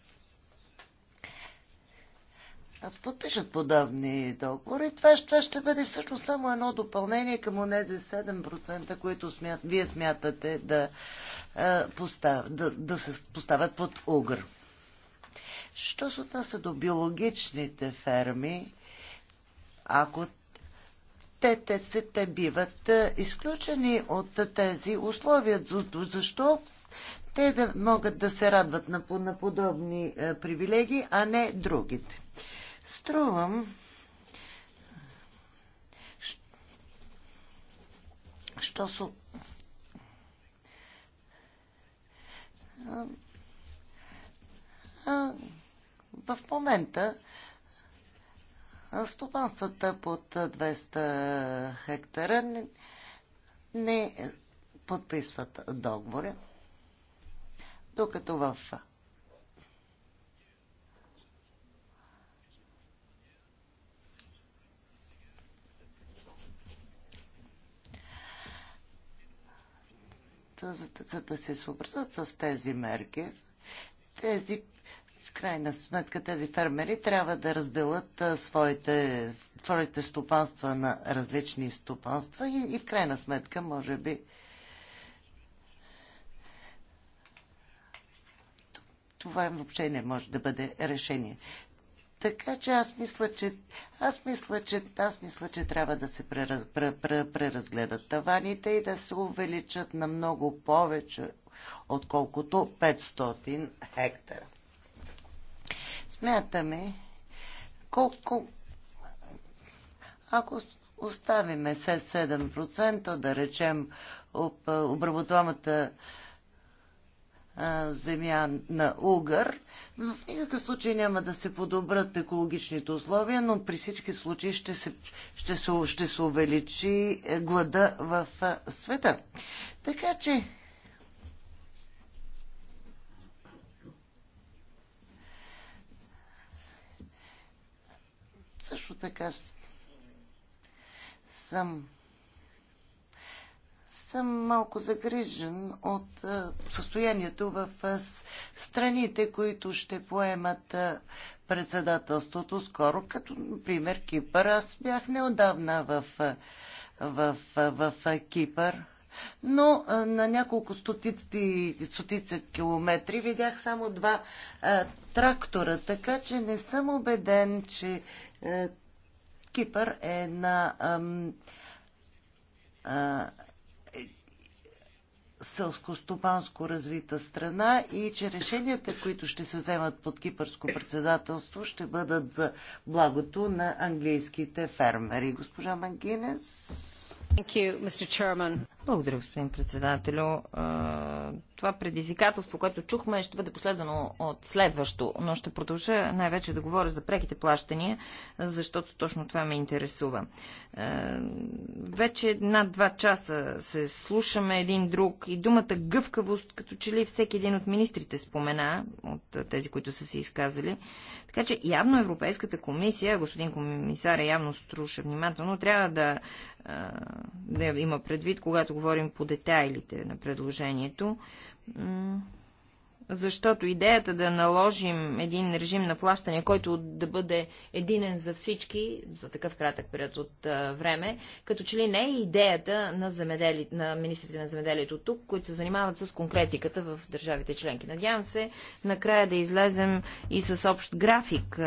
подпишат подобни договори, това, това ще бъде всъщност само едно допълнение към онези 7%, които смят, вие смятате да, е, постав, да, да се поставят под угър. Що се отнася до биологичните ферми, ако те, те, те, те биват изключени от тези условия, защо те да могат да се радват на, на подобни привилегии, а не другите? Струвам, що со... в момента стопанствата под 200 хектара не, не подписват договори, докато в за, за да се съобразят с тези мерки. Тези, в крайна сметка, тези фермери трябва да разделят своите, своите стопанства на различни стопанства и, и в крайна сметка, може би, това въобще не може да бъде решение. Така че аз мисля, че аз мисля, че аз мисля, че трябва да се прераз, преразгледат таваните и да се увеличат на много повече, отколкото 500 хектара. Смятаме, колко ако оставиме 7%, да речем, обработвамата земя на угър. В никакъв случай няма да се подобрат екологичните условия, но при всички случаи ще се, ще се, ще се увеличи е, глада в света. Така че. Също така съм съм малко загрижен от състоянието в страните, които ще поемат председателството скоро, като, например, Кипър. Аз бях неодавна в, в, в, в Кипър, но на няколко стотици, стотица километри видях само два а, трактора, така че не съм убеден, че а, Кипър е на. А, а, сълскостопанско развита страна и че решенията, които ще се вземат под кипърско председателство, ще бъдат за благото на английските фермери. Госпожа Мангинес. Благодаря, господин председателю. Е, това предизвикателство, което чухме, ще бъде последвано от следващо, но ще продължа най-вече да говоря за преките плащания, защото точно това ме интересува. Е, вече над два часа се слушаме един друг и думата гъвкавост, като че ли всеки един от министрите спомена, от тези, които са се изказали. Така че явно Европейската комисия, господин комисаря явно струша внимателно, трябва да да има предвид, когато говорим по детайлите на предложението. Защото идеята да наложим един режим на плащане, който да бъде единен за всички, за такъв кратък период от време, като че ли не е идеята на, замедели, на министрите на земеделието тук, които се занимават с конкретиката в държавите членки. Надявам се накрая да излезем и с общ график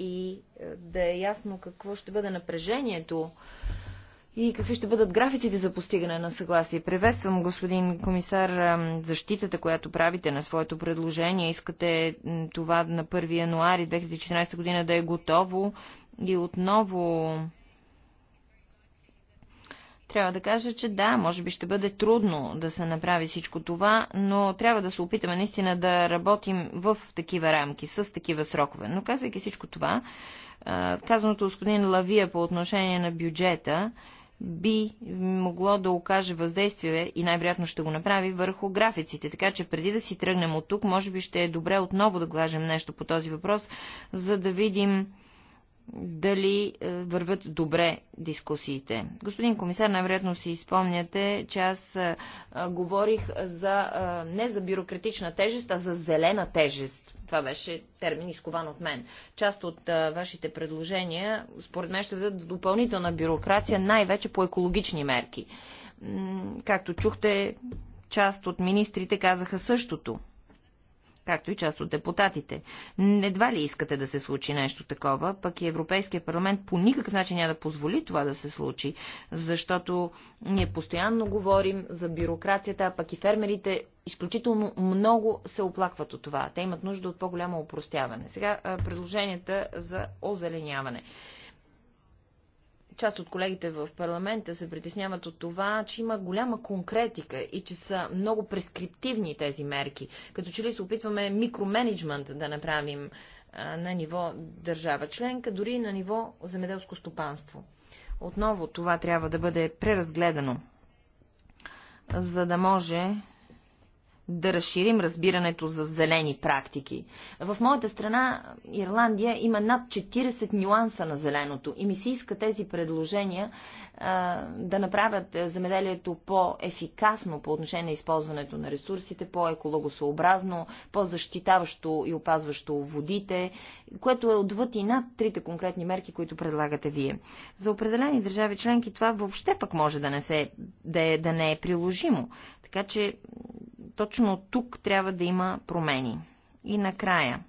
и е, да е ясно какво ще бъде напрежението и какви ще бъдат графиците за постигане на съгласие. Приветствам, господин комисар, е, защитата, която правите на своето предложение. Искате това на 1 януари 2014 година да е готово и отново трябва да кажа, че да, може би ще бъде трудно да се направи всичко това, но трябва да се опитаме наистина да работим в такива рамки, с такива срокове. Но казвайки всичко това, казаното господин Лавия по отношение на бюджета, би могло да окаже въздействие и най-вероятно ще го направи върху графиците. Така че преди да си тръгнем от тук, може би ще е добре отново да глажем нещо по този въпрос, за да видим дали е, върват добре дискусиите. Господин комисар, най-вероятно си спомняте, че аз е, е, говорих за, не за бюрократична тежест, а за зелена тежест. Това беше термин изкован от мен. Част от вашите предложения, според мен, ще дадат допълнителна бюрокрация, най-вече по екологични мерки. Както чухте, част от министрите казаха същото както и част от депутатите. Едва ли искате да се случи нещо такова, пък и Европейския парламент по никакъв начин няма да позволи това да се случи, защото ние постоянно говорим за бюрокрацията, а пък и фермерите изключително много се оплакват от това. Те имат нужда от по-голямо упростяване. Сега предложенията за озеленяване. Част от колегите в парламента се притесняват от това, че има голяма конкретика и че са много прескриптивни тези мерки. Като че ли се опитваме микроменеджмент да направим а, на ниво държава членка, дори и на ниво земеделско стопанство. Отново това трябва да бъде преразгледано, за да може да разширим разбирането за зелени практики. В моята страна, Ирландия, има над 40 нюанса на зеленото и ми се иска тези предложения да направят земеделието по-ефикасно по отношение на използването на ресурсите, по-екологосообразно, по-защитаващо и опазващо водите, което е отвъд и над трите конкретни мерки, които предлагате вие. За определени държави членки това въобще пък може да не, се, да, е, да не е приложимо. Така че точно тук трябва да има промени. И накрая.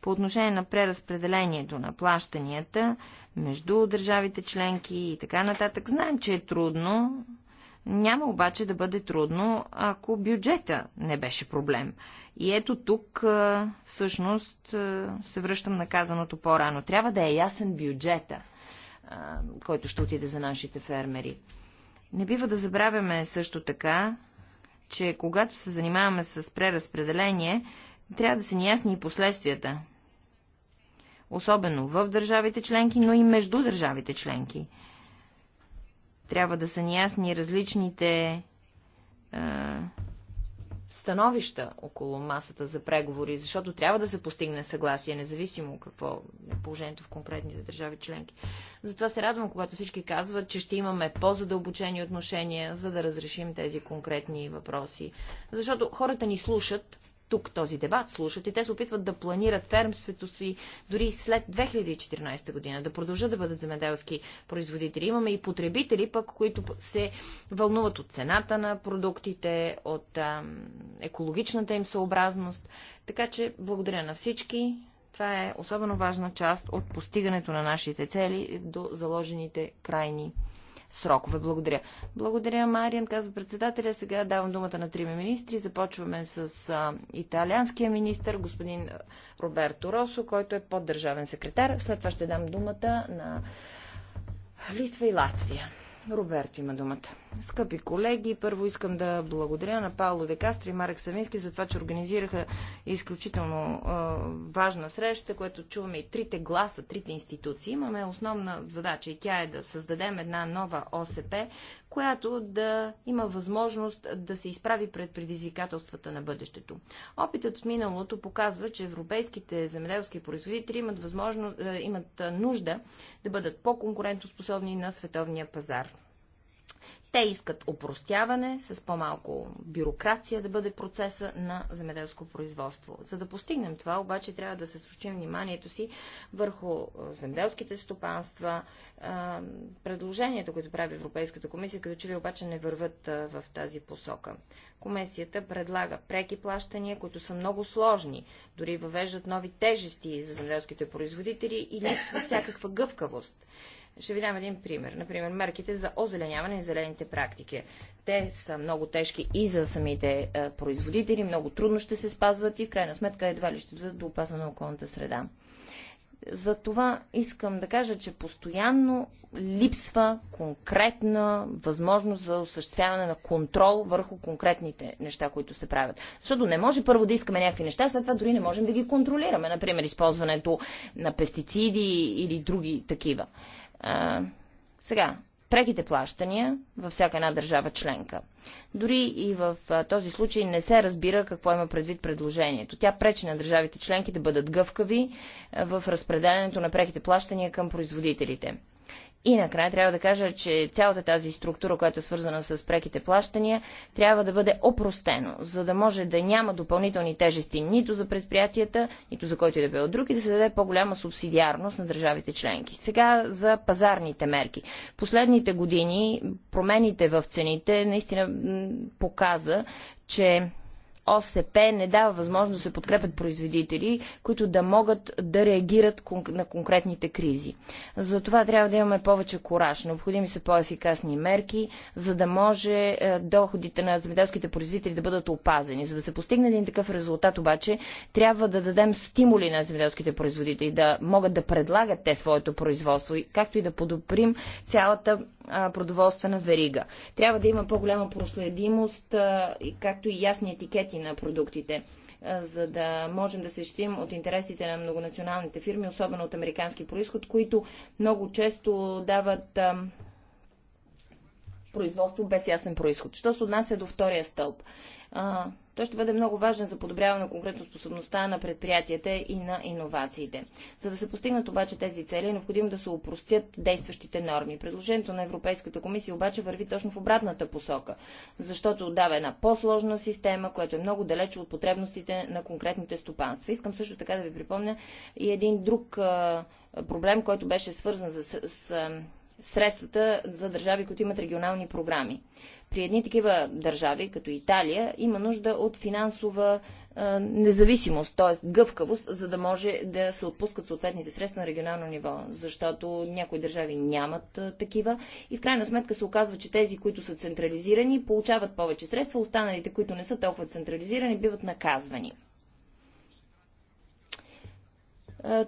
По отношение на преразпределението на плащанията между държавите членки и така нататък, знаем, че е трудно. Няма обаче да бъде трудно, ако бюджета не беше проблем. И ето тук всъщност се връщам на казаното по-рано. Трябва да е ясен бюджета, който ще отиде за нашите фермери. Не бива да забравяме също така, че когато се занимаваме с преразпределение, трябва да са ни ясни и последствията. Особено в държавите членки, но и между държавите членки. Трябва да са ни ясни различните становища около масата за преговори, защото трябва да се постигне съгласие, независимо какво е положението в конкретните държави членки. Затова се радвам, когато всички казват, че ще имаме по-задълбочени отношения, за да разрешим тези конкретни въпроси. Защото хората ни слушат тук този дебат слушат и те се опитват да планират фермството си дори след 2014 година, да продължат да бъдат земеделски производители. Имаме и потребители, пък, които се вълнуват от цената на продуктите, от ам, екологичната им съобразност. Така че благодаря на всички. Това е особено важна част от постигането на нашите цели до заложените крайни срокове. Благодаря. Благодаря, Мариан, казва председателя. Сега давам думата на трима министри. Започваме с а, италианския министр, господин Роберто Росо, който е поддържавен секретар. След това ще дам думата на Литва и Латвия. Роберто има думата. Скъпи колеги, първо искам да благодаря на Пауло Декастро и Марек Савински за това, че организираха изключително а, важна среща, което чуваме и трите гласа, трите институции. Имаме основна задача и тя е да създадем една нова ОСП, която да има възможност да се изправи пред предизвикателствата на бъдещето. Опитът от миналото показва, че европейските земеделски производители имат, възможно, е, имат нужда да бъдат по-конкурентоспособни на световния пазар. Те искат опростяване, с по-малко бюрокрация да бъде процеса на земеделско производство. За да постигнем това, обаче трябва да се случим вниманието си върху земеделските стопанства. Предложенията, които прави Европейската комисия, като че ли обаче не върват в тази посока. Комисията предлага преки плащания, които са много сложни, дори въвеждат нови тежести за земеделските производители и липсва всякаква гъвкавост. Ще ви дам един пример. Например, мерките за озеленяване и зелените практики. Те са много тежки и за самите е, производители, много трудно ще се спазват и в крайна сметка едва ли ще дадат до опаса на околната среда. За това искам да кажа, че постоянно липсва конкретна възможност за осъществяване на контрол върху конкретните неща, които се правят. Защото не може първо да искаме някакви неща, след това дори не можем да ги контролираме. Например, използването на пестициди или други такива. А, сега, преките плащания във всяка една държава членка. Дори и в а, този случай не се разбира какво има предвид предложението. Тя пречи на държавите членки да бъдат гъвкави а, в разпределянето на преките плащания към производителите. И накрая трябва да кажа, че цялата тази структура, която е свързана с преките плащания, трябва да бъде опростено, за да може да няма допълнителни тежести нито за предприятията, нито за който и да бе от друг и да се даде по-голяма субсидиарност на държавите членки. Сега за пазарните мерки. Последните години промените в цените наистина показа, че ОСП не дава възможност да се подкрепят производители, които да могат да реагират на конкретните кризи. Затова трябва да имаме повече кораж. Необходими са по-ефикасни мерки, за да може е, доходите на земеделските производители да бъдат опазени. За да се постигне един такъв резултат обаче, трябва да дадем стимули на земеделските производители да могат да предлагат те своето производство, както и да подобрим цялата продоволствена верига. Трябва да има по-голяма проследимост, както и ясни етикети на продуктите, за да можем да се щим от интересите на многонационалните фирми, особено от американски происход, които много често дават производство без ясен происход. Що се отнася до втория стълб? Той ще бъде много важен за подобряване на конкретно способността на предприятията и на иновациите. За да се постигнат обаче тези цели, е необходимо да се упростят действащите норми. Предложението на Европейската комисия обаче върви точно в обратната посока, защото дава една по-сложна система, която е много далече от потребностите на конкретните стопанства. Искам също така да ви припомня и един друг проблем, който беше свързан с средствата за държави, които имат регионални програми при едни такива държави, като Италия, има нужда от финансова независимост, т.е. гъвкавост, за да може да се отпускат съответните средства на регионално ниво, защото някои държави нямат такива и в крайна сметка се оказва, че тези, които са централизирани, получават повече средства, останалите, които не са толкова централизирани, биват наказвани.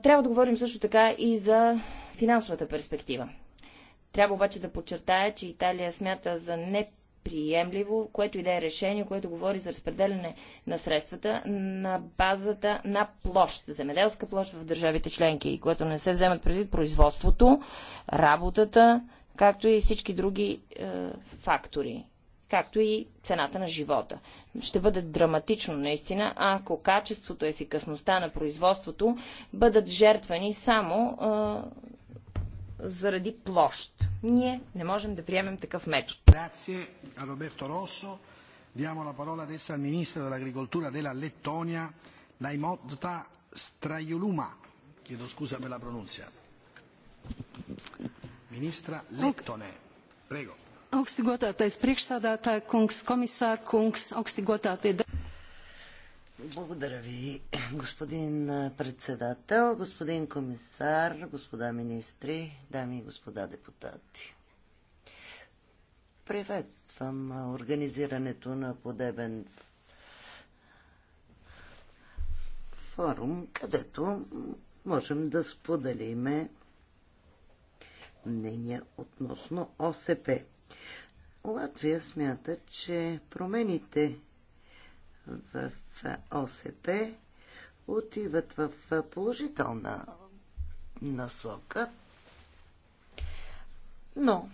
трябва да говорим също така и за финансовата перспектива. Трябва обаче да подчертая, че Италия смята за не приемливо, което и да е решение, което говори за разпределяне на средствата на базата на площ, земеделска площ в държавите членки, което не се вземат предвид производството, работата, както и всички други е, фактори, както и цената на живота. Ще бъде драматично наистина, ако качеството, ефикасността на производството бъдат жертвани само е, заради площ. Ние не можем да приемем такъв метод. Diamo la parola adesso al ministro dell'agricoltura della Lettonia, Laimotta Strajuluma. Chiedo scusa per la pronuncia. Ministra Lettone, prego. Augsti godātais priekšsādātāja kungs, komisāra kungs, augsti godātie. Благодаря ви, господин председател, господин комисар, господа министри, дами и господа депутати. Приветствам организирането на подебен форум, където можем да споделиме мнения относно ОСП. Латвия смята, че промените в ОСП отиват в положителна насока, но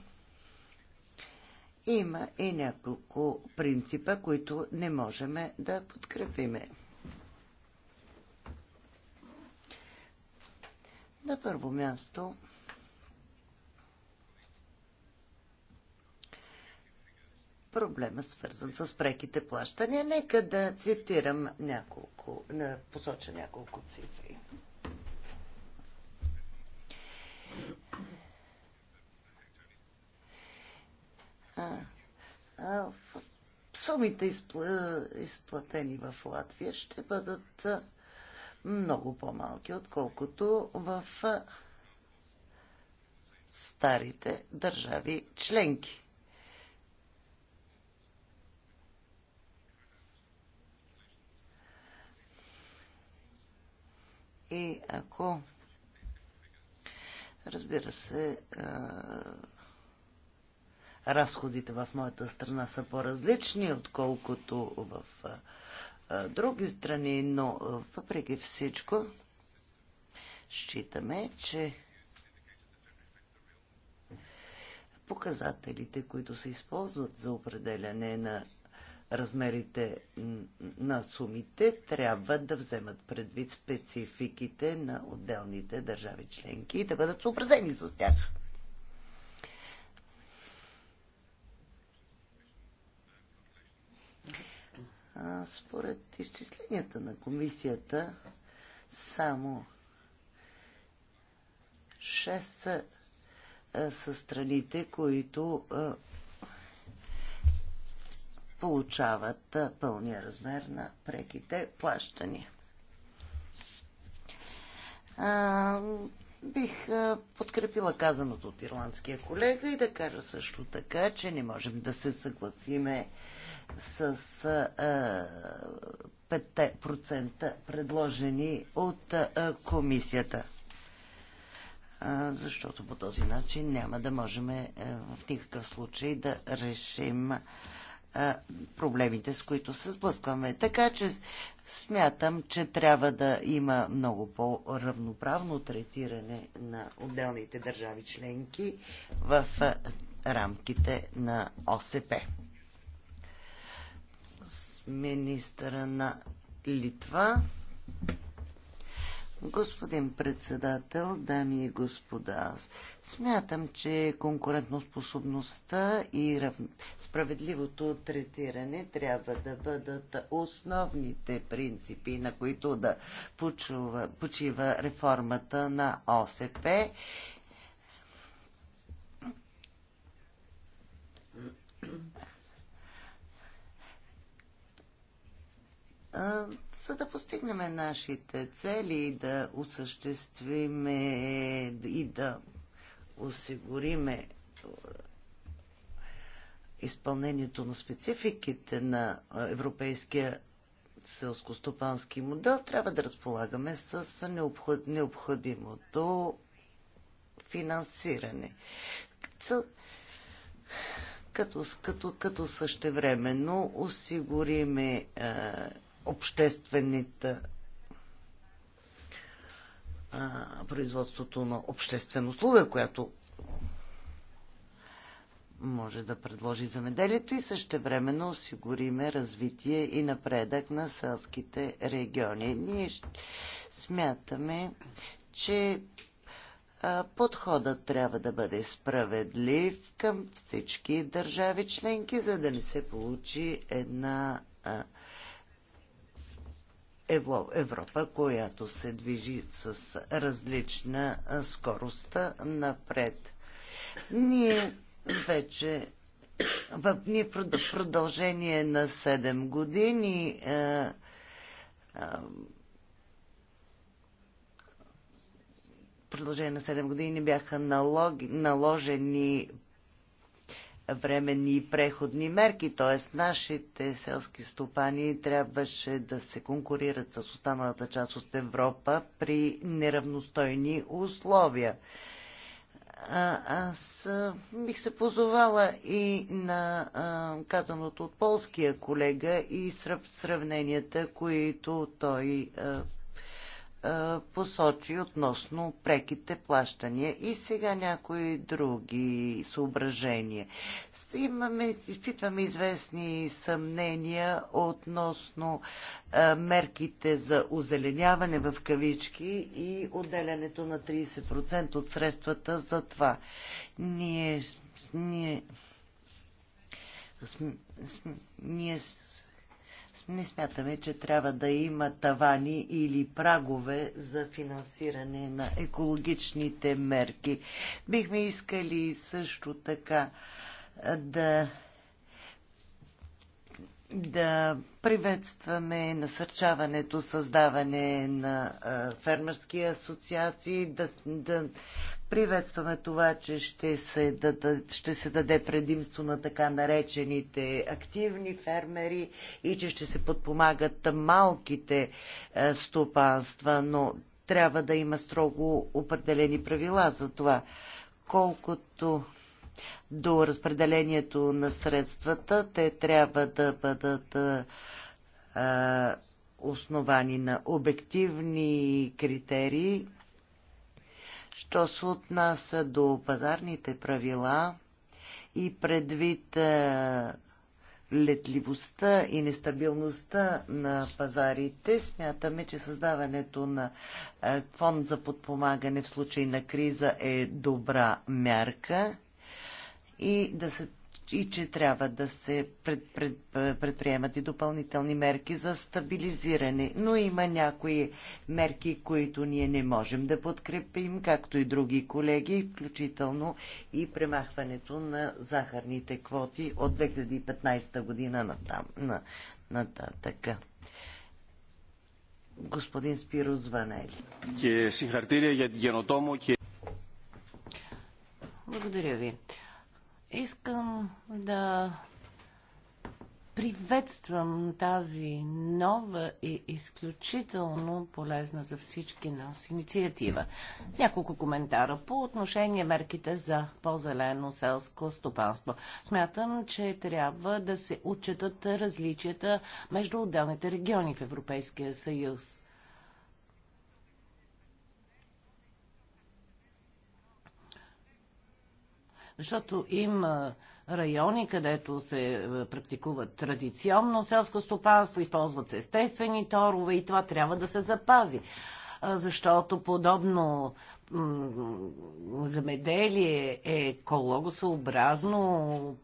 има и няколко принципа, които не можем да подкрепиме. На първо място – проблема свързан с преките плащания. Нека да цитирам няколко, да посоча няколко цифри. А, а, сумите изпла, изплатени в Латвия ще бъдат много по-малки, отколкото в старите държави членки. И ако, разбира се, разходите в моята страна са по-различни, отколкото в други страни, но въпреки всичко, считаме, че показателите, които се използват за определяне на размерите на сумите трябва да вземат предвид спецификите на отделните държави членки и да бъдат съобразени с тях. Според изчисленията на комисията, само 6 са страните, които получават пълния размер на преките плащания. А, бих подкрепила казаното от ирландския колега и да кажа също така, че не можем да се съгласиме с а, 5% предложени от а, комисията. А, защото по този начин няма да можем а, в никакъв случай да решим проблемите, с които се сблъскваме. Така че смятам, че трябва да има много по-равноправно третиране на отделните държави членки в рамките на ОСП. С министъра на Литва Господин председател, дами и господа, смятам, че конкурентоспособността и рав... справедливото третиране трябва да бъдат основните принципи, на които да почува... почива реформата на ОСП. за да постигнем нашите цели, да осъществиме и да осигуриме изпълнението на спецификите на европейския селско-стопански модел, трябва да разполагаме с необходимото финансиране. Като, като, като същевременно осигуриме обществените а, производството на обществена услуга, която може да предложи замеделието и същевременно осигуриме развитие и напредък на селските региони. Ние смятаме, че подходът трябва да бъде справедлив към всички държави членки, за да не се получи една а, Европа, която се движи с различна скорост напред. Ние вече в продължение на 7 години продължение на 7 години бяха налоги, наложени временни и преходни мерки, т.е. нашите селски стопани трябваше да се конкурират с останалата част от Европа при неравностойни условия. А, аз а, бих се позовала и на а, казаното от полския колега и сръв, сравненията, които той а, посочи относно преките плащания. И сега някои други съображения. Имаме, изпитваме известни съмнения относно а, мерките за озеленяване в кавички и отделянето на 30% от средствата за това. Ние, ние, см, см, ние не смятаме, че трябва да има тавани или прагове за финансиране на екологичните мерки. Бихме искали също така да да приветстваме насърчаването, създаване на фермерски асоциации, да, да Приветстваме това, че ще се, даде, ще се даде предимство на така наречените активни фермери и че ще се подпомагат малките е, стопанства, но трябва да има строго определени правила за това. Колкото до разпределението на средствата, те трябва да бъдат е, е, основани на обективни критерии Що се отнася до пазарните правила и предвид е, летливостта и нестабилността на пазарите, смятаме, че създаването на е, фонд за подпомагане в случай на криза е добра мярка и да се и че трябва да се пред, пред, предприемат и допълнителни мерки за стабилизиране. Но има някои мерки, които ние не можем да подкрепим, както и други колеги, включително и премахването на захарните квоти от 2015 година там, на, така. Господин Спиро Званели. Е Благодаря ви. Искам да приветствам тази нова и изключително полезна за всички нас инициатива. Няколко коментара по отношение мерките за по-зелено селско стопанство. Смятам, че трябва да се отчитат различията между отделните региони в Европейския съюз. Защото има райони, където се е, практикуват традиционно селско стопанство, използват се естествени торове и това трябва да се запази. Защото подобно земеделие е екологосообразно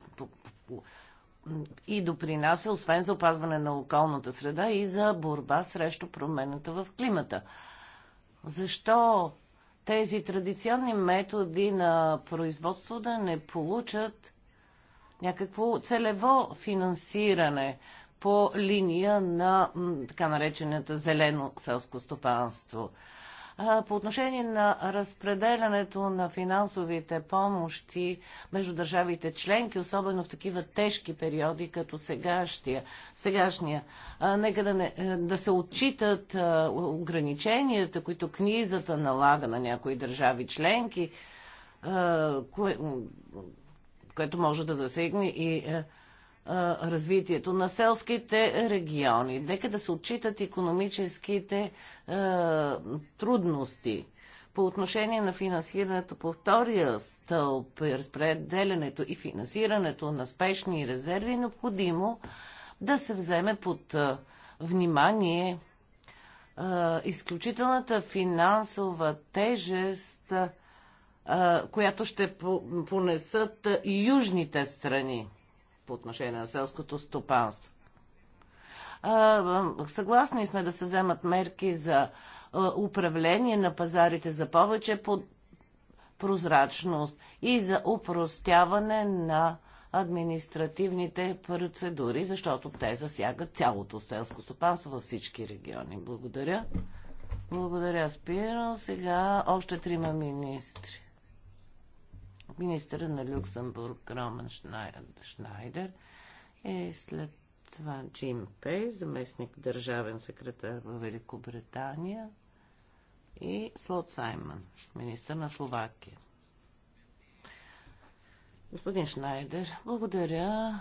и допринася освен за опазване на околната среда и за борба срещу промената в климата. Защо тези традиционни методи на производство да не получат някакво целево финансиране по линия на така наречената зелено селско стопанство. По отношение на разпределянето на финансовите помощи между държавите членки, особено в такива тежки периоди, като сегашния, сегашния нека да, не, е, да се отчитат ограниченията, които книзата налага на някои държави членки, кое, което може да засегне и е, развитието на селските региони. Нека да се отчитат економическите а, трудности. По отношение на финансирането по втория стълб, разпределянето и финансирането на спешни резерви е необходимо да се вземе под а, внимание изключителната финансова тежест, която ще понесат южните страни по отношение на селското стопанство. Съгласни сме да се вземат мерки за управление на пазарите за повече под прозрачност и за упростяване на административните процедури, защото те засягат цялото селско стопанство във всички региони. Благодаря. Благодаря, Спиро. Сега още трима министри министъра на Люксембург Роман Шнайдер е след това Джим Пей, заместник държавен секретар в Великобритания и Слот Саймън, министър на Словакия. Господин Шнайдер, благодаря.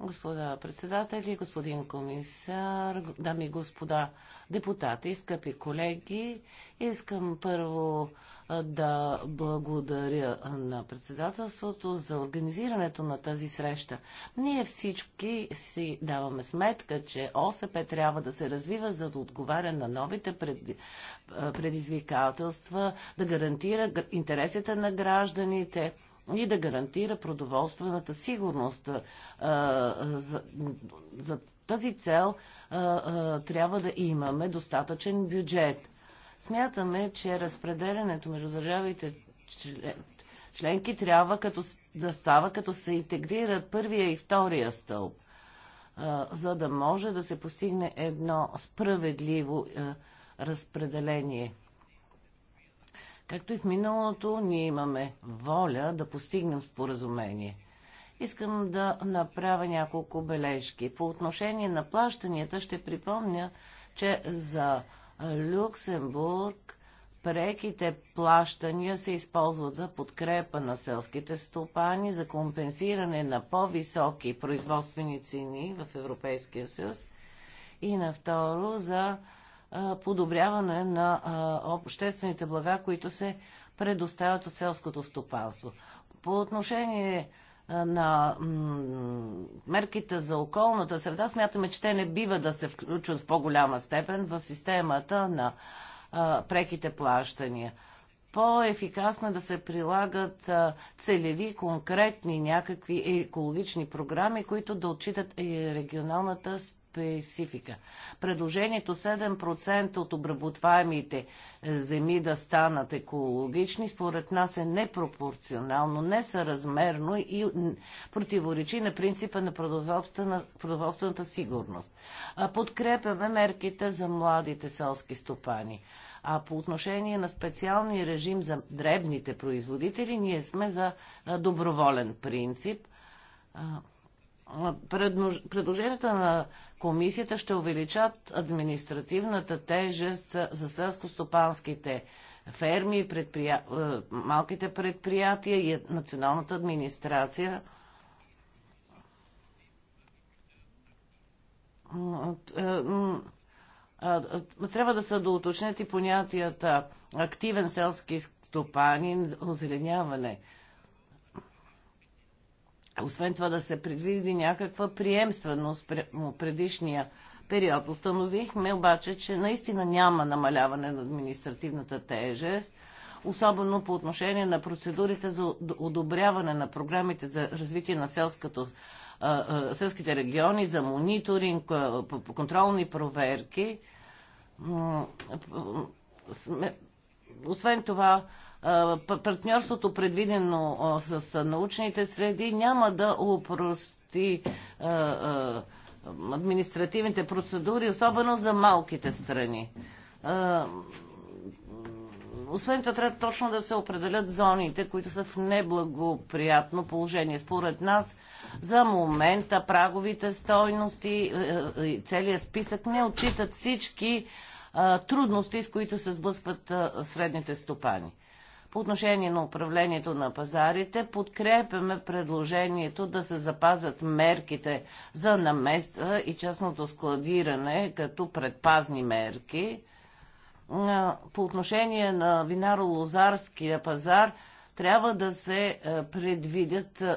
Господа председатели, господин комисар, дами и господа депутати, скъпи колеги, искам първо да благодаря на председателството за организирането на тази среща. Ние всички си даваме сметка, че ОСП трябва да се развива, за да отговаря на новите предизвикателства, да гарантира интересите на гражданите и да гарантира продоволствената сигурност. За, за тази цел трябва да имаме достатъчен бюджет. Смятаме, че разпределенето между държавите членки трябва като, да става като се интегрират първия и втория стълб, за да може да се постигне едно справедливо разпределение. Както и в миналото, ние имаме воля да постигнем споразумение – Искам да направя няколко бележки. По отношение на плащанията ще припомня, че за Люксембург преките плащания се използват за подкрепа на селските стопани, за компенсиране на по-високи производствени цени в Европейския съюз и на второ за подобряване на обществените блага, които се предоставят от селското стопанство. По отношение на мерките за околната среда, смятаме, че те не бива да се включват в по-голяма степен в системата на преките плащания. По-ефикасно е да се прилагат целеви, конкретни някакви екологични програми, които да отчитат и регионалната специфика е специфика. Предложението 7% от обработваемите земи да станат екологични, според нас е непропорционално, несъразмерно и противоречи на принципа на продоволствената сигурност. Подкрепяме мерките за младите селски стопани. А по отношение на специалния режим за дребните производители, ние сме за доброволен принцип. Предложенията на комисията ще увеличат административната тежест за селско-стопанските ферми, предприя... Е, малките предприятия и националната администрация. Е, трябва да са доуточнят и понятията активен селски стопанин, озеленяване – освен това да се предвиди някаква приемственост предишния период. Установихме обаче, че наистина няма намаляване на административната тежест, особено по отношение на процедурите за одобряване на програмите за развитие на селското, селските региони, за мониторинг, контролни проверки. Освен това, партньорството, предвидено с научните среди, няма да упрости административните процедури, особено за малките страни. Освен това, трябва точно да се определят зоните, които са в неблагоприятно положение. Според нас, за момента праговите стойности е, е, е, и целият списък не отчитат всички трудности, с които се сблъскват средните стопани. По отношение на управлението на пазарите, подкрепяме предложението да се запазят мерките за наместа и частното складиране като предпазни мерки. По отношение на винаро-лозарския пазар, трябва да се е, предвидят, е,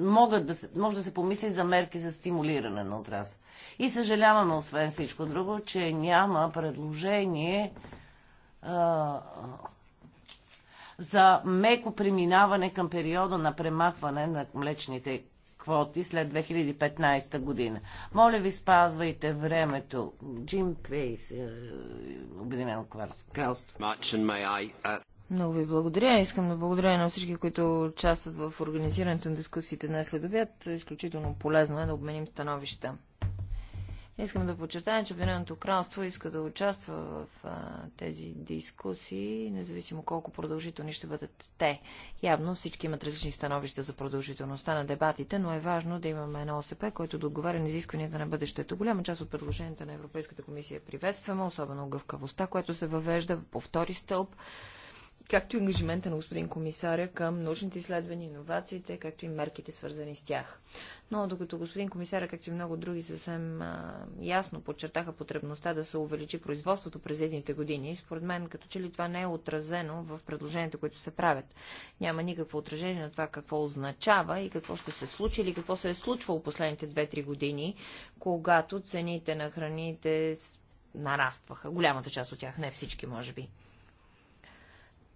могат да се, може да се помисли за мерки за стимулиране на отрасъл. И съжаляваме, освен всичко друго, че няма предложение а, за меко преминаване към периода на премахване на млечните квоти след 2015 година. Моля ви, спазвайте времето. Джим Пейс, е, Обединено кралство. Uh, Много ви благодаря. Искам да благодаря на всички, които участват в организирането на дискусиите днес след обяд. Изключително полезно е да обменим становища. Искам да подчертая, че Обединеното кралство иска да участва в а, тези дискусии, независимо колко продължителни ще бъдат те. Явно всички имат различни становища за продължителността на дебатите, но е важно да имаме едно ОСП, който да отговаря на изискванията на бъдещето. Голяма част от предложенията на Европейската комисия приветстваме, особено гъвкавостта, която се въвежда по втори стълб както и ангажимента на господин комисаря към научните изследвания, иновациите, както и мерките свързани с тях но докато господин комисара, както и много други, съвсем а, ясно подчертаха потребността да се увеличи производството през едните години, според мен като че ли това не е отразено в предложенията, които се правят. Няма никакво отражение на това какво означава и какво ще се случи или какво се е случвало последните 2-3 години, когато цените на храните нарастваха. Голямата част от тях, не всички, може би.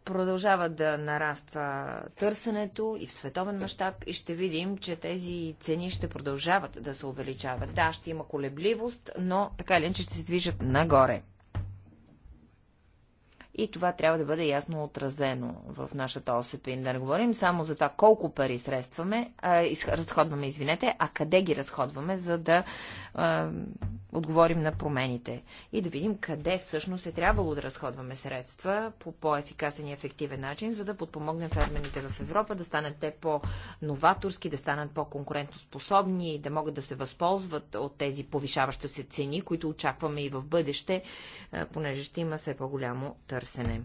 Продължава да нараства търсенето и в световен мащаб и ще видим, че тези цени ще продължават да се увеличават. Да, ще има колебливост, но така или иначе ще се движат нагоре. И това трябва да бъде ясно отразено в нашата ОСП. Да не говорим само за това колко пари средстваме, а, из, разходваме, извинете, а къде ги разходваме, за да а, отговорим на промените. И да видим къде всъщност е трябвало да разходваме средства по по-ефикасен и ефективен начин, за да подпомогнем фермерите в Европа, да станат те по-новаторски, да станат по-конкурентоспособни, да могат да се възползват от тези повишаващи се цени, които очакваме и в бъдеще, понеже ще има все по-голямо търсене търсене.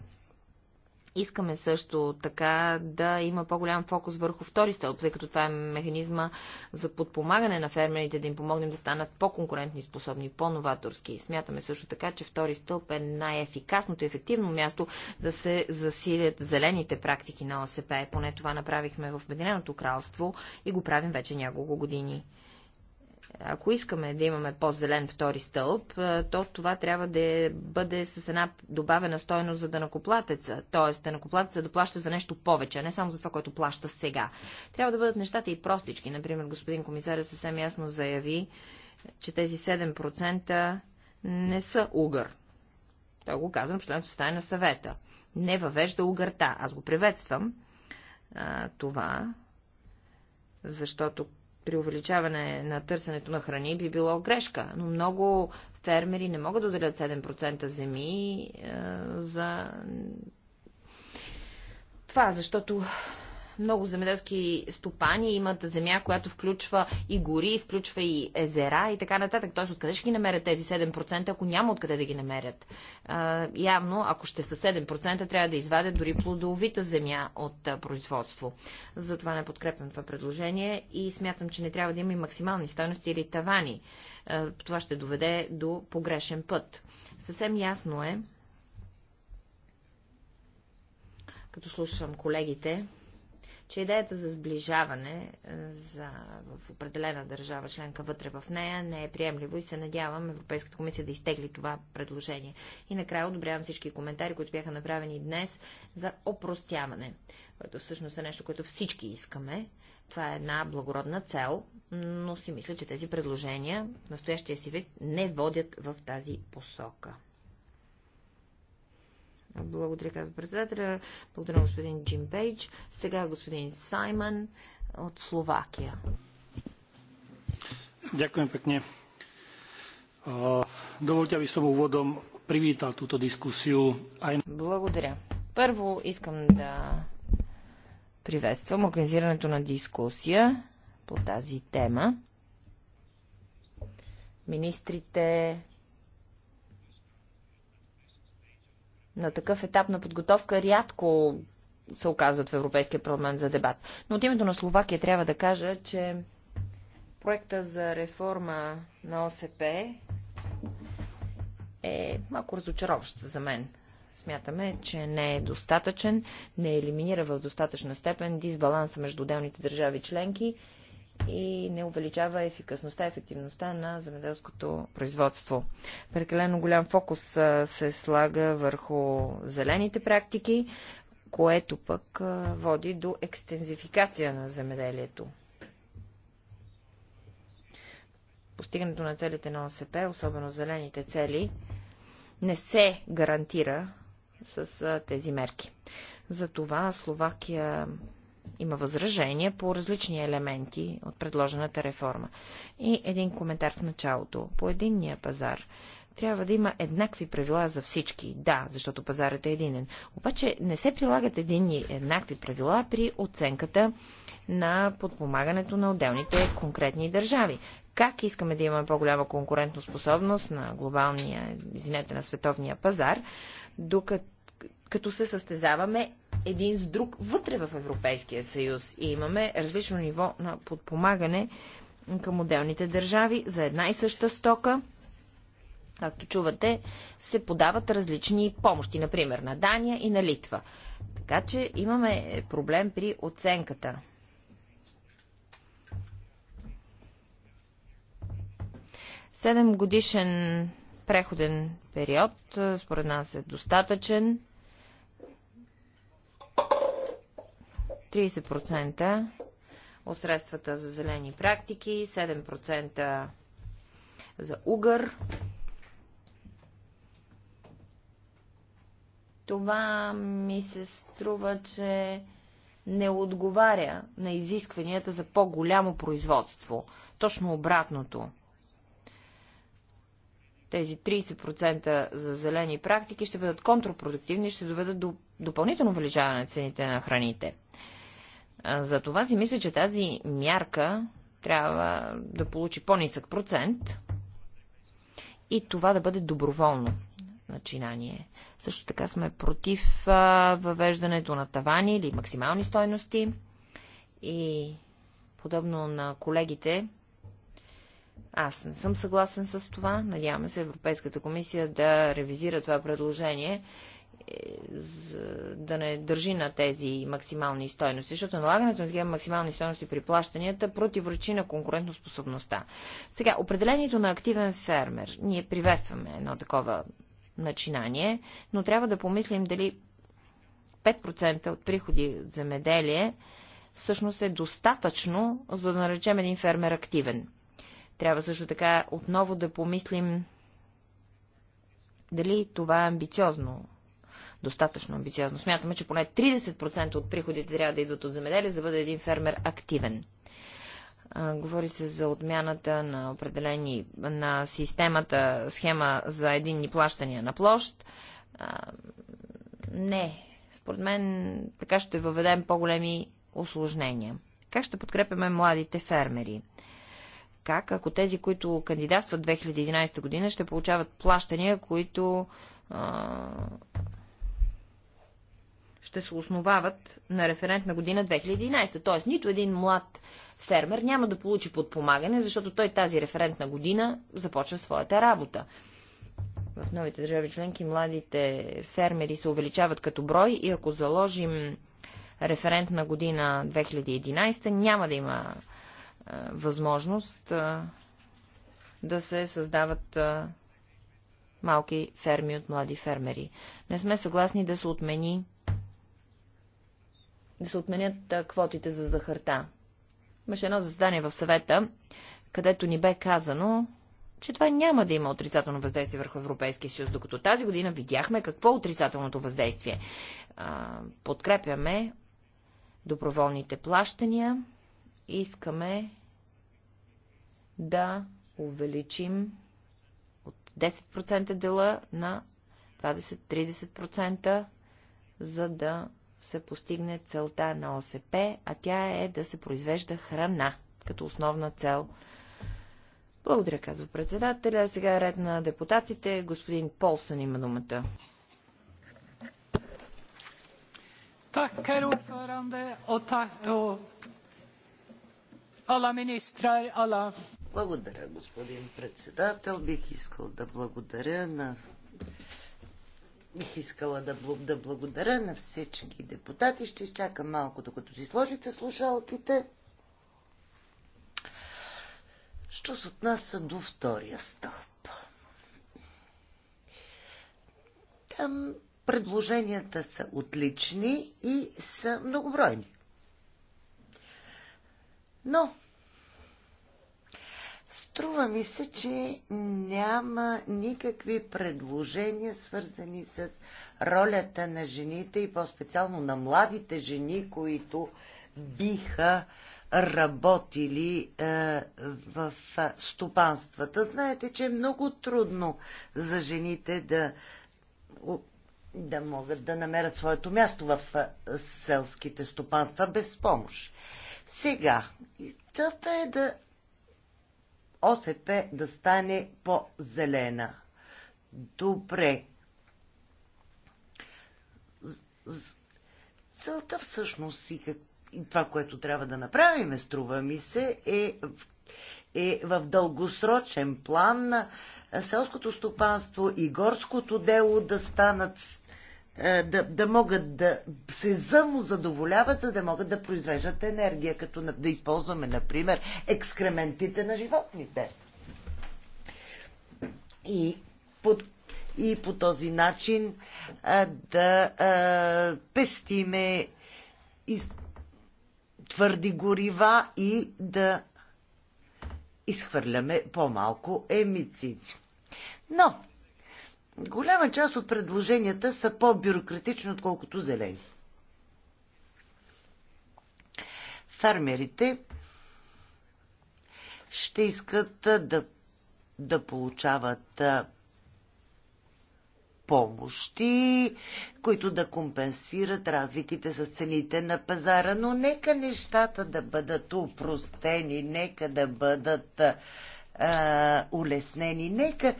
Искаме също така да има по-голям фокус върху втори стълб, тъй като това е механизма за подпомагане на фермерите, да им помогнем да станат по-конкурентни способни, по-новаторски. Смятаме също така, че втори стълб е най-ефикасното и ефективно място да се засилят зелените практики на ОСП. Поне това направихме в Обединеното кралство и го правим вече няколко години. Ако искаме да имаме по-зелен втори стълб, то това трябва да бъде с една добавена стойност за данакоплатеца. Тоест, данакоплатеца да плаща за нещо повече, а не само за това, което плаща сега. Трябва да бъдат нещата и простички. Например, господин комисар съвсем ясно заяви, че тези 7% не са угър. Той го казвам, в членството стане на съвета. Не въвежда угърта. Аз го приветствам а, това, защото при увеличаване на търсенето на храни би било грешка, но много фермери не могат да отделят 7% земи е, за това, защото много земеделски стопани имат земя, която включва и гори, включва и езера и така нататък. Тоест, откъде ще ги намерят тези 7%, ако няма откъде да ги намерят? А, явно, ако ще са 7%, трябва да извадят дори плодовита земя от производство. Затова не подкрепям това предложение и смятам, че не трябва да има и максимални стойности или тавани. А, това ще доведе до погрешен път. Съвсем ясно е, като слушам колегите, че идеята за сближаване е, за, в определена държава членка вътре в нея не е приемливо и се надявам Европейската комисия да изтегли това предложение. И накрая одобрявам всички коментари, които бяха направени днес за опростяване, което всъщност е нещо, което всички искаме. Това е една благородна цел, но си мисля, че тези предложения в настоящия си вид не водят в тази посока. Благодаря, казва председателя. Благодаря господин Джим Пейдж. Сега господин Саймън от Словакия. Ďakujem pekne. Dovolte, aby som úvodom privítal túto diskusiu. Aj... Благодаря. Първо искам да приветствам организирането на дискусия по тази тема. Министрите, на такъв етап на подготовка рядко се оказват в Европейския парламент за дебат. Но от името на Словакия трябва да кажа, че проекта за реформа на ОСП е малко разочароващ за мен. Смятаме, че не е достатъчен, не елиминира в достатъчна степен дисбаланса между отделните държави членки и не увеличава ефикасността, ефективността на земеделското производство. Прекалено голям фокус се слага върху зелените практики, което пък води до екстензификация на земеделието. Постигането на целите на ОСП, особено зелените цели, не се гарантира с тези мерки. Затова Словакия има възражения по различни елементи от предложената реформа. И един коментар в началото. По единния пазар трябва да има еднакви правила за всички. Да, защото пазарът е единен. Обаче не се прилагат единни еднакви правила при оценката на подпомагането на отделните конкретни държави. Как искаме да имаме по-голяма конкурентоспособност на глобалния, извинете, на световния пазар, докато като се състезаваме един с друг вътре в Европейския съюз и имаме различно ниво на подпомагане към отделните държави за една и съща стока. Както чувате, се подават различни помощи, например на Дания и на Литва. Така че имаме проблем при оценката. Седем годишен преходен период, според нас е достатъчен. 30% от средствата за зелени практики, 7% за угър. Това ми се струва, че не отговаря на изискванията за по-голямо производство. Точно обратното. Тези 30% за зелени практики ще бъдат контрпродуктивни и ще доведат до допълнително увеличаване на цените на храните. За това си мисля, че тази мярка трябва да получи по-нисък процент и това да бъде доброволно начинание. Също така сме против въвеждането на тавани или максимални стойности и подобно на колегите, аз не съм съгласен с това. Надяваме се Европейската комисия да ревизира това предложение е, да не държи на тези максимални стойности, защото налагането на такива максимални стойности при плащанията противоречи на конкурентоспособността. Сега, определението на активен фермер. Ние приветстваме едно такова начинание, но трябва да помислим дали 5% от приходи от земеделие всъщност е достатъчно, за да наречем един фермер активен. Трябва също така отново да помислим дали това е амбициозно достатъчно амбициозно. Смятаме, че поне 30% от приходите трябва да идват от земеделие, за да бъде един фермер активен. Говори се за отмяната на определени на системата, схема за единни плащания на площ. Не. Според мен така ще въведем по-големи осложнения. Как ще подкрепяме младите фермери? Как, ако тези, които кандидатстват 2011 година, ще получават плащания, които а, ще се основават на референт на година 2011. Т.е. нито един млад фермер няма да получи подпомагане, защото той тази референтна година започва своята работа. В новите държави членки младите фермери се увеличават като брой и ако заложим референт на година 2011, няма да има е, възможност е, да се създават е, малки ферми от млади фермери. Не сме съгласни да се отмени да се отменят квотите за захарта. Имаше едно заседание в съвета, където ни бе казано, че това няма да има отрицателно въздействие върху Европейския съюз, докато тази година видяхме какво е отрицателното въздействие. подкрепяме доброволните плащания, искаме да увеличим от 10% дела на 20-30%, за да се постигне целта на ОСП, а тя е да се произвежда храна като основна цел. Благодаря, казва председателя. Сега е ред на депутатите. Господин Полсън има думата. Благодаря, господин председател. Бих искал да благодаря на бих искала да, да благодаря на всички депутати. Ще изчакам малко, докато си сложите слушалките. Що се отнася до втория стълб? Там предложенията са отлични и са многобройни. Но Струва ми се, че няма никакви предложения, свързани с ролята на жените и по-специално на младите жени, които биха работили е, в стопанствата. Знаете, че е много трудно за жените да, да могат да намерят своето място в е, селските стопанства без помощ. Сега, целта е да ОСП да стане по-зелена. Добре. Целта всъщност и, как... и това, което трябва да направим, струва ми се, е, е в дългосрочен план селското стопанство и горското дело да станат е, да, да могат да се самозадоволяват, за да могат да произвеждат енергия, като да използваме, например, екскрементите на животните. И, по, и по този начин а, да а, пестиме из, твърди горива и да изхвърляме по-малко емицици. Но голяма част от предложенията са по-бюрократични, отколкото зелени. Фермерите ще искат да, да получават помощи, които да компенсират разликите с цените на пазара. Но нека нещата да бъдат упростени, нека да бъдат а, улеснени, нека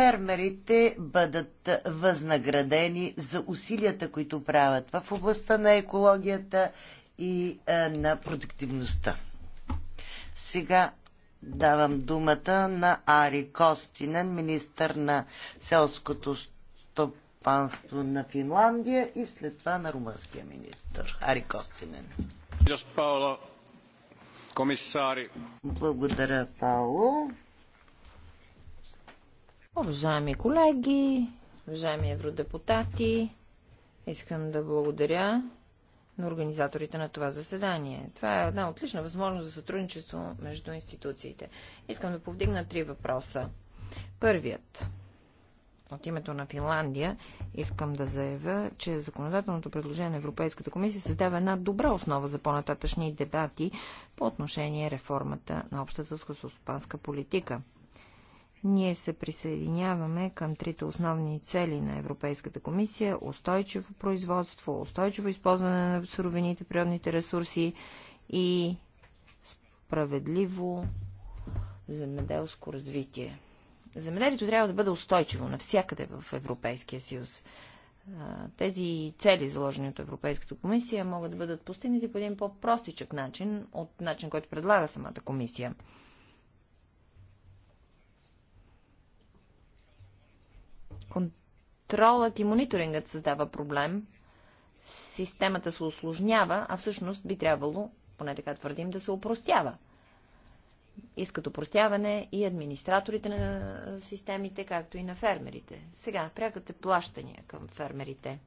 фермерите бъдат възнаградени за усилията, които правят в областта на екологията и е, на продуктивността. Сега давам думата на Ари Костинен, министър на селското стопанство на Финландия и след това на румънския министър. Ари Костинен. Благодаря, Пауло. Уважаеми колеги, уважаеми евродепутати, искам да благодаря на организаторите на това заседание. Това е една отлична възможност за сътрудничество между институциите. Искам да повдигна три въпроса. Първият. От името на Финландия искам да заявя, че законодателното предложение на Европейската комисия създава една добра основа за по-нататъчни дебати по отношение реформата на общата скососпанска политика – ние се присъединяваме към трите основни цели на Европейската комисия – устойчиво производство, устойчиво използване на суровините, природните ресурси и справедливо земеделско развитие. Земеделието трябва да бъде устойчиво навсякъде в Европейския съюз. Тези цели, заложени от Европейската комисия, могат да бъдат постигнати по един по-простичък начин от начин, който предлага самата комисия. Контролът и мониторингът създава проблем. Системата се осложнява, а всъщност би трябвало, поне така твърдим, да се опростява. Искат опростяване и администраторите на системите, както и на фермерите. Сега, прякате плащания към фермерите.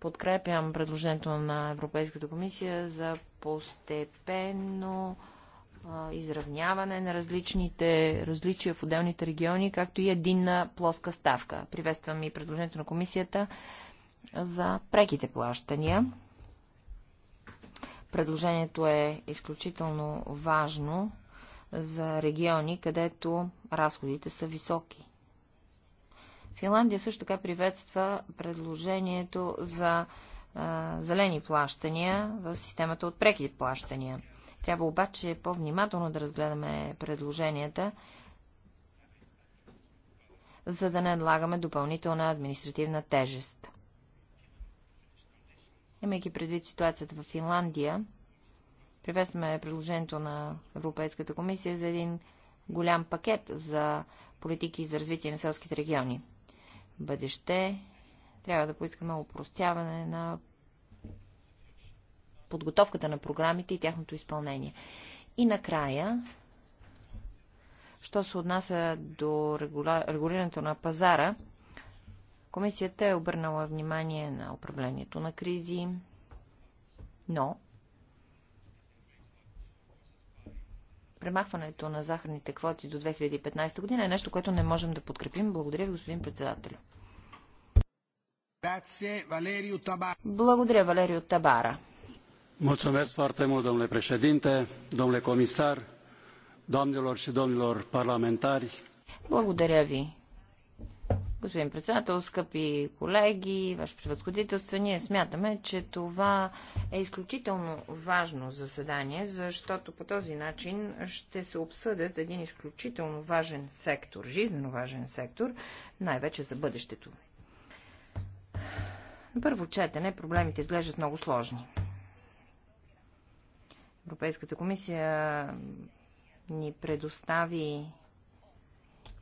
Подкрепям предложението на Европейската комисия за постепенно изравняване на различните различия в отделните региони, както и единна плоска ставка. Приветствам и предложението на комисията за преките плащания. Предложението е изключително важно за региони, където разходите са високи. Финландия също така приветства предложението за а, зелени плащания в системата от преки плащания. Трябва обаче по-внимателно да разгледаме предложенията, за да не налагаме допълнителна административна тежест. Имайки предвид ситуацията в Финландия, приветстваме предложението на Европейската комисия за един голям пакет за политики за развитие на селските региони. В бъдеще трябва да поискаме упростяване на подготовката на програмите и тяхното изпълнение. И накрая, що се отнася до регулирането на пазара, комисията е обърнала внимание на управлението на кризи, но премахването на захарните квоти до 2015 година е нещо, което не можем да подкрепим. Благодаря ви, господин председател. Благодаря, Валерио Табара. Mulțumesc foarte mult, domnule președinte, domnule comisar, doamnelor și domnilor parlamentari. Благодаря ви. Господин председател, скъпи колеги, ваше превъзходителство, ние смятаме, че това е изключително важно заседание, защото по този начин ще се обсъдят един изключително важен сектор, жизненно важен сектор, най-вече за бъдещето. На първо четене проблемите изглеждат много сложни. Европейската комисия ни предостави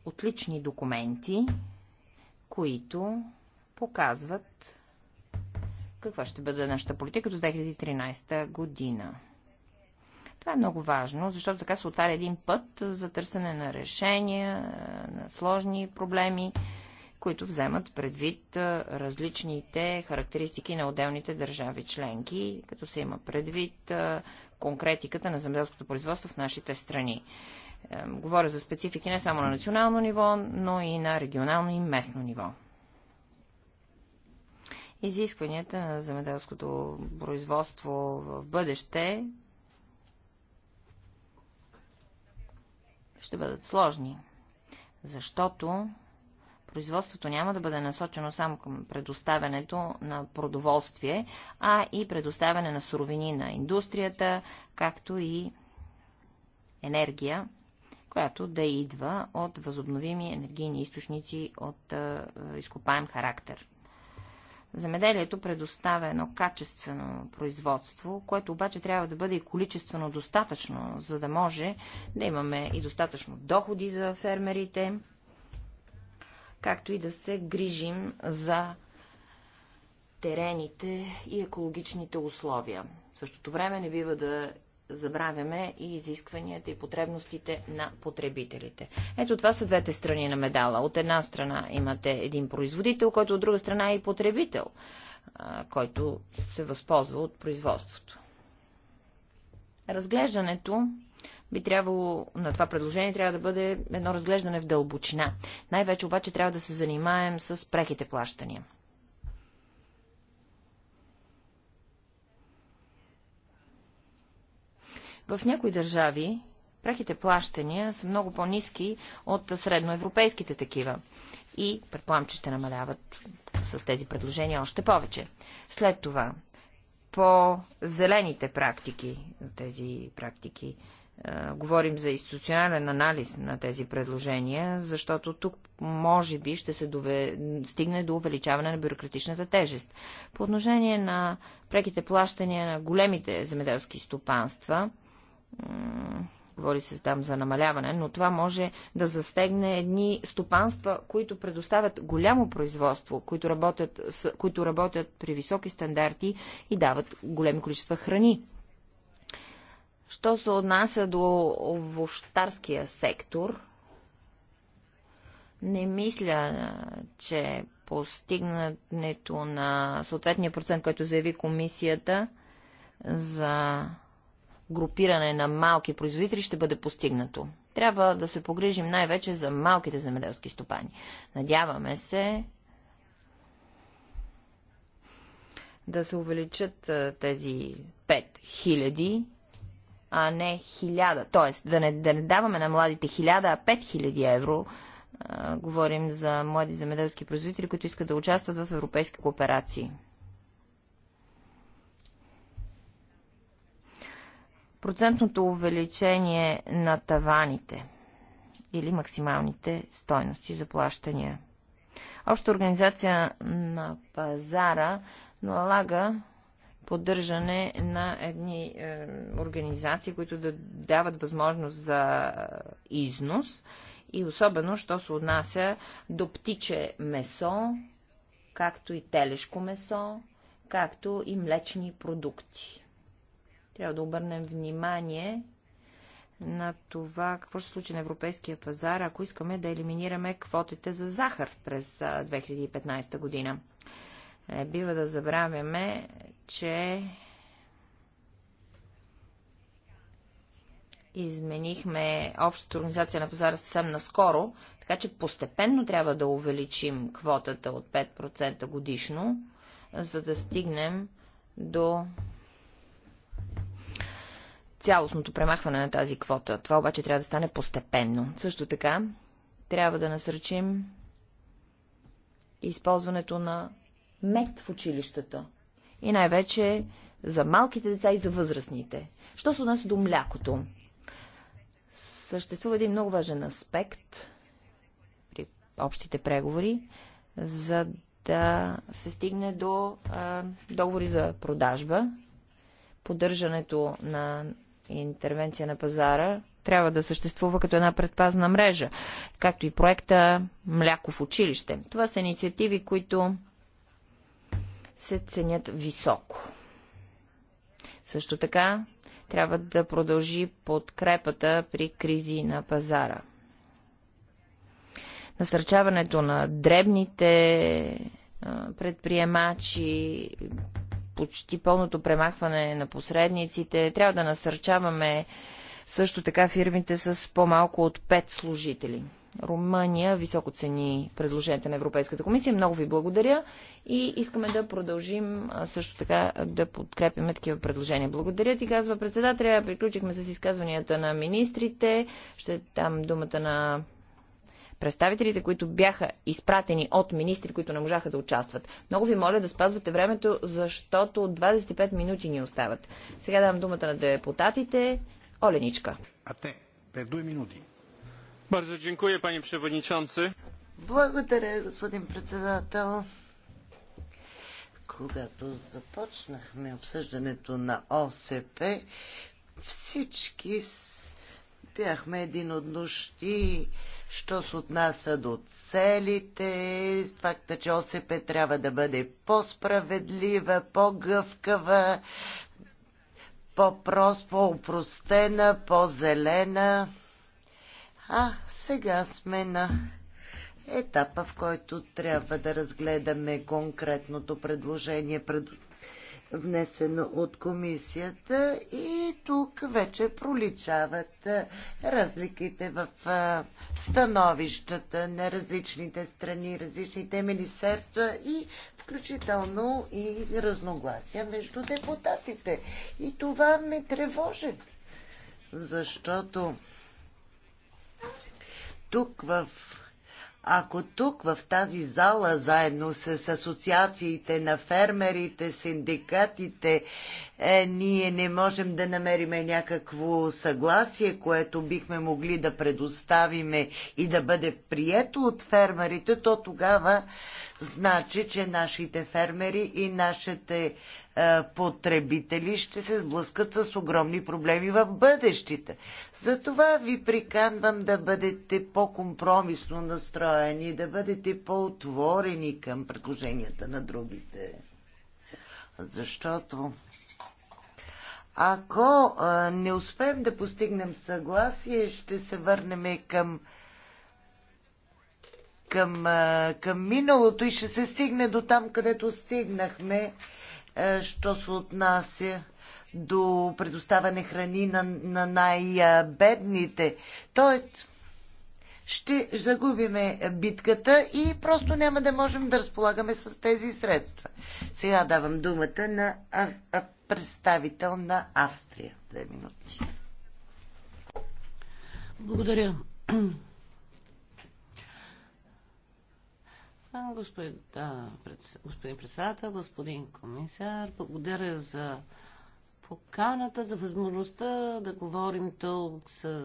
отлични документи, които показват каква ще бъде нашата политика до 2013 година. Това е много важно, защото така се отваря един път за търсене на решения на сложни проблеми които вземат предвид различните характеристики на отделните държави членки, като се има предвид конкретиката на земеделското производство в нашите страни. Говоря за специфики не само на национално ниво, но и на регионално и местно ниво изискванията на земеделското производство в бъдеще ще бъдат сложни, защото производството няма да бъде насочено само към предоставянето на продоволствие, а и предоставяне на суровини на индустрията, както и енергия, която да идва от възобновими енергийни източници от изкопаем характер. Замеделието предоставя едно качествено производство, което обаче трябва да бъде и количествено достатъчно, за да може да имаме и достатъчно доходи за фермерите, както и да се грижим за терените и екологичните условия. В същото време не бива да забравяме и изискванията и потребностите на потребителите. Ето това са двете страни на медала. От една страна имате един производител, който от друга страна е и потребител, който се възползва от производството. Разглеждането би трябвало, на това предложение трябва да бъде едно разглеждане в дълбочина. Най-вече обаче трябва да се занимаем с преките плащания. В някои държави преките плащания са много по-низки от средноевропейските такива. И предполагам, че ще намаляват с тези предложения още повече. След това, по зелените практики, тези практики е, говорим за институционален анализ на тези предложения, защото тук може би ще се дове... стигне до увеличаване на бюрократичната тежест. По отношение на преките плащания на големите земеделски стопанства, говори се там за намаляване, но това може да застегне едни стопанства, които предоставят голямо производство, които работят, които работят при високи стандарти и дават големи количества храни Що се отнася до овощарския сектор, не мисля, че постигнането на съответния процент, който заяви комисията за групиране на малки производители, ще бъде постигнато. Трябва да се погрижим най-вече за малките земеделски стопани. Надяваме се да се увеличат тези 5000 а не хиляда. Тоест, да не, да не даваме на младите хиляда, а пет хиляди евро. А, говорим за млади земеделски производители, които искат да участват в европейски кооперации. Процентното увеличение на таваните или максималните стойности за плащания. Обща организация на пазара налага поддържане на едни е, организации, които да дават възможност за е, износ и особено, що се отнася до птиче месо, както и телешко месо, както и млечни продукти. Трябва да обърнем внимание на това какво ще случи на европейския пазар, ако искаме да елиминираме квотите за захар през 2015 е, година. Не бива да забравяме, че изменихме общата организация на пазара съвсем наскоро, така че постепенно трябва да увеличим квотата от 5% годишно, за да стигнем до цялостното премахване на тази квота. Това обаче трябва да стане постепенно. Също така, трябва да насръчим използването на мед в училищата. И най-вече за малките деца и за възрастните. Що се отнася до млякото? Съществува един много важен аспект при общите преговори, за да се стигне до а, договори за продажба. Поддържането на интервенция на пазара трябва да съществува като една предпазна мрежа, както и проекта Мляко в училище. Това са инициативи, които се ценят високо. Също така трябва да продължи подкрепата при кризи на пазара. Насърчаването на дребните предприемачи, почти пълното премахване на посредниците. Трябва да насърчаваме също така фирмите с по-малко от 5 служители. Румъния високо цени предложенията на Европейската комисия. Много ви благодаря и искаме да продължим също така да подкрепяме такива предложения. Благодаря ти, казва председателя. Приключихме с изказванията на министрите. Ще дам думата на представителите, които бяха изпратени от министри, които не можаха да участват. Много ви моля да спазвате времето, защото 25 минути ни остават. Сега давам думата на депутатите. Благодаря, господин председател. Когато започнахме обсъждането на ОСП, всички бяхме един от нощи, що се отнася до целите, факта, че ОСП трябва да бъде по-справедлива, по-гъвкава, по-прост, по-упростена, по-зелена. А сега сме на етапа, в който трябва да разгледаме конкретното предложение, пред внесено от комисията и тук вече проличават разликите в становищата на различните страни, различните министерства и включително и разногласия между депутатите. И това ме тревожи, защото тук в ако тук в тази зала, заедно с асоциациите на фермерите, синдикатите, е, ние не можем да намерим някакво съгласие, което бихме могли да предоставиме и да бъде прието от фермерите, то тогава значи, че нашите фермери и нашите е, потребители ще се сблъскат с огромни проблеми в бъдещите. Затова ви приканвам да бъдете по-компромисно настроени, да бъдете по-отворени към предложенията на другите. Защото ако е, не успеем да постигнем съгласие, ще се върнем към към, е, към миналото и ще се стигне до там, където стигнахме е, що се отнася до предоставяне храни на, на най-бедните. Тоест, ще загубиме битката и просто няма да можем да разполагаме с тези средства. Сега давам думата на а, а, представител на Австрия. Две минути. Благодаря. Господин, председател, господин комисар, благодаря за поканата, за възможността да говорим тук с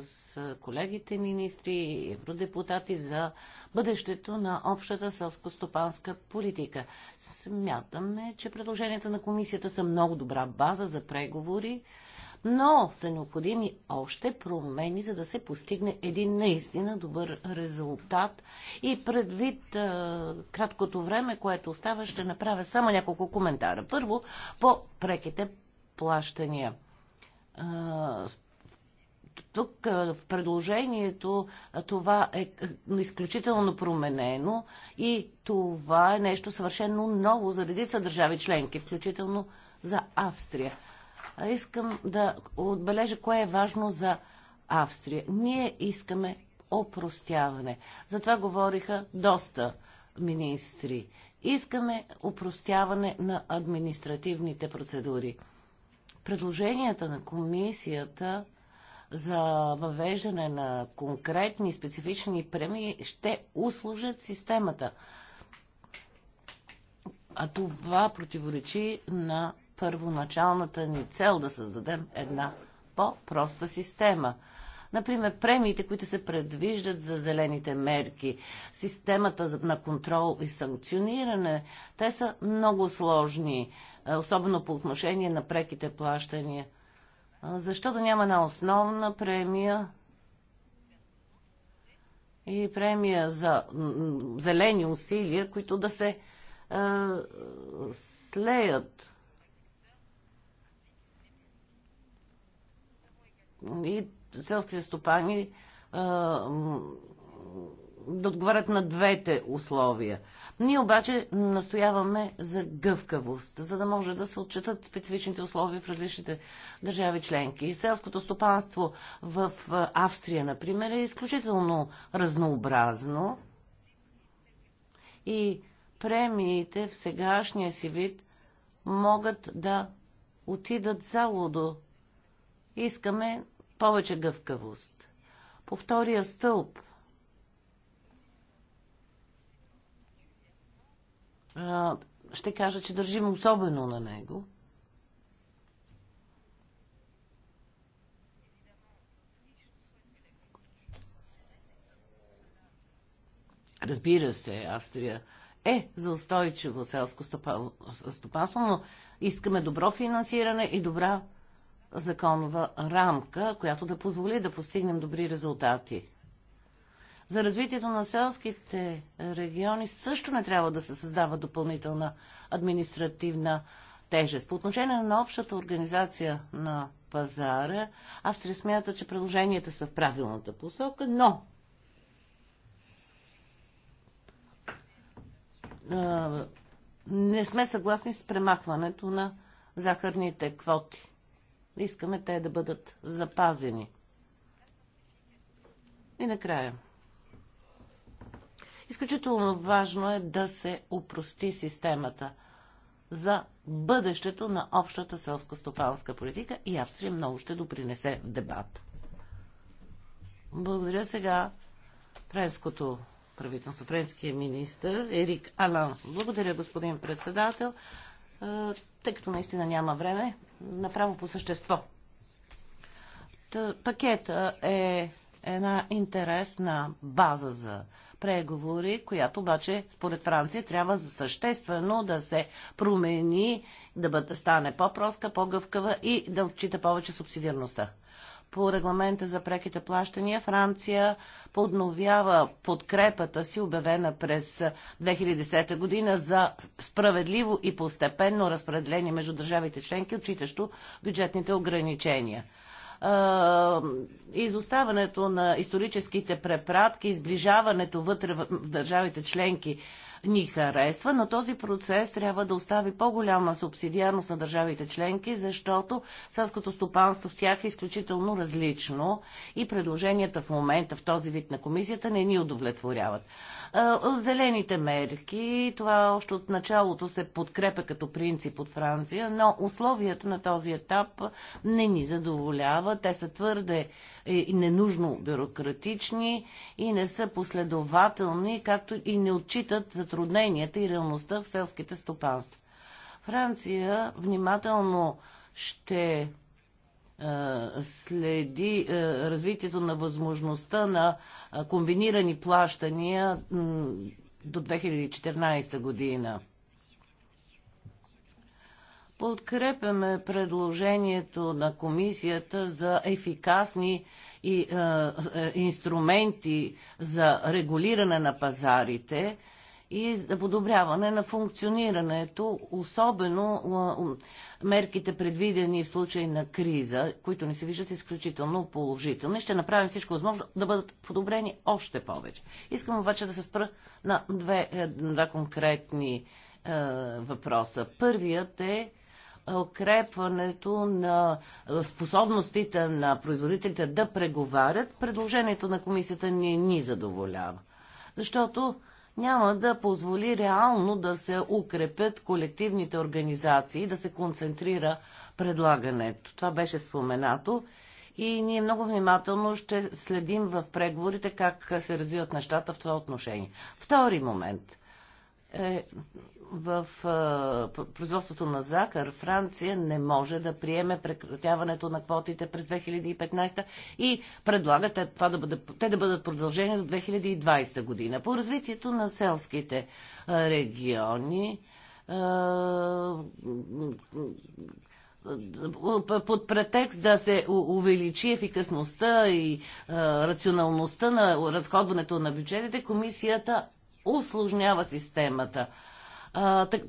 колегите министри и евродепутати за бъдещето на общата сълско-стопанска политика. Смятаме, че предложенията на комисията са много добра база за преговори но са необходими още промени, за да се постигне един наистина добър резултат. И предвид а, краткото време, което остава, ще направя само няколко коментара. Първо, по преките плащания. А, тук в предложението това е изключително променено и това е нещо съвършено ново за редица държави членки, включително за Австрия искам да отбележа кое е важно за Австрия. Ние искаме опростяване. Затова говориха доста министри. Искаме опростяване на административните процедури. Предложенията на комисията за въвеждане на конкретни специфични премии ще услужат системата. А това противоречи на първоначалната ни цел да създадем една по-проста система. Например, премиите, които се предвиждат за зелените мерки, системата на контрол и санкциониране, те са много сложни, е, особено по отношение на преките плащания. Защо да няма една основна премия и премия за зелени усилия, които да се е, слеят и селските стопани да отговарят на двете условия. Ние обаче настояваме за гъвкавост, за да може да се отчитат специфичните условия в различните държави членки. И селското стопанство в Австрия, например, е изключително разнообразно и премиите в сегашния си вид могат да отидат за лудо. Искаме повече гъвкавост. По втория стълб ще кажа, че държим особено на него. Разбира се, Австрия е за устойчиво селско стопанство, но искаме добро финансиране и добра законова рамка, която да позволи да постигнем добри резултати. За развитието на селските региони също не трябва да се създава допълнителна административна тежест. По отношение на общата организация на пазара, Австрия смята, че предложенията са в правилната посока, но не сме съгласни с премахването на захарните квоти. Искаме те да бъдат запазени. И накрая. Изключително важно е да се упрости системата за бъдещето на общата селско-стопанска политика и Австрия много ще допринесе в дебат. Благодаря сега френското правителство, френския министр Ерик Алан. Благодаря, господин председател. Е, тъй като наистина няма време, направо по същество. Пакета е една интересна база за преговори, която обаче според Франция трябва за съществено да се промени, да бъде, стане по-проста, по-гъвкава и да отчита повече субсидиарността по регламента за преките плащания Франция подновява подкрепата си, обявена през 2010 година за справедливо и постепенно разпределение между държавите членки, отчитащо бюджетните ограничения. Изоставането на историческите препратки, изближаването вътре в държавите членки ни харесва, но този процес трябва да остави по-голяма субсидиарност на държавите членки, защото селското стопанство в тях е изключително различно и предложенията в момента в този вид на комисията не ни удовлетворяват. Зелените мерки, това още от началото се подкрепя като принцип от Франция, но условията на този етап не ни задоволяват. Те са твърде и ненужно бюрократични и не са последователни, както и не отчитат за затрудненията и реалността в селските стопанства. Франция внимателно ще е, следи е, развитието на възможността на е, комбинирани плащания до 2014 година. Подкрепяме предложението на комисията за ефикасни и, е, инструменти за регулиране на пазарите, и за подобряване на функционирането, особено мерките предвидени в случай на криза, които ни се виждат изключително положителни. Ще направим всичко възможно да бъдат подобрени още повече. Искам обаче да се спра на две, е, два конкретни е, въпроса. Първият е, е укрепването на е, способностите на производителите да преговарят. Предложението на комисията ни, ни задоволява. Защото няма да позволи реално да се укрепят колективните организации, да се концентрира предлагането. Това беше споменато и ние много внимателно ще следим в преговорите как се развиват нещата в това отношение. Втори момент. Е, в производството на захар Франция не може да приеме прекратяването на квотите през 2015 и предлага те, това да бъде, те да бъдат продължени до 2020 година. По развитието на селските региони под претекст да се увеличи ефикасността и рационалността на разходването на бюджетите, комисията усложнява системата а, так,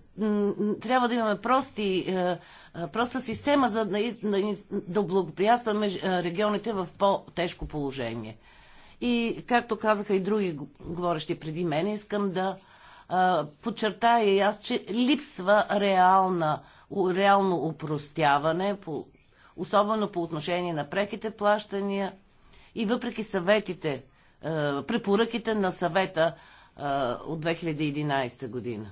трябва да имаме прости, а, е, е, проста система, за да, да, да благоприятстваме е, регионите в по-тежко положение. И, както казаха и други говорещи преди мен, искам да а, подчертая и аз, че липсва реална, реално упростяване, по, особено по отношение на преките плащания и въпреки съветите, препоръките на съвета от 2011 година.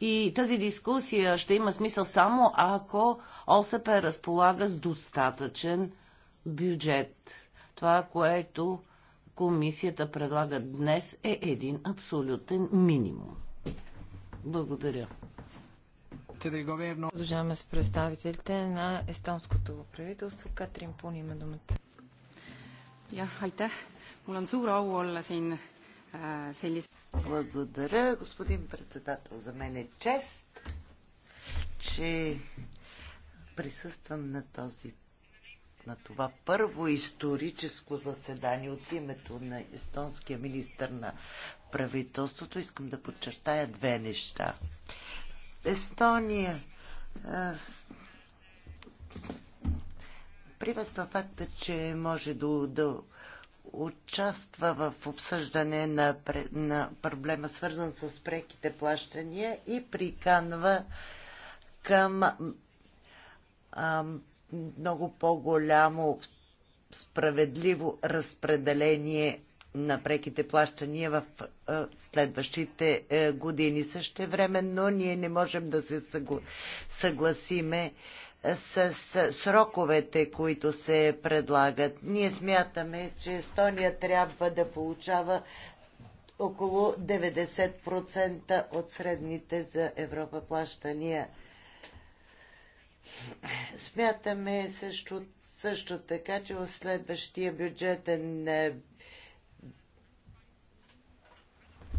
И тази дискусия ще има смисъл само ако ОСП разполага с достатъчен бюджет. Това, което комисията предлага днес е един абсолютен минимум. Благодаря. Продължаваме с представителите на естонското правителство. Катрин Пун има думата. Jah, aitäh. Mul on au olla siin благодаря, господин председател. За мен е чест, че присъствам на този на това първо историческо заседание от името на естонския министр на правителството, искам да подчертая две неща. Естония приветства факта, че може да, да участва в обсъждане на, на проблема, свързан с преките плащания и приканва към а, много по-голямо справедливо разпределение на преките плащания в следващите е, години. Също време, но ние не можем да се съгласиме с, сроковете, които се предлагат. Ние смятаме, че Естония трябва да получава около 90% от средните за Европа плащания. Смятаме също, също така, че в следващия бюджетен е,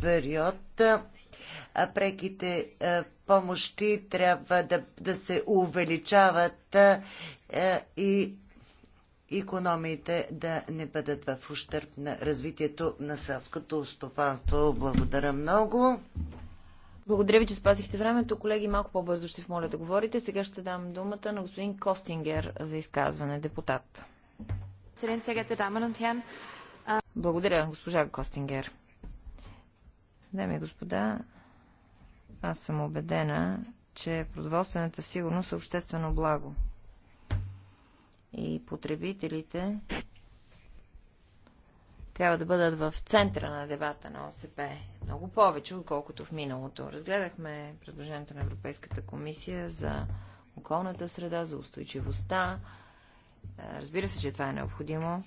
период преките помощи трябва да, да се увеличават а, е, и економиите да не бъдат в ущърп на развитието на селското стопанство. Благодаря много. Благодаря ви, че спасихте времето. Колеги, малко по-бързо ще ви моля да говорите. Сега ще дам думата на господин Костингер за изказване, депутат. Благодаря, госпожа Костингер. Дами и господа, аз съм убедена, че продоволствената сигурност е обществено благо. И потребителите трябва да бъдат в центъра на дебата на ОСП. Много повече, отколкото в миналото. Разгледахме предложението на Европейската комисия за околната среда, за устойчивостта. Е, разбира се, че това е необходимо.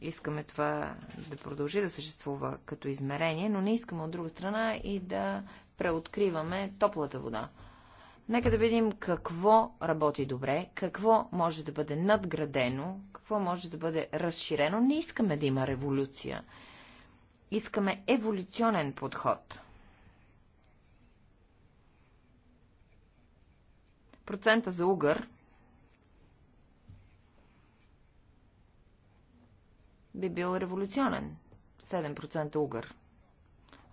Искаме това да продължи да съществува като измерение, но не искаме от друга страна и да преоткриваме топлата вода. Нека да видим какво работи добре, какво може да бъде надградено, какво може да бъде разширено. Не искаме да има революция. Искаме еволюционен подход. Процента за угър би бил революционен. 7% угър.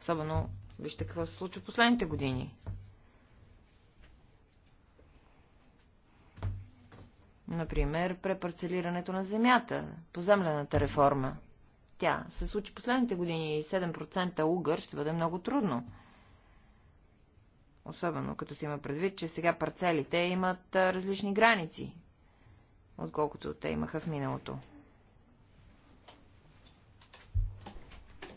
Особено Вижте какво се случва последните години. Например, препарцелирането на земята, поземлената реформа. Тя се случи последните години и 7% угър ще бъде много трудно. Особено като си има предвид, че сега парцелите имат различни граници, отколкото те имаха в миналото.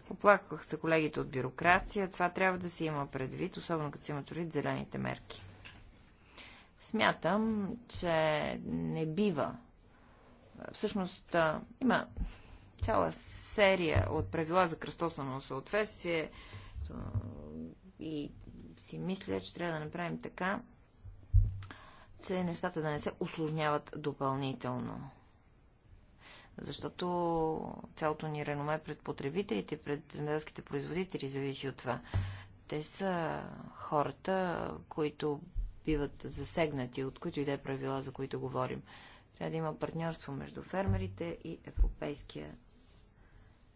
Поплаках се колегите от бюрокрация. Това трябва да се има предвид, особено като се имат предвид зелените мерки. Смятам, че не бива. Всъщност, има цяла серия от правила за кръстосано съответствие и си мисля, че трябва да направим така, че нещата да не се осложняват допълнително защото цялото ни реноме пред потребителите, пред земеделските производители зависи от това. Те са хората, които биват засегнати, от които и да е правила, за които говорим. Трябва да има партньорство между фермерите и Европейския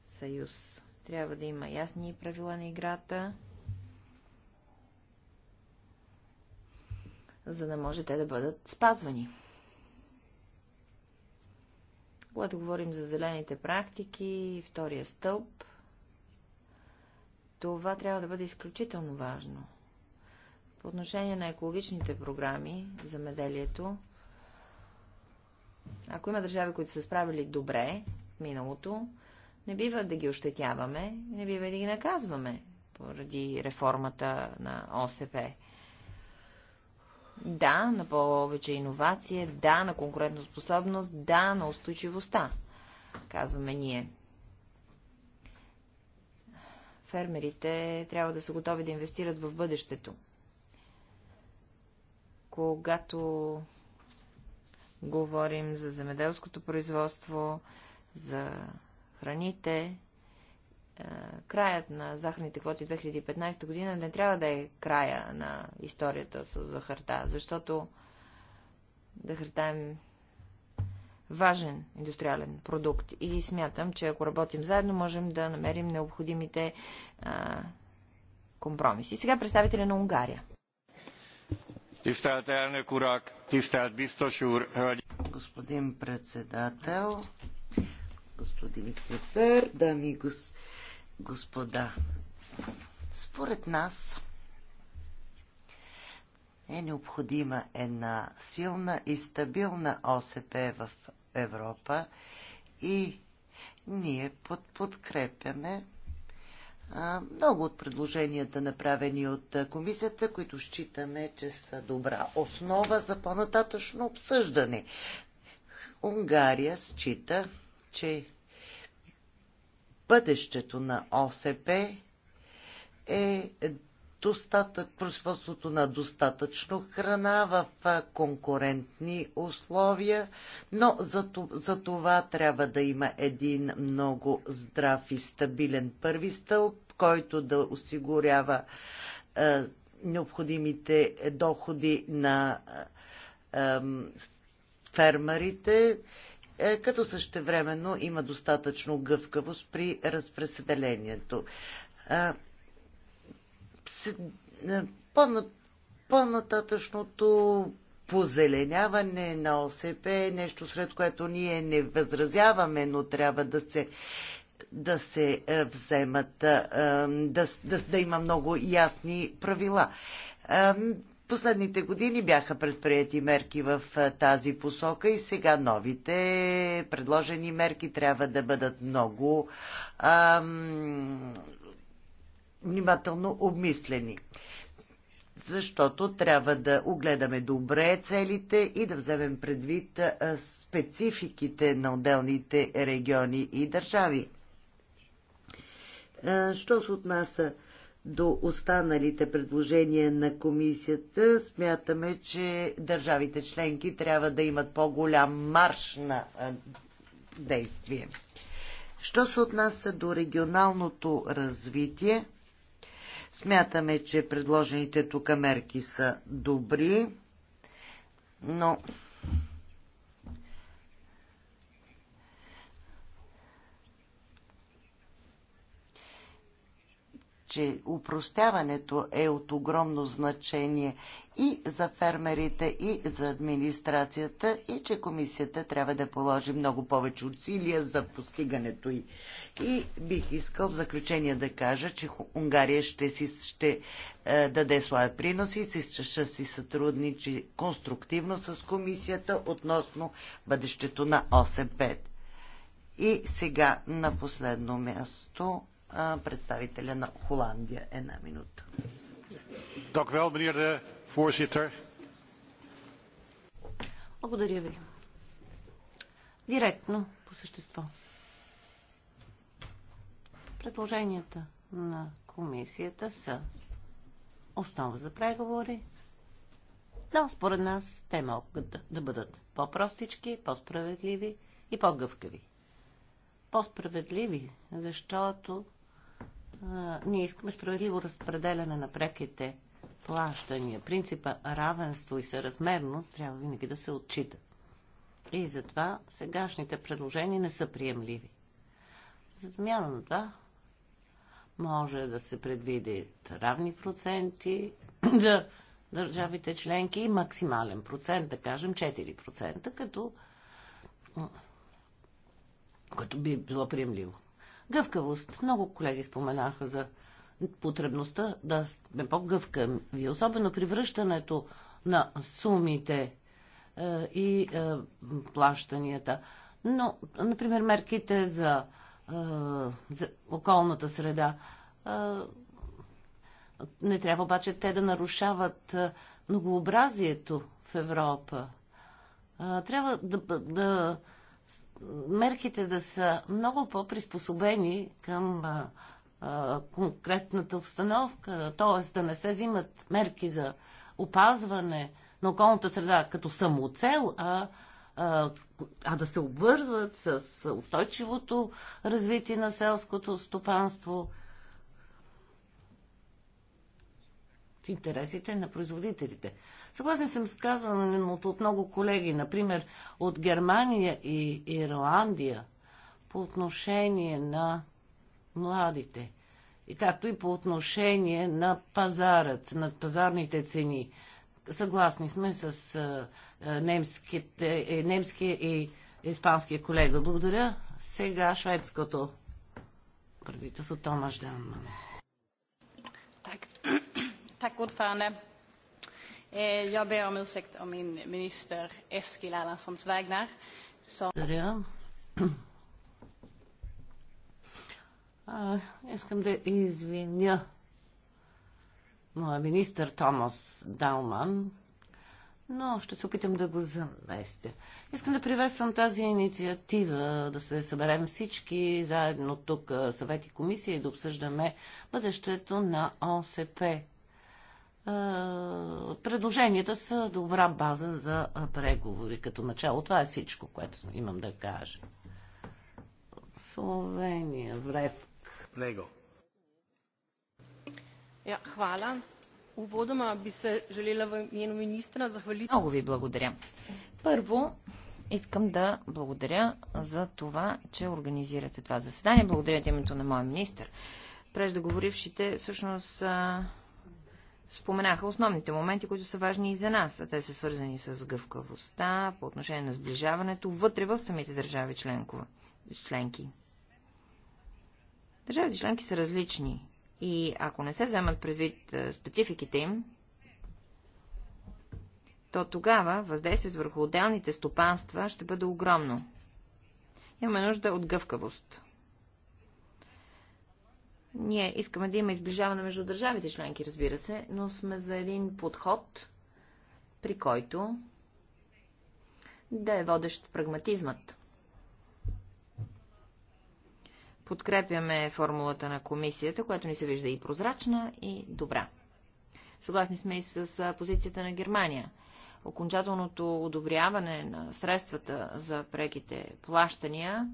съюз. Трябва да има ясни правила на играта, за да може те да бъдат спазвани. Когато говорим за зелените практики втория стълб, това трябва да бъде изключително важно. По отношение на екологичните програми, замеделието, ако има държави, които са справили добре в миналото, не бива да ги ощетяваме, не бива да ги наказваме поради реформата на ОСП да на повече иновация, да на конкурентоспособност, да на устойчивостта, казваме ние. Фермерите трябва да са готови да инвестират в бъдещето. Когато говорим за земеделското производство, за храните, краят на захарните квоти 2015 година не трябва да е края на историята с захарта, защото захарта е важен индустриален продукт и смятам, че ако работим заедно, можем да намерим необходимите а, компромиси. Сега представителя на Унгария. Господин председател, господин професор, дами и господин господа, според нас е необходима една силна и стабилна ОСП в Европа и ние под подкрепяме много от предложенията, направени от комисията, които считаме, че са добра основа за по-нататъчно обсъждане. Унгария счита, че бъдещето на ОСП е достатък, производството на достатъчно храна в конкурентни условия, но за, за това трябва да има един много здрав и стабилен първи стълб, който да осигурява е, необходимите доходи на е, фермерите, е, като същевременно има достатъчно гъвкавост при разпределението. Е, е, по-нататъчното позеленяване на ОСП е нещо, сред което ние не възразяваме, но трябва да се да се вземат, да, да, да има много ясни правила. Последните години бяха предприяти мерки в тази посока и сега новите предложени мерки трябва да бъдат много ам, внимателно обмислени. Защото трябва да огледаме добре целите и да вземем предвид спецификите на отделните региони и държави. Що се отнася до останалите предложения на комисията, смятаме, че държавите членки трябва да имат по-голям марш на действие. Що се отнася до регионалното развитие, смятаме, че предложените тук мерки са добри, но че упростяването е от огромно значение и за фермерите, и за администрацията, и че комисията трябва да положи много повече усилия за постигането й. И бих искал в заключение да кажа, че Унгария ще, си, ще е, даде своя принос и си, ще си сътрудничи конструктивно с комисията относно бъдещето на 8.5. И сега на последно място представителя на Холандия. Една минута. Благодаря ви. Директно, по същество. Предложенията на комисията са основа за преговори. Но според нас те могат да бъдат по-простички, по-справедливи и по-гъвкави. По-справедливи, защото ние искаме справедливо разпределяне на преките плащания. Принципа равенство и съразмерност трябва винаги да се отчита. И затова сегашните предложения не са приемливи. За Замяна на това може да се предвидят равни проценти за държавите членки и максимален процент, да кажем 4%, като, като би било приемливо. Гъвкавост. Много колеги споменаха за потребността да сме по-гъвкави, особено при връщането на сумите е, и е, плащанията. Но, например, мерките за, е, за околната среда не трябва обаче те да нарушават многообразието в Европа. Трябва да, да мерките да са много по-приспособени към конкретната обстановка, т.е. да не се взимат мерки за опазване на околната среда като самоцел, а, а, а да се обвързват с устойчивото развитие на селското стопанство С интересите на производителите. Съгласен съм с казаното от много колеги, например от Германия и Ирландия, по отношение на младите и както и по отношение на пазарът, на пазарните цени. Съгласни сме с немските, е, немския и испанския колега. Благодаря. Сега шведското правителство Томаш Данман. Так. Tack ordförande. Eh, jag ber om ursäkt om min minister Eskil Erlandssons vägnar. искам да извиня моя министър Томас Далман, но ще се опитам да го заместя. Искам да приветствам тази инициатива, да се съберем всички заедно тук, съвет и комисия и да обсъждаме бъдещето на ОСП предложенията са добра база за преговори като начало. Това е всичко, което имам да кажа. Словения, Вревк. Лего. Ja, hvala. Uvodoma bi se želela v imenu ministra zahvaliti. Много ви благодаря. Първо, искам да благодаря за това, че организирате това заседание. Благодаря от името на моя министр. Преждеговорившите всъщност споменаха основните моменти, които са важни и за нас, а те са свързани с гъвкавостта, по отношение на сближаването, вътре в самите държави членкова, членки. Държавите членки са различни и ако не се вземат предвид е, спецификите им, то тогава въздействието върху отделните стопанства ще бъде огромно. Имаме нужда от гъвкавост. Ние искаме да има изближаване между държавите членки, разбира се, но сме за един подход, при който да е водещ прагматизмът. Подкрепяме формулата на комисията, която ни се вижда и прозрачна, и добра. Съгласни сме и с позицията на Германия. Окончателното одобряване на средствата за преките плащания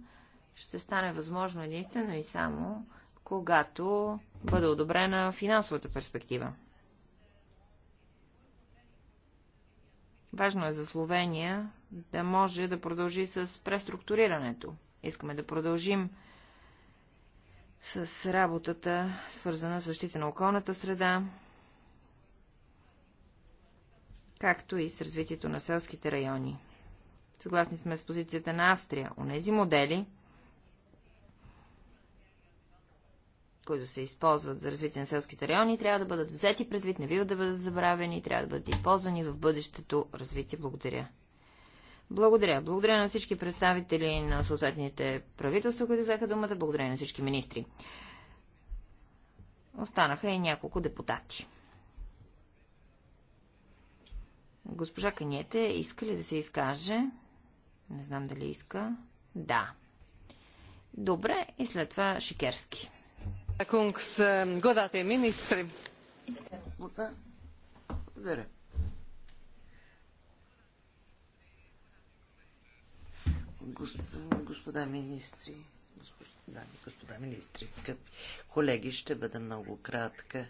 ще стане възможно единствено и само когато бъде одобрена финансовата перспектива. Важно е за Словения да може да продължи с преструктурирането. Искаме да продължим с работата, свързана с защита на околната среда, както и с развитието на селските райони. Съгласни сме с позицията на Австрия. Унези модели, които се използват за развитие на селските райони, трябва да бъдат взети предвид, не бива да бъдат забравени, трябва да бъдат използвани в бъдещето развитие. Благодаря. Благодаря. Благодаря на всички представители на съответните правителства, които взеха думата. Благодаря на всички министри. Останаха и няколко депутати. Госпожа Каниете иска ли да се изкаже? Не знам дали иска. Да. Добре, и след това Шикерски. Kungs, eh, godātie ministri. Благодаря. Господа министри, господа, господа министри, скъпи колеги, ще бъда много кратка.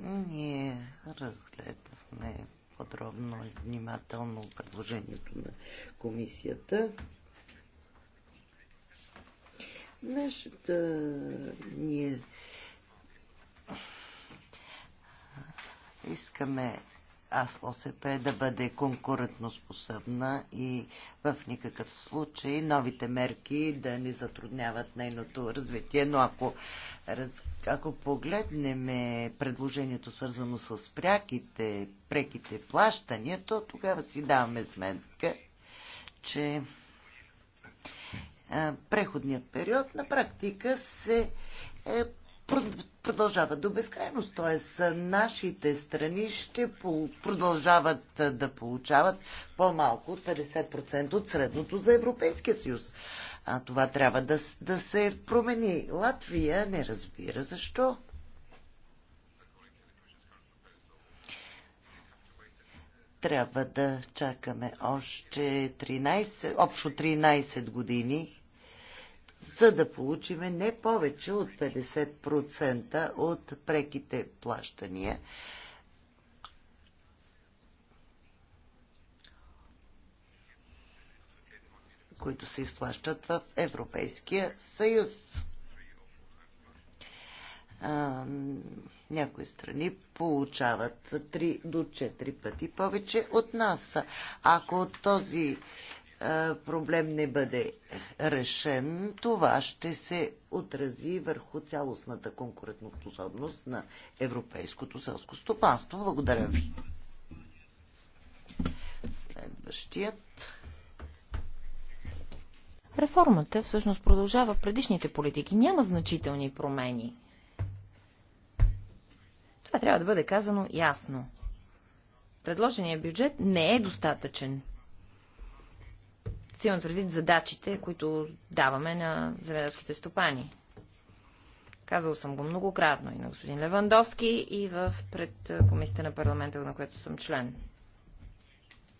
Ние разгледахме подробно и внимателно предложението на комисията. Нашата ние искаме аз ОСП да бъде конкурентноспособна и в никакъв случай новите мерки да ни затрудняват нейното развитие. Но ако, раз, ако погледнем предложението свързано с пряките, преките плащания, то тогава си даваме сметка, че преходният период на практика се е продължават до безкрайност. Т.е. нашите страни ще продължават да получават по-малко от 50% от средното за Европейския съюз. А това трябва да, да се промени. Латвия не разбира защо. Трябва да чакаме още 13, общо 13 години са да получиме не повече от 50% от преките плащания. които се изплащат в Европейския съюз. А, някои страни получават 3 до 4 пъти повече от нас. Ако този проблем не бъде решен, това ще се отрази върху цялостната конкурентоспособност на европейското селско стопанство. Благодаря ви. Следващият. Реформата всъщност продължава предишните политики. Няма значителни промени. Това трябва да бъде казано ясно. Предложения бюджет не е достатъчен като имам предвид задачите, които даваме на земеделските стопани. Казал съм го многократно и на господин Левандовски, и в пред комисията на парламента, на което съм член.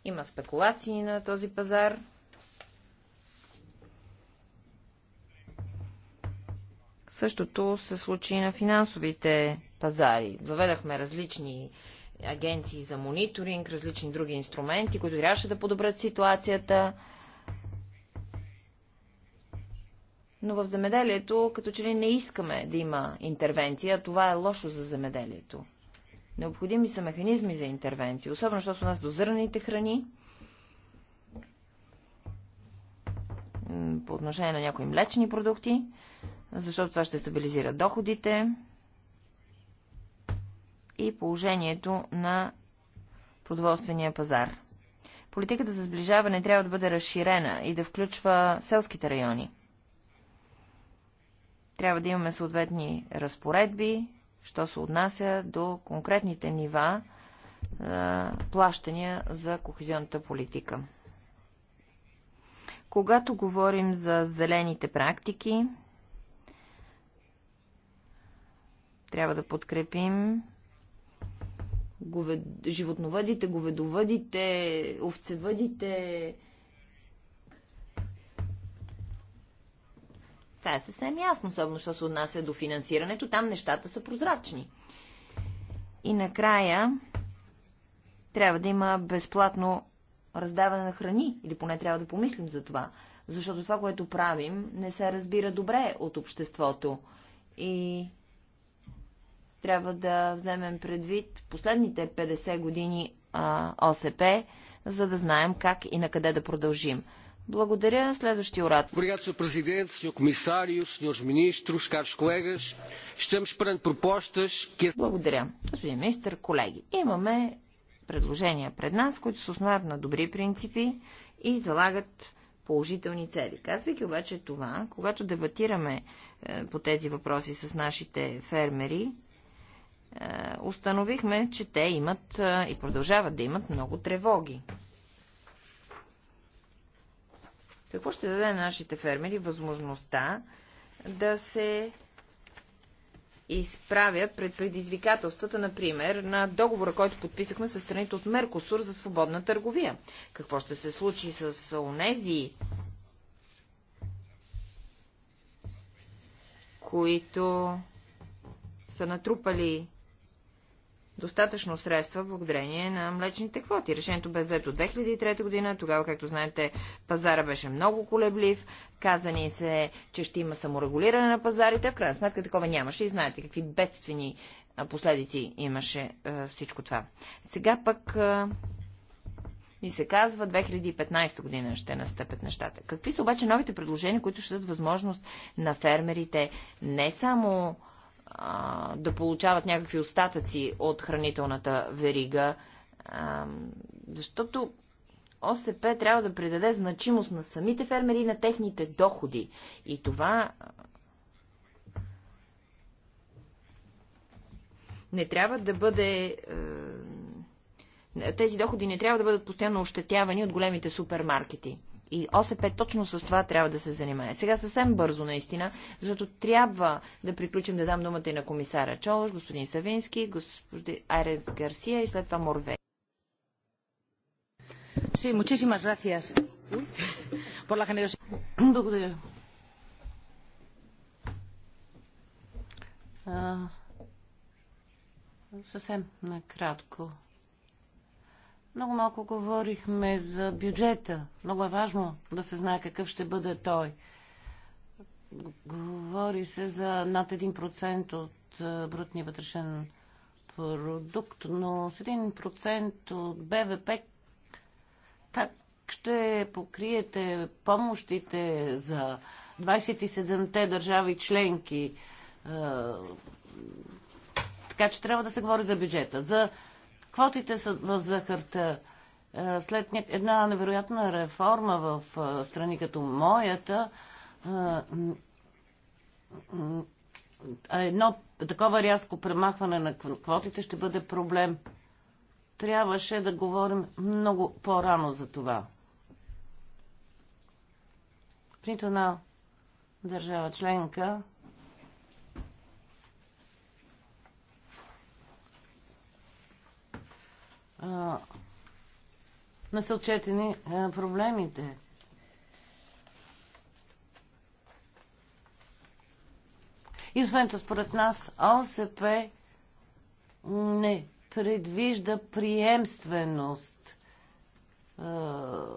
Има спекулации на този пазар. Същото се случи и на финансовите пазари. Въведахме различни агенции за мониторинг, различни други инструменти, които трябваше да подобрят ситуацията. Но в земеделието, като че ли не искаме да има интервенция, това е лошо за земеделието. Необходими са механизми за интервенция, особено, що у нас до зърнените храни, по отношение на някои млечни продукти, защото това ще стабилизира доходите и положението на продоволствения пазар. Политиката за сближаване трябва да бъде разширена и да включва селските райони – трябва да имаме съответни разпоредби, що се отнася до конкретните нива плащания за кохезионната политика. Когато говорим за зелените практики, трябва да подкрепим говед... животновъдите, говедовъдите, овцевъдите, Това е съвсем ясно, особено що се отнася до финансирането. Там нещата са прозрачни. И накрая трябва да има безплатно раздаване на храни, или поне трябва да помислим за това, защото това, което правим, не се разбира добре от обществото. И трябва да вземем предвид последните 50 години а, ОСП, за да знаем как и на къде да продължим. Благодаря. Следващия урат. Благодаря, Sr. Президент, Sr. Comissário, Srs. Министр, caros colegas. Estamos perante propostas Благодаря. Господин министр, колеги, имаме предложения пред нас, които се основават на добри принципи и залагат положителни цели. Казвайки обаче това, когато дебатираме е, по тези въпроси с нашите фермери, е, установихме, че те имат е, и продължават да имат много тревоги. Какво ще даде на нашите фермери възможността да се изправят пред предизвикателствата, например, на договора, който подписахме с страните от Меркосур за свободна търговия. Какво ще се случи с онези, които са натрупали достатъчно средства благодарение на млечните квоти. Решението бе взето 2003 година. Тогава, както знаете, пазара беше много колеблив. Казани се, че ще има саморегулиране на пазарите. В крайна сметка такова нямаше и знаете какви бедствени последици имаше е, всичко това. Сега пък е, ни се казва 2015 година ще настъпят нещата. Какви са обаче новите предложения, които ще дадат възможност на фермерите не само а, да получават някакви остатъци от хранителната верига, а, защото ОСП трябва да придаде значимост на самите фермери и на техните доходи. И това не трябва да бъде. Тези доходи не трябва да бъдат постоянно ощетявани от големите супермаркети. И ОСП точно с това трябва да се занимае. Сега съвсем бързо, наистина, защото трябва да приключим да дам думата и на комисара Чолош, господин Савински, господин Айрес Гарсия и след това Морве. Благодаря. съвсем накратко. Много малко говорихме за бюджета. Много е важно да се знае какъв ще бъде той. Говори се за над 1% от е, брутния вътрешен продукт, но с 1% от БВП как ще покриете помощите за 27-те държави членки? Е, така че трябва да се говори за бюджета, за Квотите са в захарта. Е, след една невероятна реформа в е, страни като моята, е, едно такова рязко премахване на квотите ще бъде проблем. Трябваше да говорим много по-рано за това. В нито една държава членка не са отчетени проблемите. И освен това, според нас, ОСП не предвижда приемственост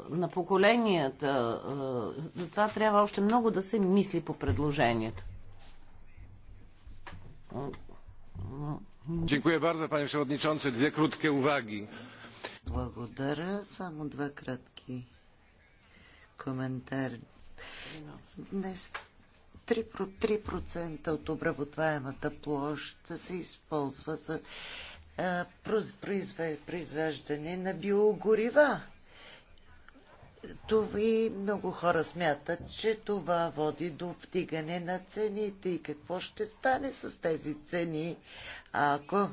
на поколенията. затова трябва още много да се мисли по предложението panie przewodniczący. Dwie krótkie uwagi. Благодаря. Само два кратки коментари. Днес 3%, от обработваемата площ се използва за произвеждане на биогорива това и много хора смятат, че това води до вдигане на цените. И какво ще стане с тези цени, ако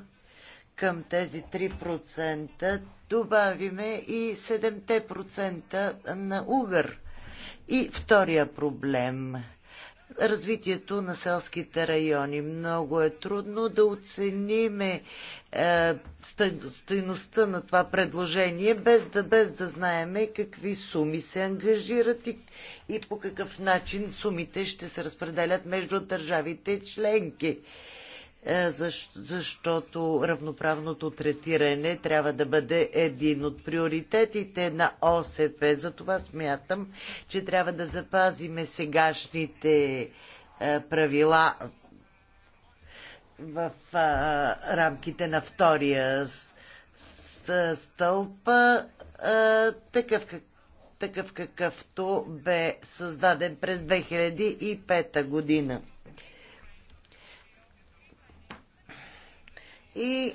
към тези 3% добавиме и 7% на угър? И втория проблем – развитието на селските райони. Много е трудно да оцениме е, стойността на това предложение, без да, без да знаеме какви суми се ангажират и, и по какъв начин сумите ще се разпределят между държавите членки. Е, защото равноправното третиране трябва да бъде един от приоритетите на ОСП. Затова смятам, че трябва да запазиме сегашните е, правила в рамките на втория стълпа, такъв такъв какъвто бе създаден през 2005 година. и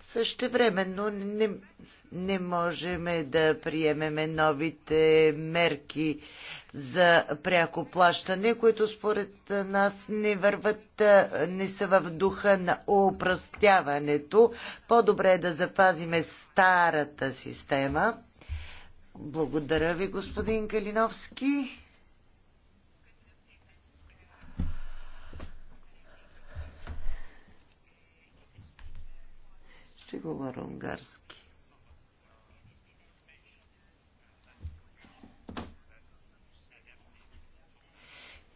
също времено не, не можем да приемеме новите мерки за пряко плащане, които според нас не върват, не са в духа на упростяването. По-добре е да запазиме старата система. Благодаря ви, господин Калиновски. Ще говоря унгарски.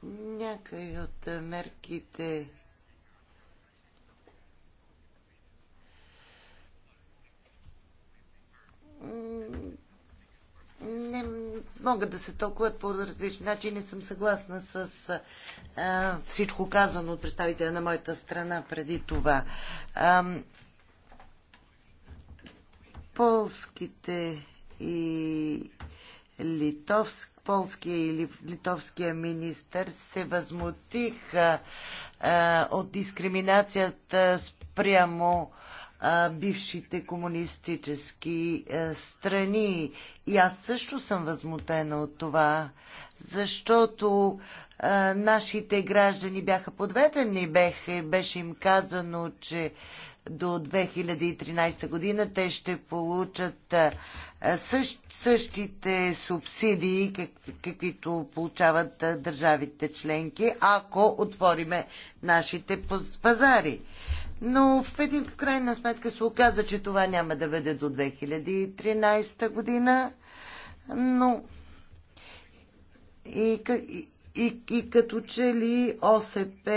Някои от мерките не могат да се тълкуват по различни начини. Не Съм съгласна с а, всичко казано от представителя на моята страна преди това. А, полските и литовски, полския или литовския министър се възмутиха а, от дискриминацията спрямо а, бившите комунистически а, страни. И аз също съм възмутена от това, защото а, нашите граждани бяха подведени, бех, беше им казано, че до 2013 година те ще получат същ, същите субсидии, как, каквито получават държавите членки, ако отвориме нашите пазари. Но в един крайна сметка се оказа, че това няма да бъде до 2013 година. Но и, и, и като че ли ОСП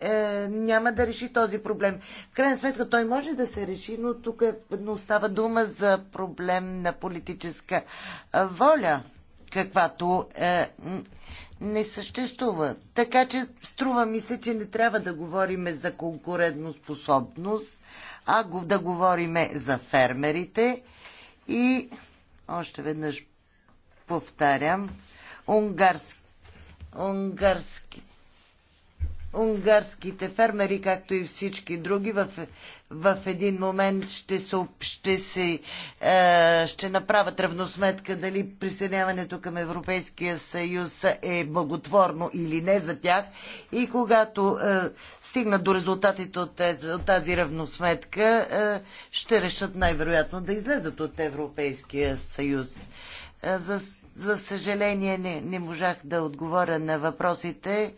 е, няма да реши този проблем. В крайна сметка той може да се реши, но тук е, става дума за проблем на политическа воля, каквато е, не съществува. Така че струва ми се, че не трябва да говориме за конкурентоспособност, а да говориме за фермерите и още веднъж повтарям, унгарски унгарски, унгарските фермери, както и всички други, в, в един момент ще, се, ще, се, е, ще направят равносметка дали присъединяването към Европейския съюз е благотворно или не за тях. И когато е, стигнат до резултатите от тази, равносметка, е, ще решат най-вероятно да излезат от Европейския съюз. за за съжаление не, не можах да отговоря на въпросите,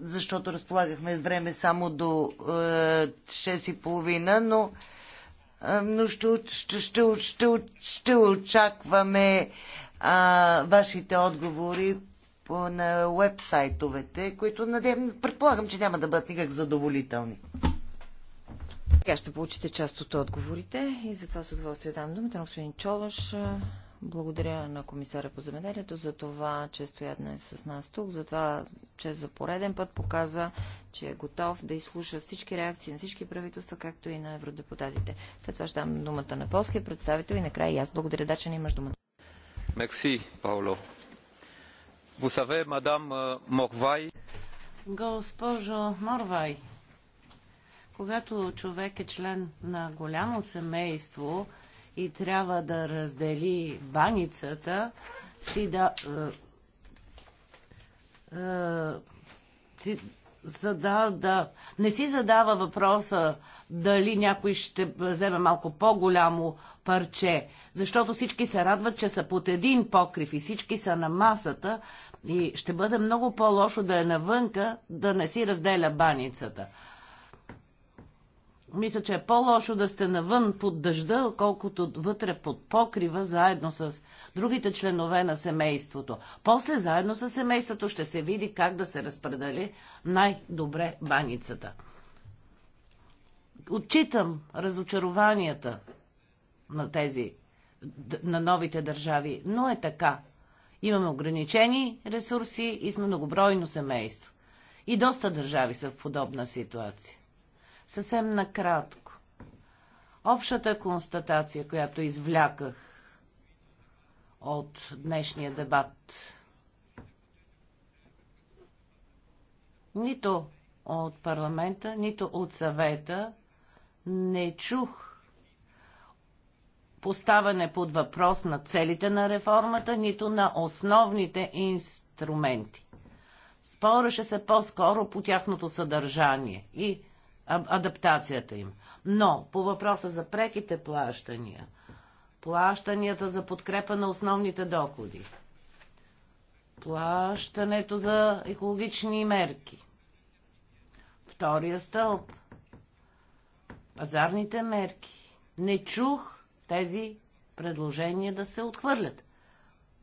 защото разполагахме време само до е, половина, но е, но ще, ще, ще, ще, ще очакваме е, вашите отговори по, на вебсайтовете, които надявам, предполагам, че няма да бъдат никак задоволителни. Сега ще получите част от отговорите и затова с удоволствие дам думата на господин Чолаш. Благодаря на комисаря по земеделието за това, че стоя днес с нас тук, за това, че за пореден път показа, че е готов да изслуша всички реакции на всички правителства, както и на евродепутатите. След това ще дам думата на полския представител и накрая и аз благодаря, да, че не имаш думата. Мекси, Пауло. мадам э, Госпожо Морвай, когато човек е член на голямо семейство и трябва да раздели баницата, си да. Е, е, си задава, да, не си задава въпроса дали някой ще вземе малко по-голямо парче, защото всички се радват, че са под един покрив и всички са на масата и ще бъде много по-лошо да е навънка, да не си разделя баницата. Мисля, че е по-лошо да сте навън под дъжда, колкото вътре под покрива, заедно с другите членове на семейството. После, заедно с семейството, ще се види как да се разпредели най-добре баницата. Отчитам разочарованията на тези, на новите държави, но е така. Имаме ограничени ресурси и сме многобройно семейство. И доста държави са в подобна ситуация. Съвсем накратко. Общата констатация, която извляках от днешния дебат, нито от парламента, нито от съвета не чух поставане под въпрос на целите на реформата, нито на основните инструменти. Спореше се по-скоро по тяхното съдържание и адаптацията им. Но по въпроса за преките плащания, плащанията за подкрепа на основните доходи, плащането за екологични мерки, втория стълб, пазарните мерки. Не чух тези предложения да се отхвърлят.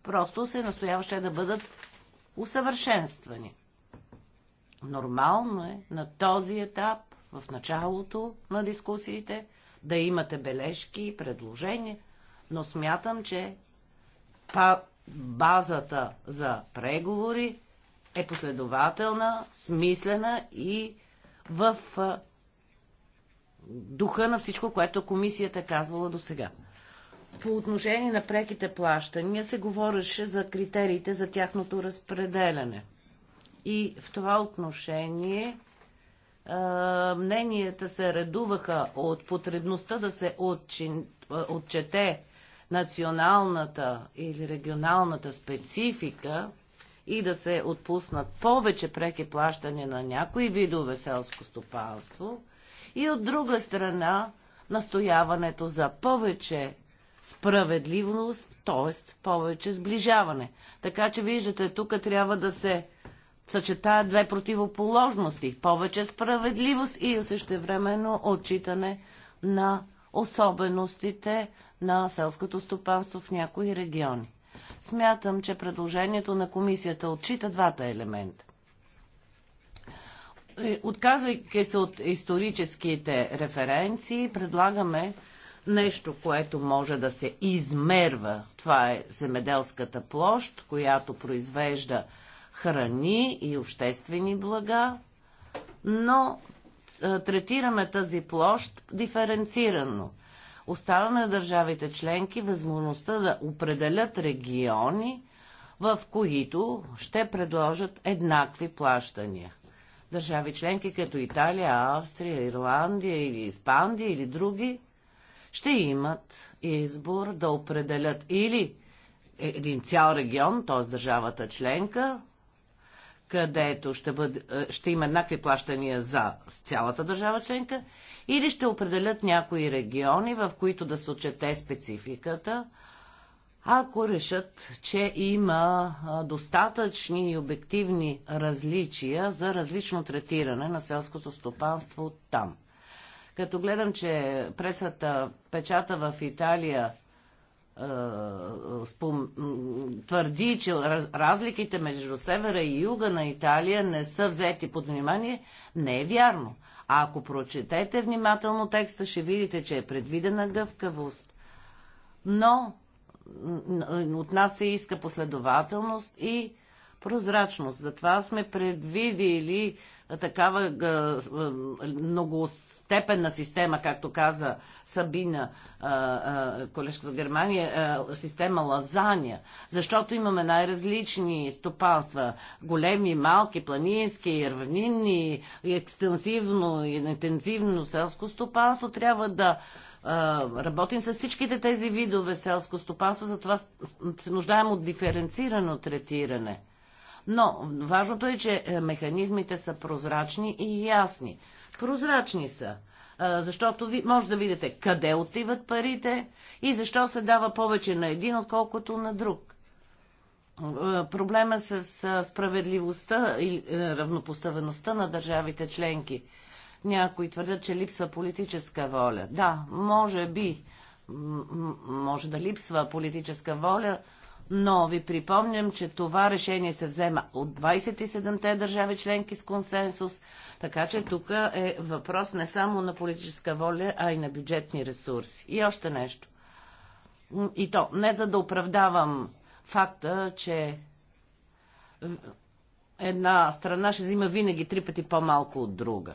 Просто се настояваше да бъдат усъвършенствани. Нормално е на този етап в началото на дискусиите, да имате бележки, предложения, но смятам, че базата за преговори е последователна, смислена и в духа на всичко, което комисията е казвала до сега. По отношение на преките плащания се говореше за критериите за тяхното разпределяне. И в това отношение мненията се редуваха от потребността да се отчин, отчете националната или регионалната специфика и да се отпуснат повече преки плащания на някои видове селско стопанство и от друга страна настояването за повече справедливост, т.е. повече сближаване. Така че виждате, тук трябва да се съчетаят две противоположности повече справедливост и същевременно отчитане на особеностите на селското стопанство в някои региони. Смятам, че предложението на комисията отчита двата елемента. Отказвайки се от историческите референции, предлагаме нещо, което може да се измерва. Това е земеделската площ, която произвежда храни и обществени блага, но третираме тази площ диференцирано. Оставаме на държавите членки възможността да определят региони, в които ще предложат еднакви плащания. Държави членки като Италия, Австрия, Ирландия или Испандия или други ще имат избор да определят или е, един цял регион, т.е. държавата членка, където ще, бъде, е, ще има еднакви плащания за цялата държава членка, или ще определят някои региони, в които да се отчете спецификата, ако решат, че има достатъчни и обективни различия за различно третиране на селското стопанство там. Като гледам, че пресата печата в Италия спом... твърди, че разликите между севера и юга на Италия не са взети под внимание, не е вярно. А ако прочетете внимателно текста, ще видите, че е предвидена гъвкавост. Но от нас се иска последователност и прозрачност. Затова сме предвидили такава многостепенна система, както каза Сабина, колежка от Германия, система лазания. защото имаме най-различни стопанства, големи, малки, планински, равнинни, екстенсивно и интензивно селско стопанство, трябва да работим с всичките тези видове селско стопанство, затова се нуждаем от диференцирано третиране – но важното е, че е, механизмите са прозрачни и ясни. Прозрачни са, е, защото ви, може да видите къде отиват парите и защо се дава повече на един, отколкото на друг. Е, проблема с справедливостта и равнопоставеността на държавите членки. Някои твърдят, че липсва политическа воля. Да, може би, може да липсва политическа воля, но ви припомням, че това решение се взема от 27-те държави членки с консенсус, така че тук е въпрос не само на политическа воля, а и на бюджетни ресурси. И още нещо. И то, не за да оправдавам факта, че една страна ще взима винаги три пъти по-малко от друга.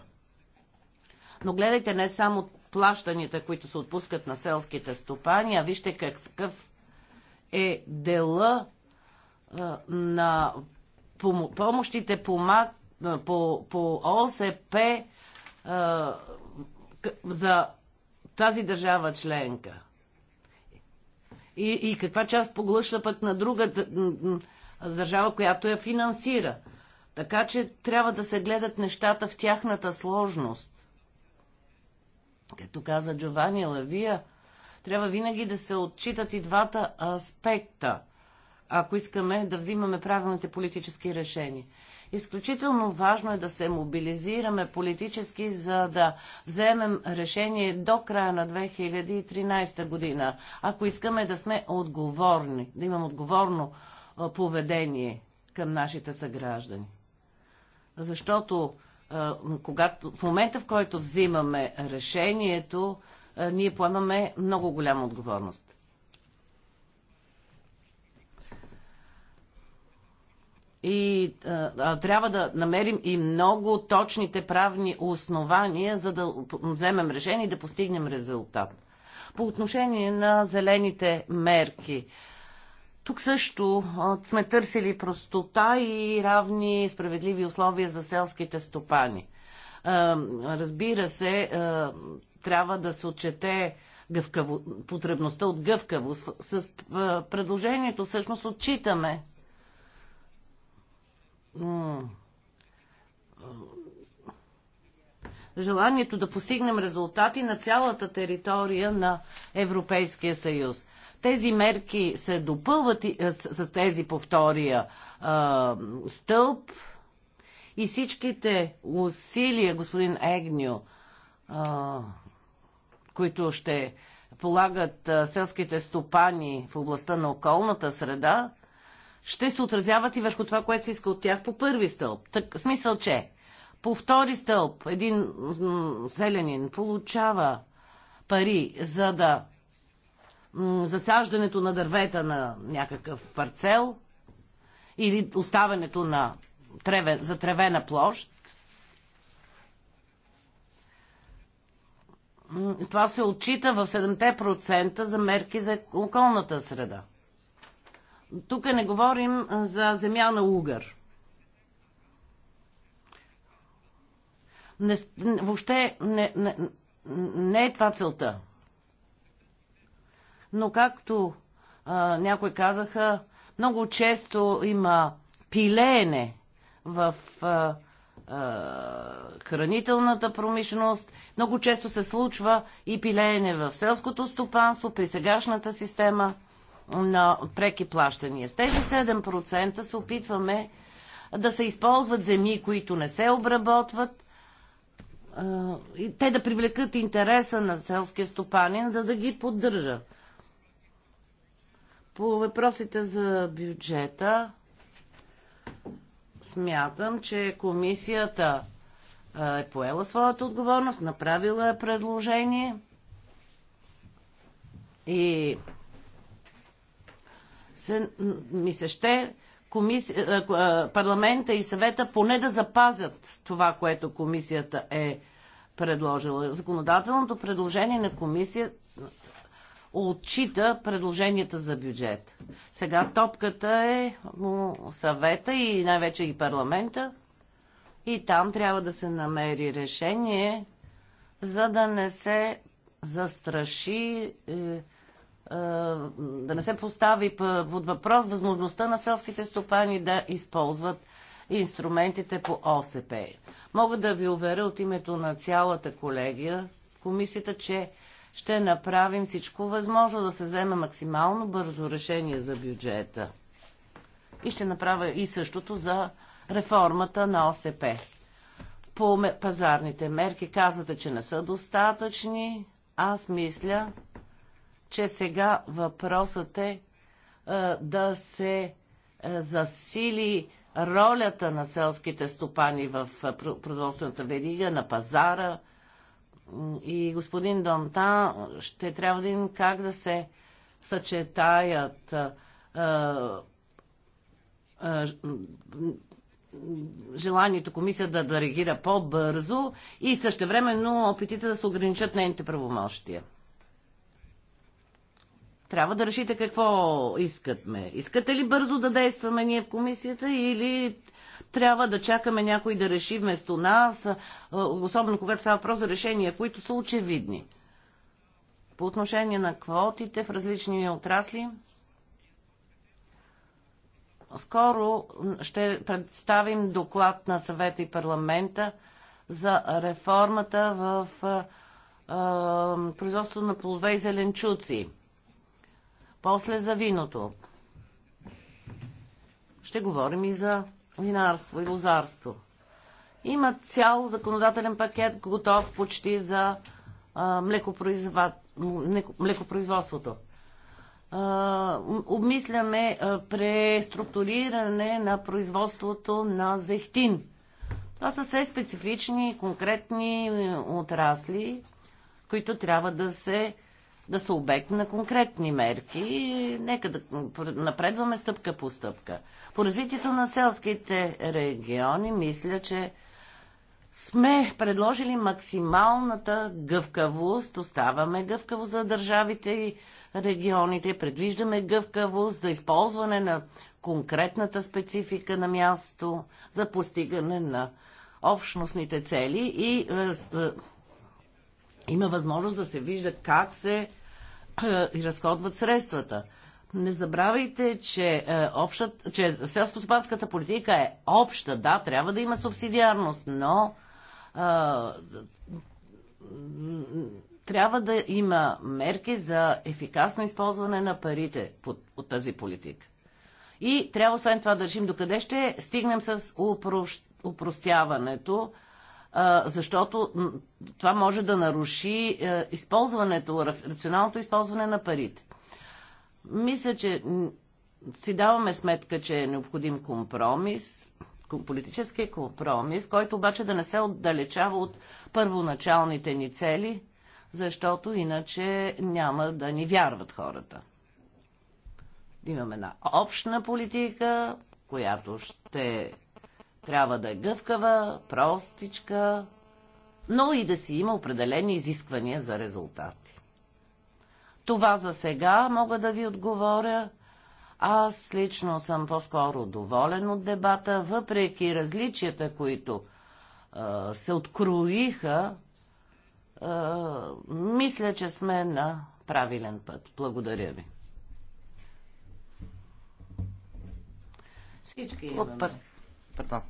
Но гледайте не само плащанията, които се отпускат на селските стопани, а вижте какъв е дела на помощите по, по, по ОСП за тази държава членка. И, и каква част поглъща пък на друга държава, която я финансира. Така че трябва да се гледат нещата в тяхната сложност. Като каза Джованни Лавия, трябва винаги да се отчитат и двата аспекта, ако искаме да взимаме правилните политически решения. Изключително важно е да се мобилизираме политически, за да вземем решение до края на 2013 година, ако искаме да сме отговорни, да имам отговорно поведение към нашите съграждани. Защото когато, в момента, в който взимаме решението, ние поемаме много голяма отговорност. И а, а, трябва да намерим и много точните правни основания, за да вземем решение и да постигнем резултат. По отношение на зелените мерки. Тук също а, сме търсили простота и равни справедливи условия за селските стопани. Разбира се, трябва да се отчете гъвкаво, потребността от гъвкавост. С предложението всъщност отчитаме желанието да постигнем резултати на цялата територия на Европейския съюз. Тези мерки се допълват и, за тези повтория а, стълб и всичките усилия, господин Егню, а, които ще полагат селските стопани в областта на околната среда, ще се отразяват и върху това, което се иска от тях по първи стълб. Так, смисъл, че по втори стълб един зеленин получава пари за да засаждането на дървета на някакъв парцел или оставането на треве, за тревена площ, това се отчита в 7% за мерки за околната среда. Тук не говорим за земя на угър. Не, въобще не, не, не е това целта. Но както а, някои казаха, много често има пилеене в а, хранителната промишленост. Много често се случва и пилеене в селското стопанство при сегашната система на преки плащания. С тези 7% се опитваме да се използват земи, които не се обработват, и те да привлекат интереса на селския стопанин, за да ги поддържа. По въпросите за бюджета, Смятам, че комисията е поела своята отговорност, направила е предложение и се, ми се ще комисия, парламента и съвета поне да запазят това, което комисията е предложила. Законодателното предложение на комисията отчита предложенията за бюджет. Сега топката е съвета и най-вече и парламента. И там трябва да се намери решение, за да не се застраши, е, е, да не се постави под въпрос възможността на селските стопани да използват инструментите по ОСП. Мога да ви уверя от името на цялата колегия, комисията, че ще направим всичко възможно да се вземе максимално бързо решение за бюджета. И ще направя и същото за реформата на ОСП. По пазарните мерки казвате, че не са достатъчни. Аз мисля, че сега въпросът е, е да се е, засили ролята на селските стопани в е, продоволствената верига, на пазара, и господин Данта ще трябва да им как да се съчетаят желанието комисия да, да реагира по-бързо и същевременно опитите да се ограничат нейните правомощия. Трябва да решите какво искаме. Искате ли бързо да действаме ние в комисията или трябва да чакаме някой да реши вместо нас, особено когато става въпрос за решения, които са очевидни. По отношение на квотите в различни отрасли, скоро ще представим доклад на съвета и парламента за реформата в производство на плодове и зеленчуци. После за виното. Ще говорим и за винарство и лозарство. Има цял законодателен пакет, готов почти за млекопроизводството. обмисляме преструктуриране на производството на зехтин. Това са все специфични, конкретни отрасли, които трябва да се да са обект на конкретни мерки. И нека да напредваме стъпка по стъпка. По развитието на селските региони, мисля, че сме предложили максималната гъвкавост, оставаме гъвкаво за държавите и регионите, предвиждаме гъвкавост за използване на конкретната специфика на място, за постигане на общностните цели и е, е, има възможност да се вижда как се е, разходват средствата. Не забравяйте, че, е, общат, че селско-стопанската политика е обща. Да, трябва да има субсидиарност, но е, трябва да има мерки за ефикасно използване на парите под, от тази политика. И трябва освен това да решим докъде ще стигнем с упрощ, упростяването защото това може да наруши е, използването, рационалното използване на парите. Мисля, че си даваме сметка, че е необходим компромис, политически компромис, който обаче да не се отдалечава от първоначалните ни цели, защото иначе няма да ни вярват хората. Имаме една общна политика, която ще трябва да е гъвкава, простичка, но и да си има определени изисквания за резултати. Това за сега мога да ви отговоря. Аз лично съм по-скоро доволен от дебата, въпреки различията, които е, се откроиха. Е, мисля, че сме на правилен път. Благодаря ви. Всички имаме. Пардон.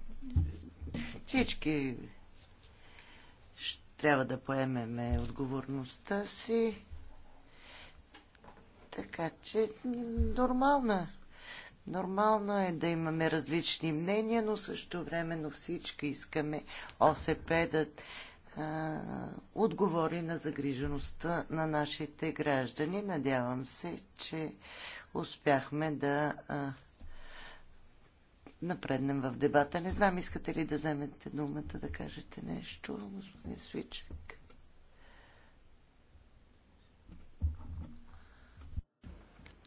Всички трябва да поемеме отговорността си. Така че нормално Нормално е да имаме различни мнения, но също времено всички искаме ОСП да а, отговори на загрижеността на нашите граждани. Надявам се, че успяхме да а, напреднем в дебата. Не знам, искате ли да вземете думата да кажете нещо, господин Свичек?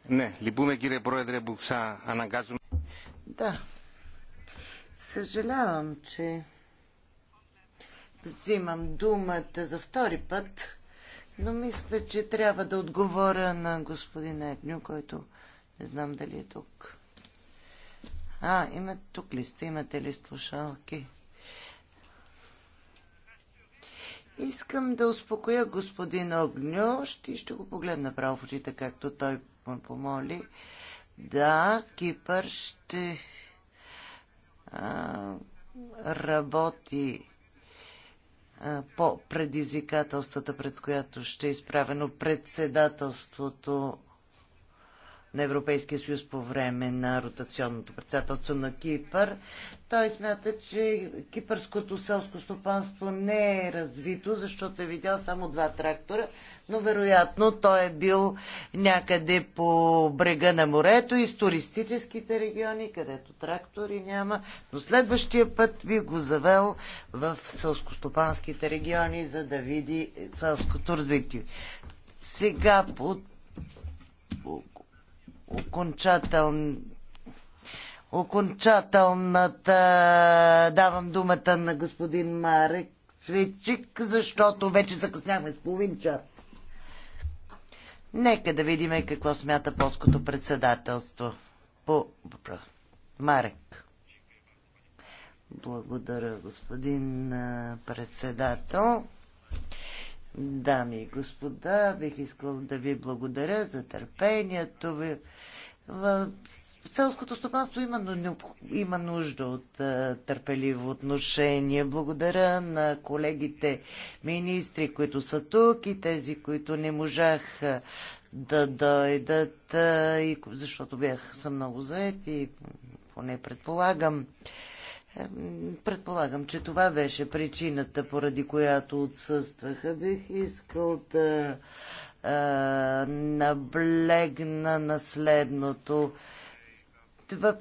Не, либуме, кире проедре, букса, анагазваме. Да. Съжалявам, че взимам думата за втори път, но мисля, че трябва да отговоря на господин Егню, който не знам дали е тук. А, има, тук ли сте? Имате ли слушалки? Искам да успокоя господин Огньо. Ще, ще го погледна право в очите, както той ме помоли. Да, Кипър ще а, работи а, по предизвикателствата, пред която ще е изправено председателството на Европейския съюз по време на ротационното председателство на Кипър. Той смята, че кипърското селско стопанство не е развито, защото е видял само два трактора, но вероятно той е бил някъде по брега на морето и с туристическите региони, където трактори няма, но следващия път би го завел в селскостопанските региони, за да види селското развитие. Сега по окончателната давам думата на господин Марек Свечик, защото вече закъсняваме с половин час. Нека да видим какво смята полското председателство. По... Марек. Благодаря, господин председател. Дами и господа, бих искал да ви благодаря за търпението ви. В селското стопанство има, има нужда от а, търпеливо отношение. Благодаря на колегите министри, които са тук и тези, които не можах да дойдат, а, и, защото бях са много заети, поне предполагам. Предполагам, че това беше причината, поради която отсъстваха. Бих искал да а, е, наблегна на следното.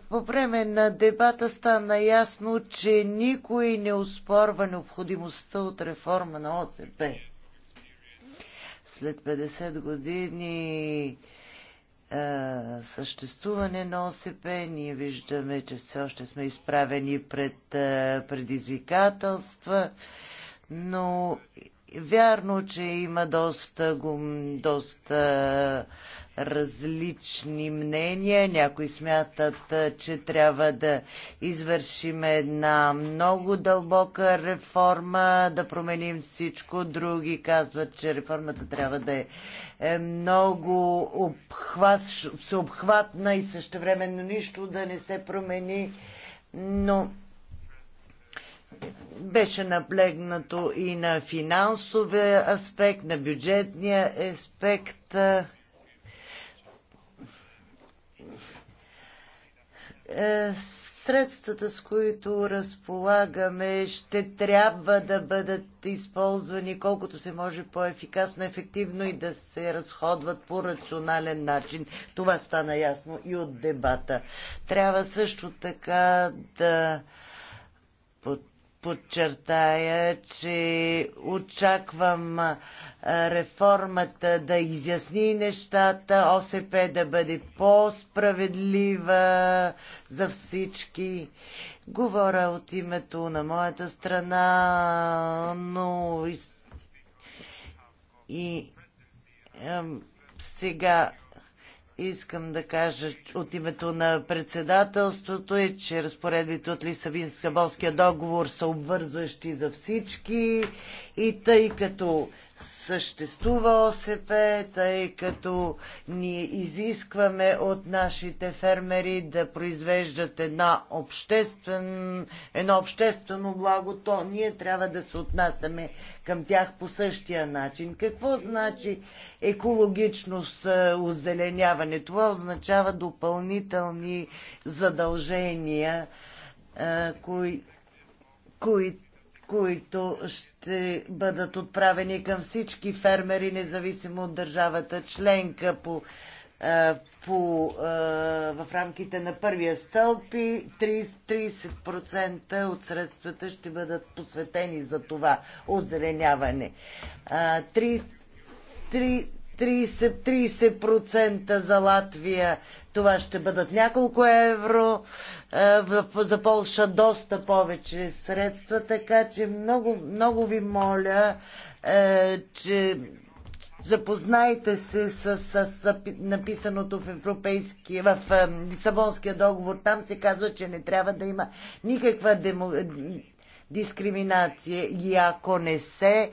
По време на дебата стана ясно, че никой не успорва необходимостта от реформа на ОСП. След 50 години е, съществуване на ОСП, ние виждаме, че все още сме изправени пред е, предизвикателства, но вярно, че има доста, доста различни мнения. Някои смятат, че трябва да извършим една много дълбока реформа, да променим всичко. Други казват, че реформата трябва да е, е много всеобхватна и същевременно нищо да не се промени. Но беше наблегнато и на финансовия аспект, на бюджетния аспект. Е, средствата, с които разполагаме, ще трябва да бъдат използвани колкото се може по-ефикасно, ефективно и да се разходват по рационален начин. Това стана ясно и от дебата. Трябва също така да подчертая, че очаквам реформата да изясни нещата, ОСП да бъде по-справедлива за всички. Говоря от името на моята страна, но и, и сега искам да кажа от името на председателството е, че разпоредбите от Лисабонския договор са обвързващи за всички и тъй като съществува ОСП, тъй като ние изискваме от нашите фермери да произвеждат една обществен, едно обществено благо, то ние трябва да се отнасяме към тях по същия начин. Какво значи екологичност, е, озеленяване? Това означава допълнителни задължения, е, кои, кои, които ще бъдат отправени към всички фермери, независимо от държавата членка по, е, по, е, в рамките на първия стълб и 30% от средствата ще бъдат посветени за това озеленяване. 30%, е, 30 за Латвия, това ще бъдат няколко евро, е, за Полша доста повече средства, така че много, много ви моля, е, че Запознайте се с, с, с написаното в Европейски, в, в е, Лисабонския договор. Там се казва, че не трябва да има никаква демо, дискриминация. И ако не се,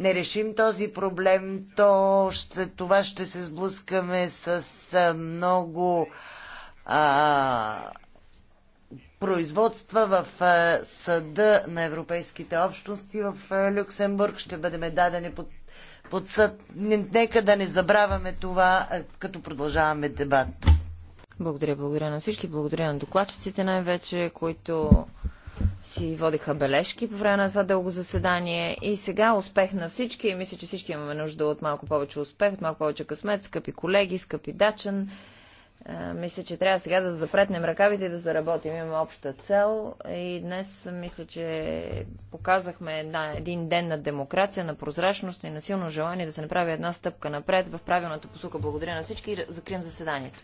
не решим този проблем, то ще, това ще се сблъскаме с много а, производства в а, съда на европейските общности в а, Люксембург. Ще бъдем дадени под, под съд. Нека да не забравяме това, а, като продължаваме дебат. Благодаря, благодаря на всички. Благодаря на докладчиците най-вече, които си водиха бележки по време на това дълго заседание. И сега успех на всички. Мисля, че всички имаме нужда от малко повече успех, от малко повече късмет, скъпи колеги, скъпи дачен. Мисля, че трябва сега да запретнем ръкавите и да заработим. Имаме обща цел и днес мисля, че показахме една, един ден на демокрация, на прозрачност и на силно желание да се направи една стъпка напред в правилната посока. Благодаря на всички и закрием заседанието.